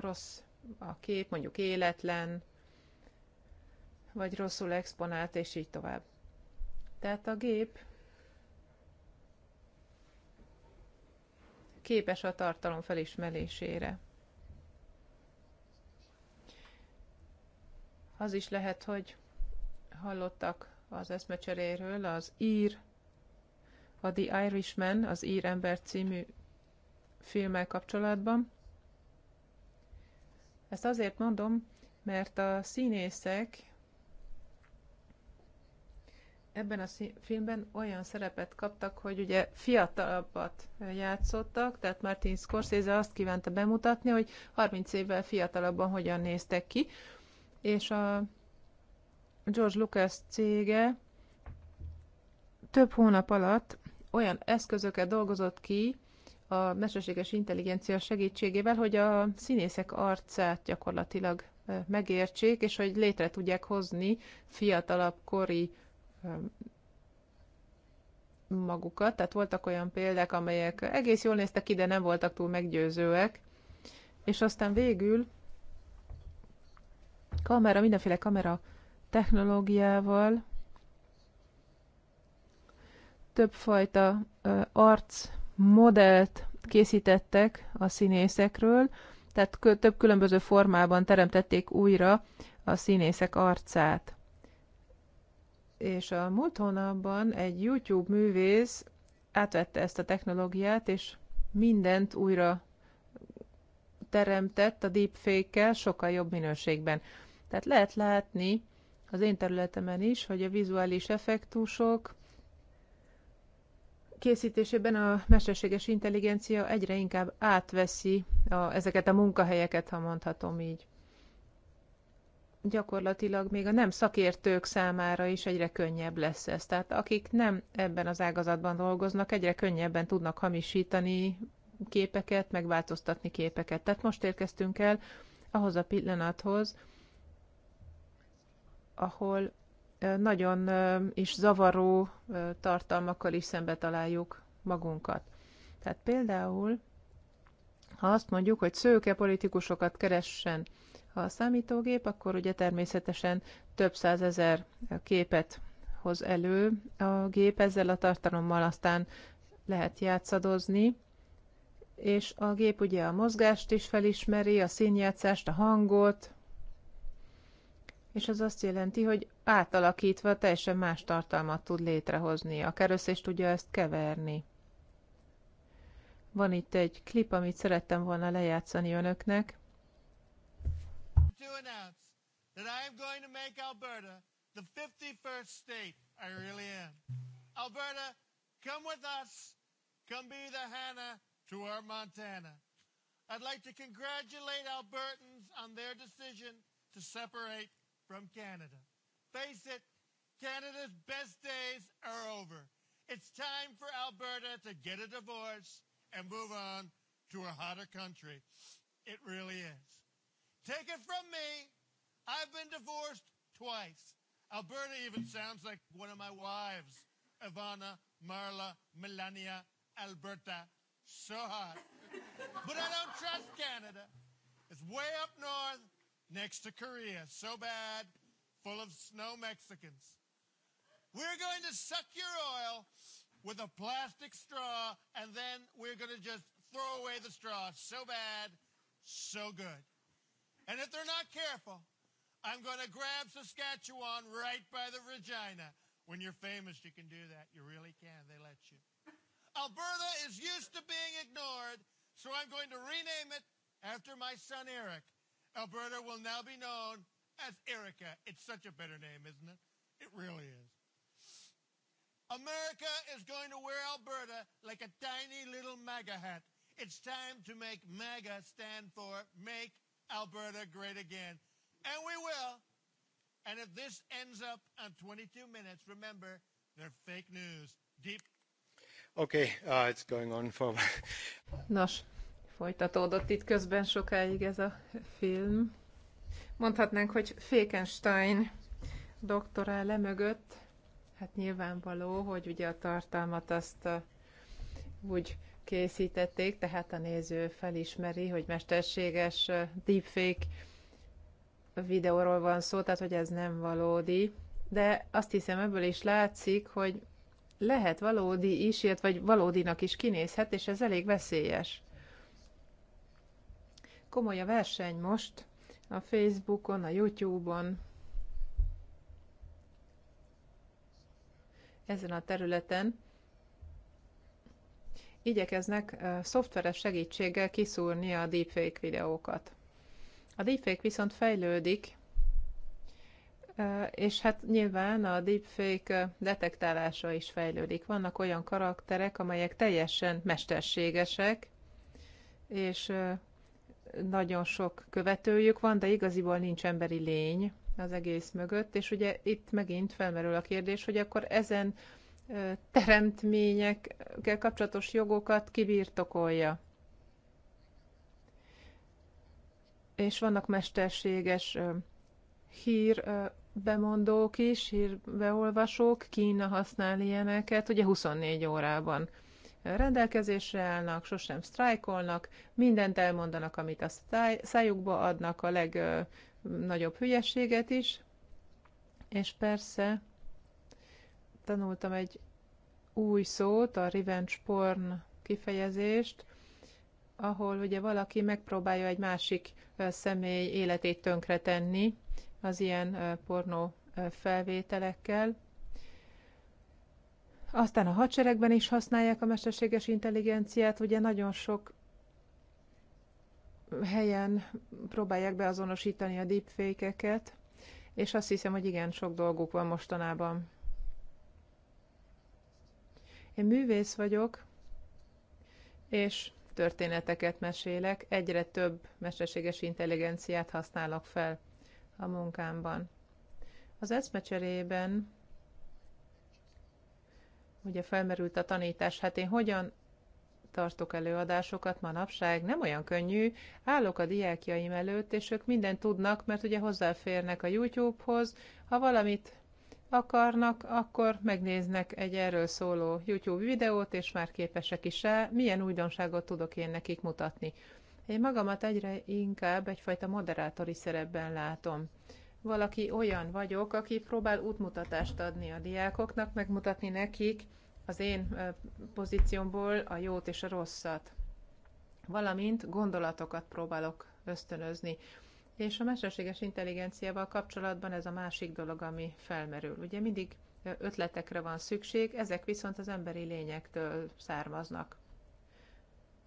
rossz a kép, mondjuk életlen, vagy rosszul exponált, és így tovább. Tehát a gép képes a tartalom felismerésére. Az is lehet, hogy hallottak az eszmecseréről, az ír, a The Irishman, az ír ember című filmmel kapcsolatban. Ezt azért mondom, mert a színészek ebben a filmben olyan szerepet kaptak, hogy ugye fiatalabbat játszottak, tehát Martin Scorsese azt kívánta bemutatni, hogy 30 évvel fiatalabban hogyan néztek ki, és a George Lucas cége több hónap alatt olyan eszközöket dolgozott ki a mesterséges intelligencia segítségével, hogy a színészek arcát gyakorlatilag megértsék, és hogy létre tudják hozni fiatalabb kori magukat. Tehát voltak olyan példák, amelyek egész jól néztek ki, de nem voltak túl meggyőzőek. És aztán végül kamera, mindenféle kamera technológiával, többfajta arc modellt készítettek a színészekről, tehát több különböző formában teremtették újra a színészek arcát. És a múlt hónapban egy YouTube művész átvette ezt a technológiát, és mindent újra teremtett a deepfake-kel sokkal jobb minőségben. Tehát lehet látni az én területemen is, hogy a vizuális effektusok készítésében a mesterséges intelligencia egyre inkább átveszi a, ezeket a munkahelyeket, ha mondhatom így. Gyakorlatilag még a nem szakértők számára is egyre könnyebb lesz ez. Tehát akik nem ebben az ágazatban dolgoznak, egyre könnyebben tudnak hamisítani képeket, megváltoztatni képeket. Tehát most érkeztünk el ahhoz a pillanathoz, ahol nagyon is zavaró tartalmakkal is szembe találjuk magunkat. Tehát például, ha azt mondjuk, hogy szőke politikusokat keressen a számítógép, akkor ugye természetesen több százezer képet hoz elő a gép, ezzel a tartalommal aztán lehet játszadozni, és a gép ugye a mozgást is felismeri, a színjátszást, a hangot, és az azt jelenti, hogy átalakítva teljesen más tartalmat tud létrehozni, akár össze is tudja ezt keverni. Van itt egy klip, amit szerettem volna lejátszani önöknek. Alberta, come with us. Come be the Hannah to our Montana. I'd like to congratulate Albertans on their decision to separate from Canada. Face it, Canada's best days are over. It's time for Alberta to get a divorce and move on to a hotter country. It really is. Take it from me, I've been divorced twice. Alberta even sounds like one of my wives, Ivana Marla Melania Alberta. So hot. but I don't trust Canada. It's way up north, next to Korea. So bad, full of snow Mexicans. We're going to suck your oil with a plastic straw, and then we're going to just throw away the straw. So bad, so good. And if they're not careful, I'm going to grab Saskatchewan right by the Regina. When you're famous, you can do that. You really can. They let you. Alberta is used to being ignored, so I'm going to rename it after my son Eric. Alberta will now be known as Erica. It's such a better name, isn't it? It really is. America is going to wear Alberta like a tiny little MAGA hat. It's time to make MAGA stand for Make Alberta Great Again. And we will. And if this ends up on 22 minutes, remember, they're fake news. Deep. Okay, uh, it's going on for. Nos, Folytatódott itt közben sokáig ez a film. Mondhatnánk, hogy Fékenstein doktorál lemögött. Hát nyilvánvaló, hogy ugye a tartalmat azt uh, úgy készítették, tehát a néző felismeri, hogy mesterséges uh, deepfake videóról van szó, tehát hogy ez nem valódi. De azt hiszem ebből is látszik, hogy lehet valódi is, illetve vagy valódinak is kinézhet, és ez elég veszélyes komoly a verseny most a Facebookon, a YouTube-on, ezen a területen igyekeznek szoftveres segítséggel kiszúrni a deepfake videókat. A deepfake viszont fejlődik, és hát nyilván a deepfake detektálása is fejlődik. Vannak olyan karakterek, amelyek teljesen mesterségesek, és nagyon sok követőjük van, de igaziból nincs emberi lény az egész mögött, és ugye itt megint felmerül a kérdés, hogy akkor ezen teremtményekkel kapcsolatos jogokat kibirtokolja. És vannak mesterséges hír bemondók is, hírbeolvasók, Kína használ ilyeneket, ugye 24 órában rendelkezésre állnak, sosem sztrájkolnak, mindent elmondanak, amit a szájukba adnak, a legnagyobb hülyeséget is. És persze tanultam egy új szót, a revenge porn kifejezést, ahol ugye valaki megpróbálja egy másik személy életét tönkretenni az ilyen pornó felvételekkel, aztán a hadseregben is használják a mesterséges intelligenciát, ugye nagyon sok helyen próbálják beazonosítani a deepfake-eket, és azt hiszem, hogy igen, sok dolguk van mostanában. Én művész vagyok, és történeteket mesélek, egyre több mesterséges intelligenciát használok fel a munkámban. Az eszmecserében Ugye felmerült a tanítás, hát én hogyan tartok előadásokat manapság, nem olyan könnyű. Állok a diákjaim előtt, és ők mindent tudnak, mert ugye hozzáférnek a YouTube-hoz. Ha valamit akarnak, akkor megnéznek egy erről szóló YouTube videót, és már képesek is el. milyen újdonságot tudok én nekik mutatni. Én magamat egyre inkább egyfajta moderátori szerepben látom valaki olyan vagyok, aki próbál útmutatást adni a diákoknak, megmutatni nekik az én pozíciómból a jót és a rosszat, valamint gondolatokat próbálok ösztönözni. És a mesterséges intelligenciával kapcsolatban ez a másik dolog, ami felmerül. Ugye mindig ötletekre van szükség, ezek viszont az emberi lényektől származnak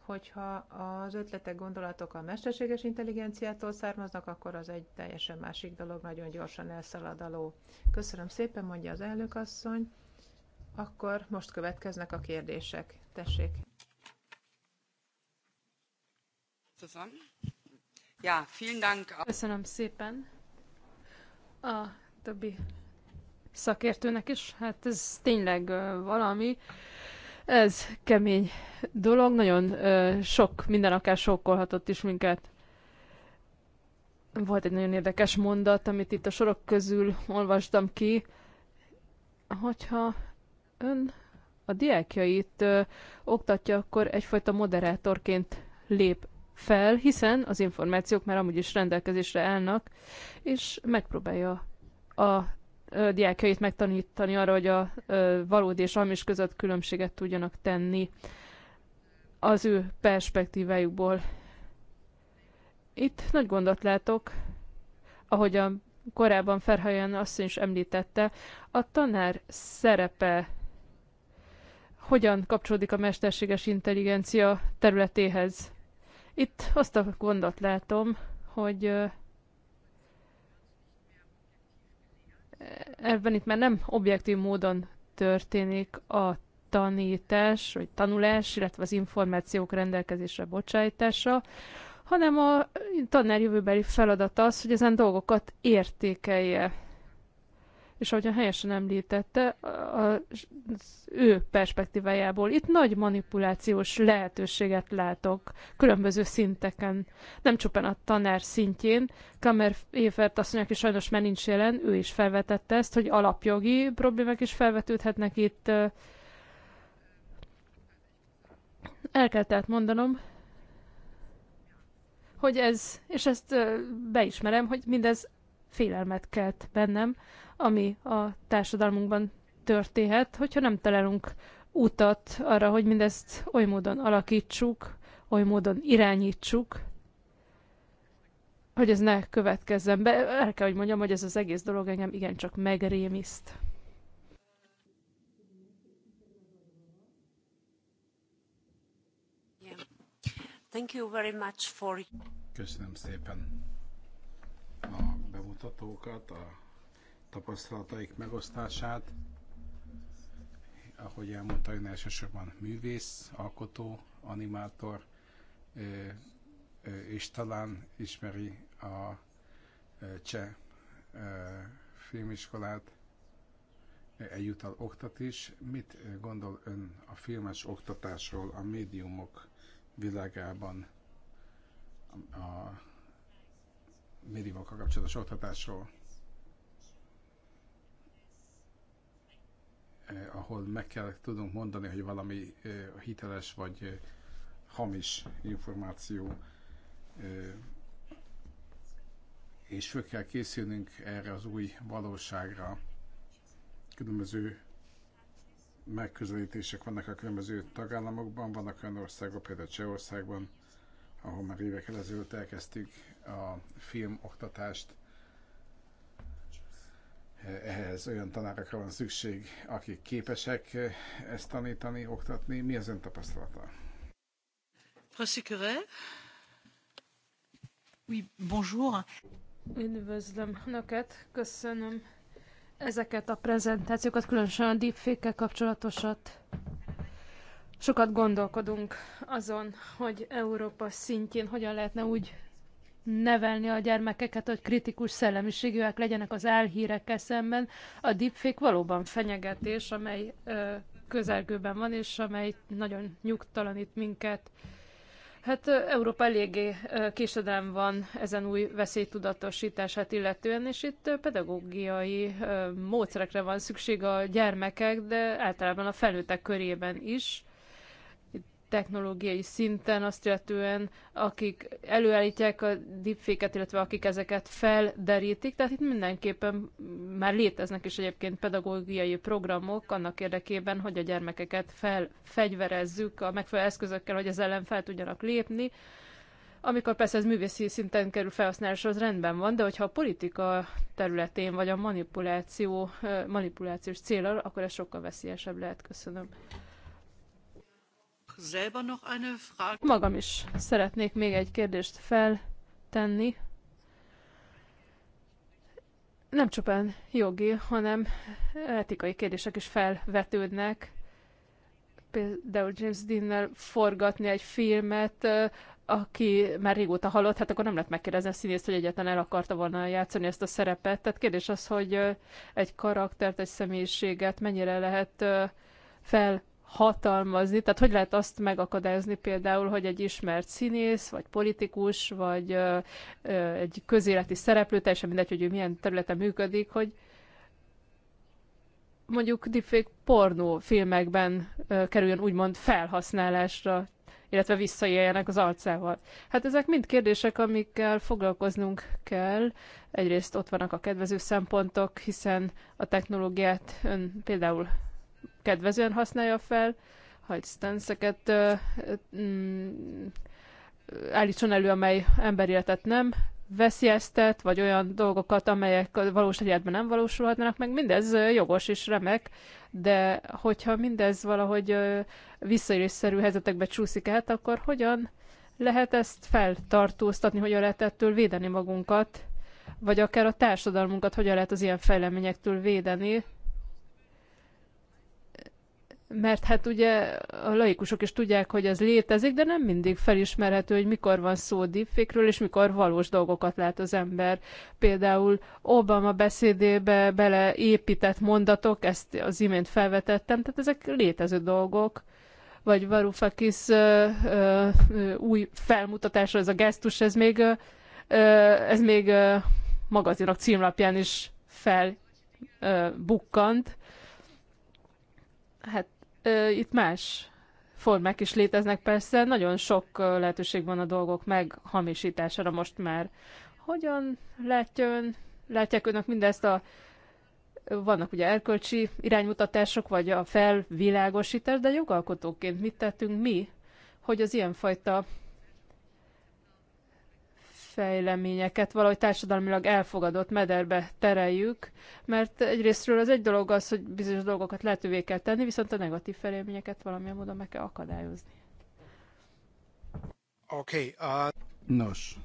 hogyha az ötletek, gondolatok a mesterséges intelligenciától származnak, akkor az egy teljesen másik dolog, nagyon gyorsan elszalad a ló. Köszönöm szépen, mondja az elnök asszony. Akkor most következnek a kérdések. Tessék. Ja, vielen Dank. Köszönöm szépen a többi szakértőnek is. Hát ez tényleg valami. Ez kemény dolog, nagyon ö, sok, minden akár sokkolhatott is minket. Volt egy nagyon érdekes mondat, amit itt a sorok közül olvastam ki, hogyha ön a diákjait ö, oktatja, akkor egyfajta moderátorként lép fel, hiszen az információk már amúgy is rendelkezésre állnak, és megpróbálja a diákjait megtanítani arra, hogy a valódi és hamis között különbséget tudjanak tenni az ő perspektívájukból. Itt nagy gondot látok, ahogy a korábban Ferhajan azt is említette, a tanár szerepe hogyan kapcsolódik a mesterséges intelligencia területéhez. Itt azt a gondot látom, hogy ebben itt már nem objektív módon történik a tanítás, vagy tanulás, illetve az információk rendelkezésre bocsájtása, hanem a tanár jövőbeli feladata az, hogy ezen dolgokat értékelje és a helyesen említette, az ő perspektívájából itt nagy manipulációs lehetőséget látok különböző szinteken, nem csupán a tanár szintjén. Kamer Évert azt mondja, aki sajnos már nincs jelen, ő is felvetette ezt, hogy alapjogi problémák is felvetődhetnek itt. El kell tehát mondanom, hogy ez, és ezt beismerem, hogy mindez félelmet kelt bennem, ami a társadalmunkban történhet, hogyha nem találunk utat arra, hogy mindezt oly módon alakítsuk, oly módon irányítsuk, hogy ez ne következzen be. El kell, hogy mondjam, hogy ez az egész dolog engem igencsak megrémiszt. Thank you very much for... Köszönöm szépen a bemutatókat, a tapasztalataik megosztását. Ahogy elmondta, ön elsősorban művész, alkotó, animátor, és talán ismeri a cseh filmiskolát, egyúttal oktat is. Mit gondol ön a filmes oktatásról a médiumok világában, a médiumokkal kapcsolatos oktatásról? Eh, ahol meg kell tudnunk mondani, hogy valami eh, hiteles vagy eh, hamis információ, és föl kell készülnünk erre az új valóságra. Különböző megközelítések vannak a különböző tagállamokban, vannak olyan országok, például Csehországban, ahol már évekkel ezelőtt elkezdtük a filmoktatást, ehhez olyan tanárokra van szükség, akik képesek eh, ezt tanítani, oktatni. Mi az ön tapasztalata? Oui, bonjour. Üdvözlöm Önöket, köszönöm ezeket a prezentációkat, különösen a deepfake kapcsolatosat. Sokat gondolkodunk azon, hogy Európa szintjén hogyan lehetne úgy nevelni a gyermekeket, hogy kritikus szellemiségűek legyenek az elhírekkel szemben. A deepfake valóban fenyegetés, amely ö, közelgőben van, és amely nagyon nyugtalanít minket. Hát Európa eléggé késedelem van ezen új veszélytudatosítását illetően, és itt pedagógiai módszerekre van szükség a gyermekek, de általában a felnőttek körében is technológiai szinten, azt illetően, akik előállítják a deepfake illetve akik ezeket felderítik. Tehát itt mindenképpen már léteznek is egyébként pedagógiai programok annak érdekében, hogy a gyermekeket felfegyverezzük a megfelelő eszközökkel, hogy az ellen fel tudjanak lépni. Amikor persze ez művészi szinten kerül felhasználásra, az rendben van, de hogyha a politika területén vagy a manipuláció, manipulációs célra, akkor ez sokkal veszélyesebb lehet. Köszönöm. Magam is szeretnék még egy kérdést feltenni. Nem csupán jogi, hanem etikai kérdések is felvetődnek. Például James Dean-nel forgatni egy filmet, aki már régóta halott, hát akkor nem lehet megkérdezni a színészt, hogy egyáltalán el akarta volna játszani ezt a szerepet. Tehát kérdés az, hogy egy karaktert, egy személyiséget mennyire lehet fel hatalmazni? Tehát hogy lehet azt megakadályozni például, hogy egy ismert színész, vagy politikus, vagy ö, ö, egy közéleti szereplő, teljesen mindegy, hogy ő milyen területen működik, hogy mondjuk deepfake pornó filmekben ö, kerüljön úgymond felhasználásra, illetve visszaéljenek az arcával. Hát ezek mind kérdések, amikkel foglalkoznunk kell. Egyrészt ott vannak a kedvező szempontok, hiszen a technológiát ön például kedvezően használja fel, hogy stanszeket mm, állítson elő, amely emberéletet nem veszélyeztet, vagy olyan dolgokat, amelyek valós életben nem valósulhatnak meg. Mindez jogos és remek, de hogyha mindez valahogy visszaélésszerű helyzetekbe csúszik át, akkor hogyan lehet ezt feltartóztatni, hogyan lehet ettől védeni magunkat, vagy akár a társadalmunkat hogyan lehet az ilyen fejleményektől védeni, mert hát ugye a laikusok is tudják, hogy ez létezik, de nem mindig felismerhető, hogy mikor van szó deepfake és mikor valós dolgokat lát az ember. Például Obama beszédébe beleépített mondatok, ezt az imént felvetettem, tehát ezek létező dolgok vagy Varoufakis új felmutatásra, ez a gesztus, ez még, uh, ez még uh, magazinok címlapján is felbukkant. Hát itt más formák is léteznek persze, nagyon sok lehetőség van a dolgok meghamisítására most már. Hogyan látja ön, látják önök mindezt a vannak ugye erkölcsi iránymutatások, vagy a felvilágosítás, de jogalkotóként mit tettünk mi, hogy az ilyenfajta fejleményeket valahogy társadalmilag elfogadott mederbe tereljük, mert egyrésztről az egy dolog az, hogy bizonyos dolgokat lehetővé kell tenni, viszont a negatív fejleményeket valamilyen módon meg kell akadályozni. Oké. Okay, uh... Nos.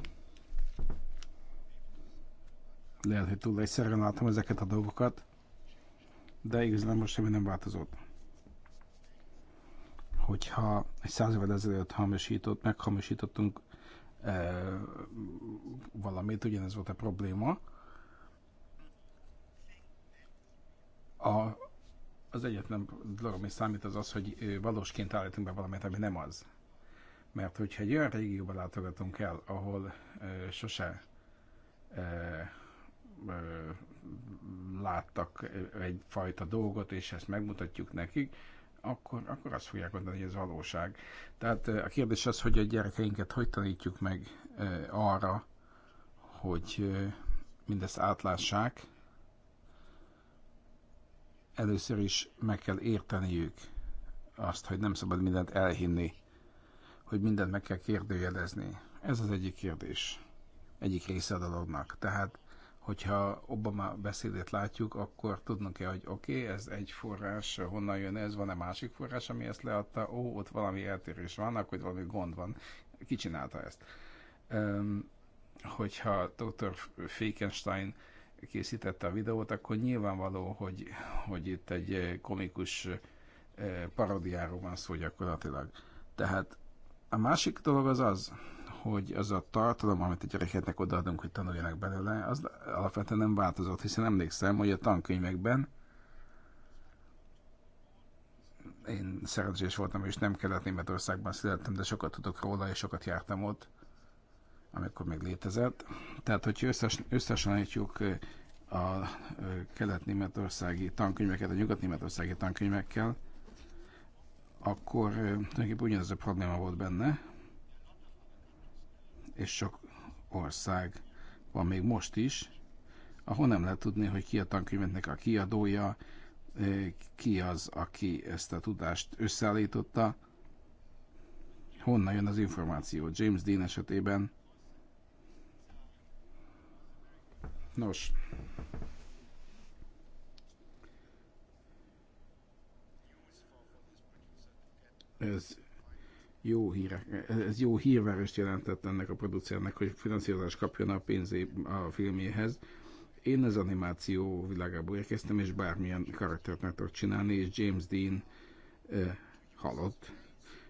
Lehet, hogy túl egyszerűen látom ezeket a dolgokat, de igazán most semmi nem változott hogyha egy száz évvel ezelőtt hamisított, meghamisítottunk valamit, ugyanez volt a probléma. A, az egyetlen dolog, ami számít, az az, hogy valósként állítunk be valamit, ami nem az. Mert hogyha egy olyan régióba látogatunk el, ahol e, sose e, e, láttak egyfajta dolgot, és ezt megmutatjuk nekik, akkor, akkor azt fogják mondani, hogy ez valóság. Tehát eh, a kérdés az, hogy a gyerekeinket hogy tanítjuk meg eh, arra, hogy eh, mindezt átlássák. Először is meg kell érteniük azt, hogy nem szabad mindent elhinni, hogy mindent meg kell kérdőjelezni. Ez az egyik kérdés, egyik része a dolognak. Tehát hogyha Obama beszédét látjuk, akkor tudnunk-e, hogy oké, okay, ez egy forrás, honnan jön ez, van-e másik forrás, ami ezt leadta, ó, ott valami eltérés van, akkor valami gond van, ki csinálta ezt. Um, hogyha Dr. Fekenstein készítette a videót, akkor nyilvánvaló, hogy, hogy itt egy eh, komikus eh, parodiáról van szó gyakorlatilag. Tehát a másik dolog az az, hogy az a tartalom, amit a gyerekeknek odaadunk, hogy tanuljanak belőle, az alapvetően nem változott, hiszen emlékszem, hogy a tankönyvekben én szerencsés voltam, és nem kellett németországban születtem, de sokat tudok róla, és sokat jártam ott, amikor még létezett. Tehát, hogyha összes, összehasonlítjuk a kelet-németországi tankönyveket a nyugat-németországi tankönyvekkel, akkor tulajdonképpen ugyanaz a probléma volt benne, és sok ország van még most is, ahol nem lehet tudni, hogy ki a tankönyvnek a kiadója, eh, ki az, aki ezt a tudást összeállította, honnan jön az információ. James Dean esetében Nos, ez jó, hírek, ez jó hírverést jelentett ennek a producernek, hogy finanszírozást kapjon a pénzé a filméhez. Én az animáció világából érkeztem, és bármilyen karaktert meg tudok csinálni, és James Dean eh, halott.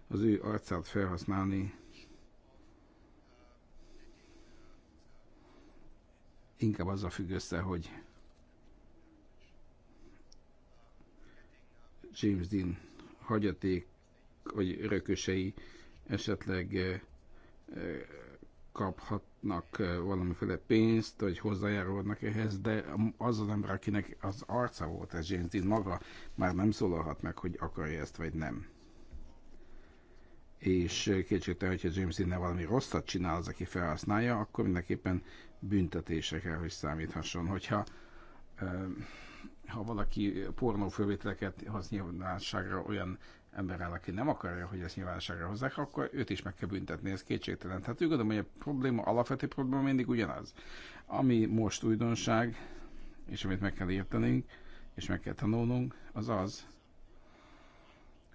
Az ő arcát felhasználni inkább a függ össze, hogy James Dean hagyaték vagy örökösei esetleg eh, eh, kaphatnak eh, valamiféle pénzt, vagy hozzájárulnak ehhez, de az az ember, akinek az arca volt ez James Dean maga, már nem szólalhat meg, hogy akarja ezt, vagy nem. És kétségtelen, hogyha James Dean valami rosszat csinál az, aki felhasználja, akkor mindenképpen büntetése kell, hogy számíthasson. Hogyha ha valaki pornófővételeket használságra olyan emberrel, aki nem akarja, hogy ezt nyilvánosságra hozzák, akkor őt is meg kell büntetni, ez kétségtelen. Tehát úgy gondolom, hogy a probléma, alapvető probléma mindig ugyanaz. Ami most újdonság, és amit meg kell értenünk, és meg kell tanulnunk, az az,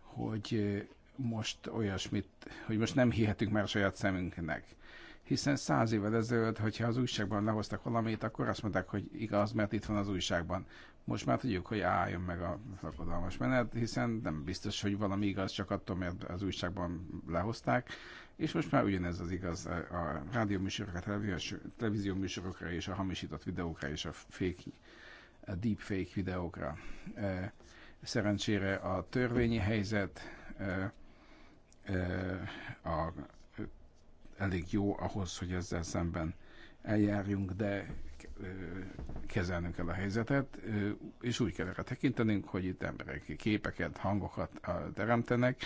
hogy eh, most olyasmit, hogy most nem hihetünk már a saját szemünknek. Hiszen száz évvel ezelőtt, hogyha az újságban lehoztak valamit, akkor azt mondták, hogy igaz, mert itt van az újságban. Most már tudjuk, hogy álljon meg a szakadalmas menet, hiszen nem biztos, hogy valami igaz, csak attól, mert az újságban lehozták, és most már ugyanez az igaz a rádióműsorokra, televízió műsorokra és a hamisított videókra és a fake, a deepfake videókra. E, szerencsére a törvényi helyzet e, e, a, elég jó ahhoz, hogy ezzel szemben eljárjunk, de kezelnünk kell a helyzetet, és úgy kell erre tekintenünk, hogy itt emberek képeket, hangokat teremtenek,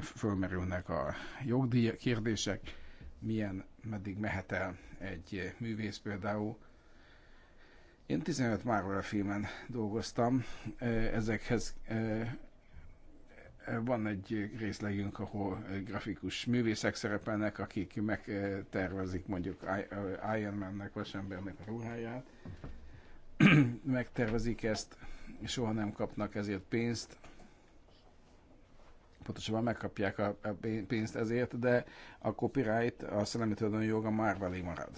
fölmerülnek a jogdíj kérdések, milyen, meddig mehet el egy művész például. Én 15 Marvel filmen dolgoztam, ezekhez van egy részlegünk, ahol grafikus művészek szerepelnek, akik megtervezik mondjuk uh, Iron Man-nek, Vasembernek a ruháját. megtervezik ezt, soha nem kapnak ezért pénzt, pontosabban megkapják a pénzt ezért, de a copyright, a szellemi már velé marad.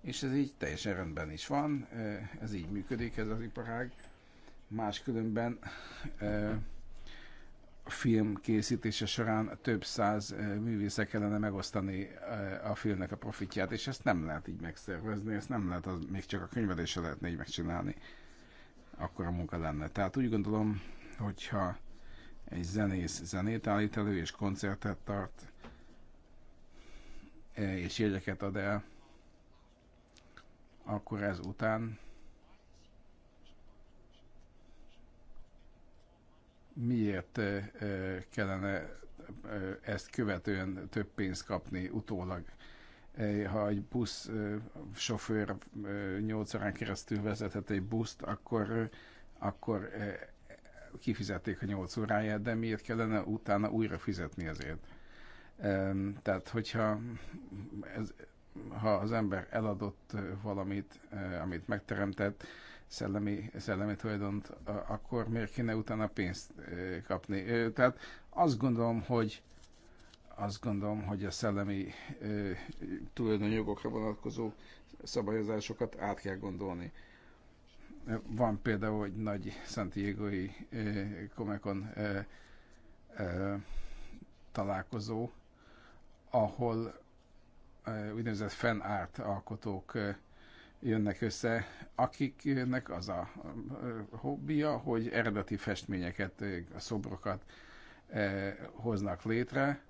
És ez így teljesen rendben is van, eh, ez így működik, ez az iparág. Máskülönben eh, film készítése során több száz eh, művészek kellene megosztani eh, a filmnek a profitját, és ezt nem lehet így megszervezni, ezt nem lehet, az még csak a könyvelése lehetne így megcsinálni. Akkor a munka lenne. Tehát úgy gondolom, hogyha egy zenész zenét állít elő, és koncertet tart, eh, és jegyeket ad el, akkor ez után miért eh, eh, kellene eh, ezt követően több pénzt kapni utólag. Ha egy busz sofőr 8 órán keresztül vezethet egy buszt, akkor, akkor kifizették a 8 óráját, de miért kellene utána újra fizetni ezért? Tehát, hogyha ez, ha az ember eladott valamit, amit megteremtett, szellemi, szellemi tulajdont, akkor miért kéne utána pénzt kapni? Tehát azt gondolom, hogy azt gondolom, hogy a szellemi tulajdonjogokra vonatkozó szabályozásokat át kell gondolni. Van például egy nagy Santiago-i találkozó, ahol úgynevezett fan art alkotók jönnek össze, akiknek az a hobbija, hogy eredeti festményeket, a szobrokat hoznak létre,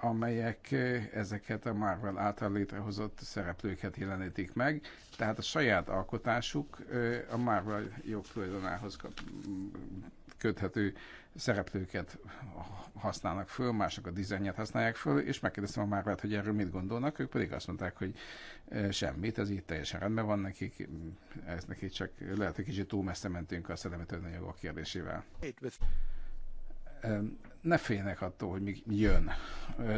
amelyek ezeket a Marvel által létrehozott szereplőket jelenítik meg, tehát a saját alkotásuk a Marvel jogtulajdonához köthető szereplőket használnak föl, mások a dizájnját használják föl, és megkérdeztem a Márvát, hogy erről mit gondolnak, ők pedig azt mondták, hogy semmit, ez így teljesen rendben van nekik, ez neki csak lehet, hogy kicsit túl messze mentünk a szellemi a kérdésével. Ne félnek attól, hogy mi jön.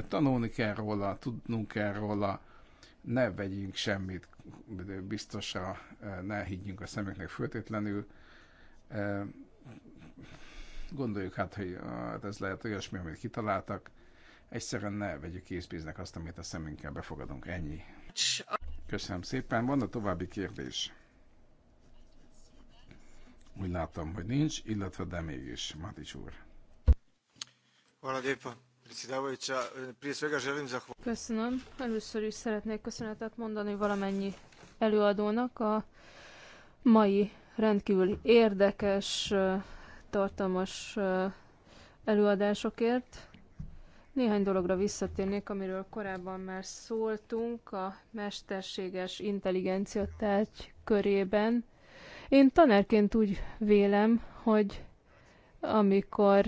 Tanulni kell róla, tudnunk kell róla, ne vegyünk semmit biztosra, ne higgyünk a szemeknek föltétlenül, Gondoljuk hát, hogy hát ez lehet olyasmi, amit kitaláltak. Egyszerűen ne vegyük készpéznek azt, amit a szemünkkel befogadunk. Ennyi. Köszönöm szépen. Van a további kérdés? Úgy látom, hogy nincs, illetve de mégis, Matics úr. Köszönöm. Először is szeretnék köszönetet mondani valamennyi előadónak a mai rendkívül érdekes tartalmas előadásokért. Néhány dologra visszatérnék, amiről korábban már szóltunk a mesterséges intelligencia tárgy körében. Én tanárként úgy vélem, hogy amikor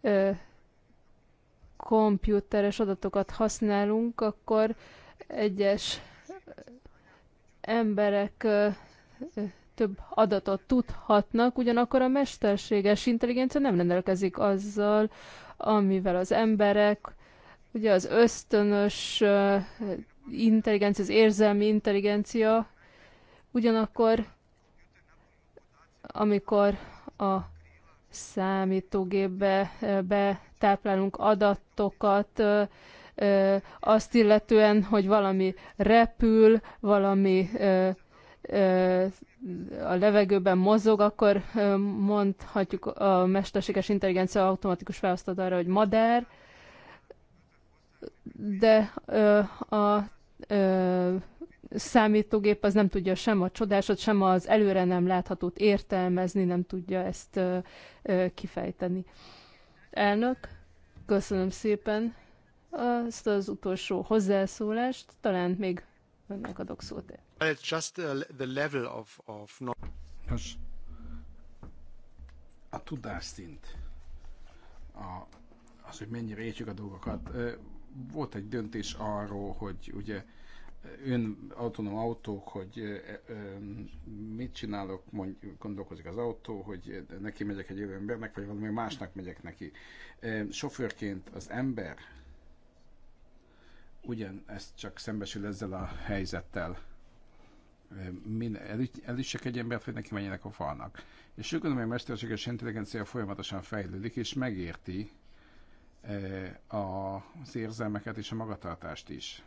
ö, komputeres adatokat használunk, akkor egyes emberek ö, ö, több adatot tudhatnak, ugyanakkor a mesterséges intelligencia nem rendelkezik azzal, amivel az emberek, ugye az ösztönös intelligencia, az érzelmi intelligencia, ugyanakkor amikor a számítógépbe betáplálunk adatokat, azt illetően, hogy valami repül, valami a levegőben mozog, akkor mondhatjuk a mesterséges intelligencia automatikus választat arra, hogy madár, de a számítógép az nem tudja sem a csodásot, sem az előre nem láthatót értelmezni, nem tudja ezt kifejteni. Elnök, köszönöm szépen azt az utolsó hozzászólást, talán még Önnek adok szót. Nos, a tudásszint, a, az, hogy mennyire értjük a dolgokat, volt egy döntés arról, hogy ugye ön autonóm autók, hogy mit csinálok, mondj, gondolkozik az autó, hogy neki megyek egy jövő embernek, vagy valami másnak megyek neki. Sofőrként az ember ugyan ezt csak szembesül ezzel a helyzettel. Min, csak egy ember, hogy neki menjenek a falnak. És úgy gondolom, hogy a mesterséges intelligencia folyamatosan fejlődik, és megérti az érzelmeket és a magatartást is.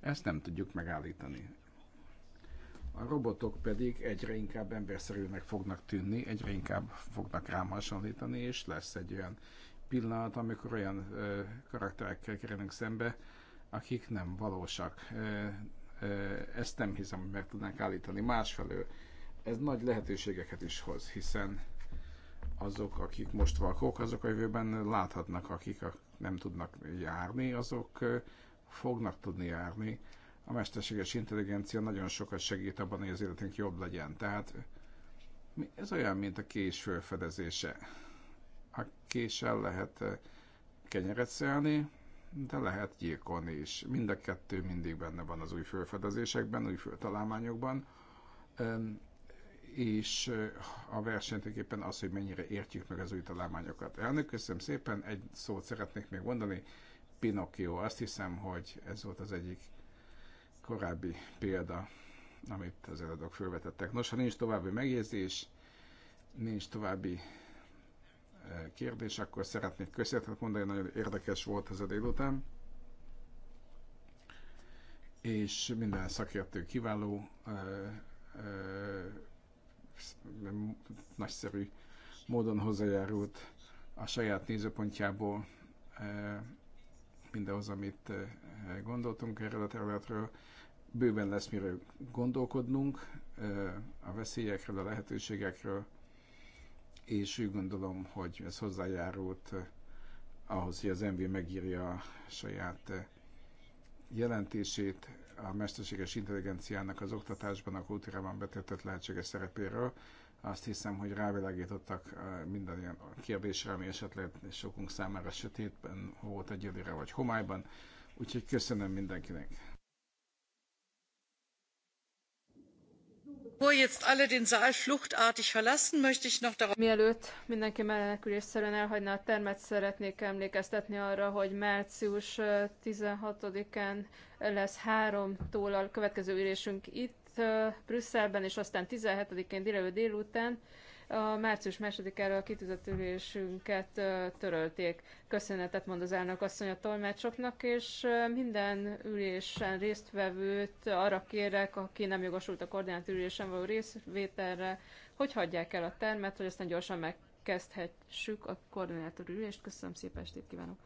Ezt nem tudjuk megállítani. A robotok pedig egyre inkább emberszerűnek fognak tűnni, egyre inkább fognak rám hasonlítani, és lesz egy olyan pillanat, amikor olyan ö, karakterekkel kerülünk szembe, akik nem valósak. Ezt nem hiszem, hogy meg tudnánk állítani. Másfelől ez nagy lehetőségeket is hoz, hiszen azok, akik most vakok, azok a jövőben láthatnak, akik nem tudnak járni, azok fognak tudni járni. A mesterséges intelligencia nagyon sokat segít abban, hogy az életünk jobb legyen. Tehát ez olyan, mint a kés fölfedezése. A késsel lehet kenyeret szelni, de lehet gyilkolni is. Mind a kettő mindig benne van az új felfedezésekben, új föltalálmányokban, és a versenytőképpen az, hogy mennyire értjük meg az új találmányokat. Elnök, köszönöm szépen, egy szót szeretnék még mondani, Pinocchio. Azt hiszem, hogy ez volt az egyik korábbi példa, amit az előadók felvetettek. Nos, ha nincs további megjegyzés, nincs további kérdés, akkor szeretnék köszönetet mondani, nagyon érdekes volt ez a délután. És minden szakértő kiváló, nagyszerű módon hozzájárult a saját nézőpontjából mindenhoz, amit gondoltunk erről a területről. Bőven lesz miről gondolkodnunk, a veszélyekről, a lehetőségekről, és úgy gondolom, hogy ez hozzájárult eh, ahhoz, hogy az MV megírja a saját eh, jelentését a mesterséges intelligenciának az oktatásban, a kultúrában betöltött lehetséges szerepéről. Azt hiszem, hogy rávilágítottak eh, minden olyan kérdésre, ami esetleg sokunk számára sötétben volt egyelőre, vagy homályban. Úgyhogy köszönöm mindenkinek! Mielőtt mindenki menekülésszerűen elhagyna a termet, szeretnék emlékeztetni arra, hogy március 16-án lesz háromtól a következő ülésünk itt Brüsszelben, és aztán 17-én délelőtt délután a március másodikára a kitűzött ülésünket törölték. Köszönetet mond az elnök asszony a tolmácsoknak, és minden ülésen résztvevőt arra kérek, aki nem jogosult a koordinált ülésen való részvételre, hogy hagyják el a termet, hogy aztán gyorsan megkezdhessük a koordinátor ülést. Köszönöm szépen, estét kívánok!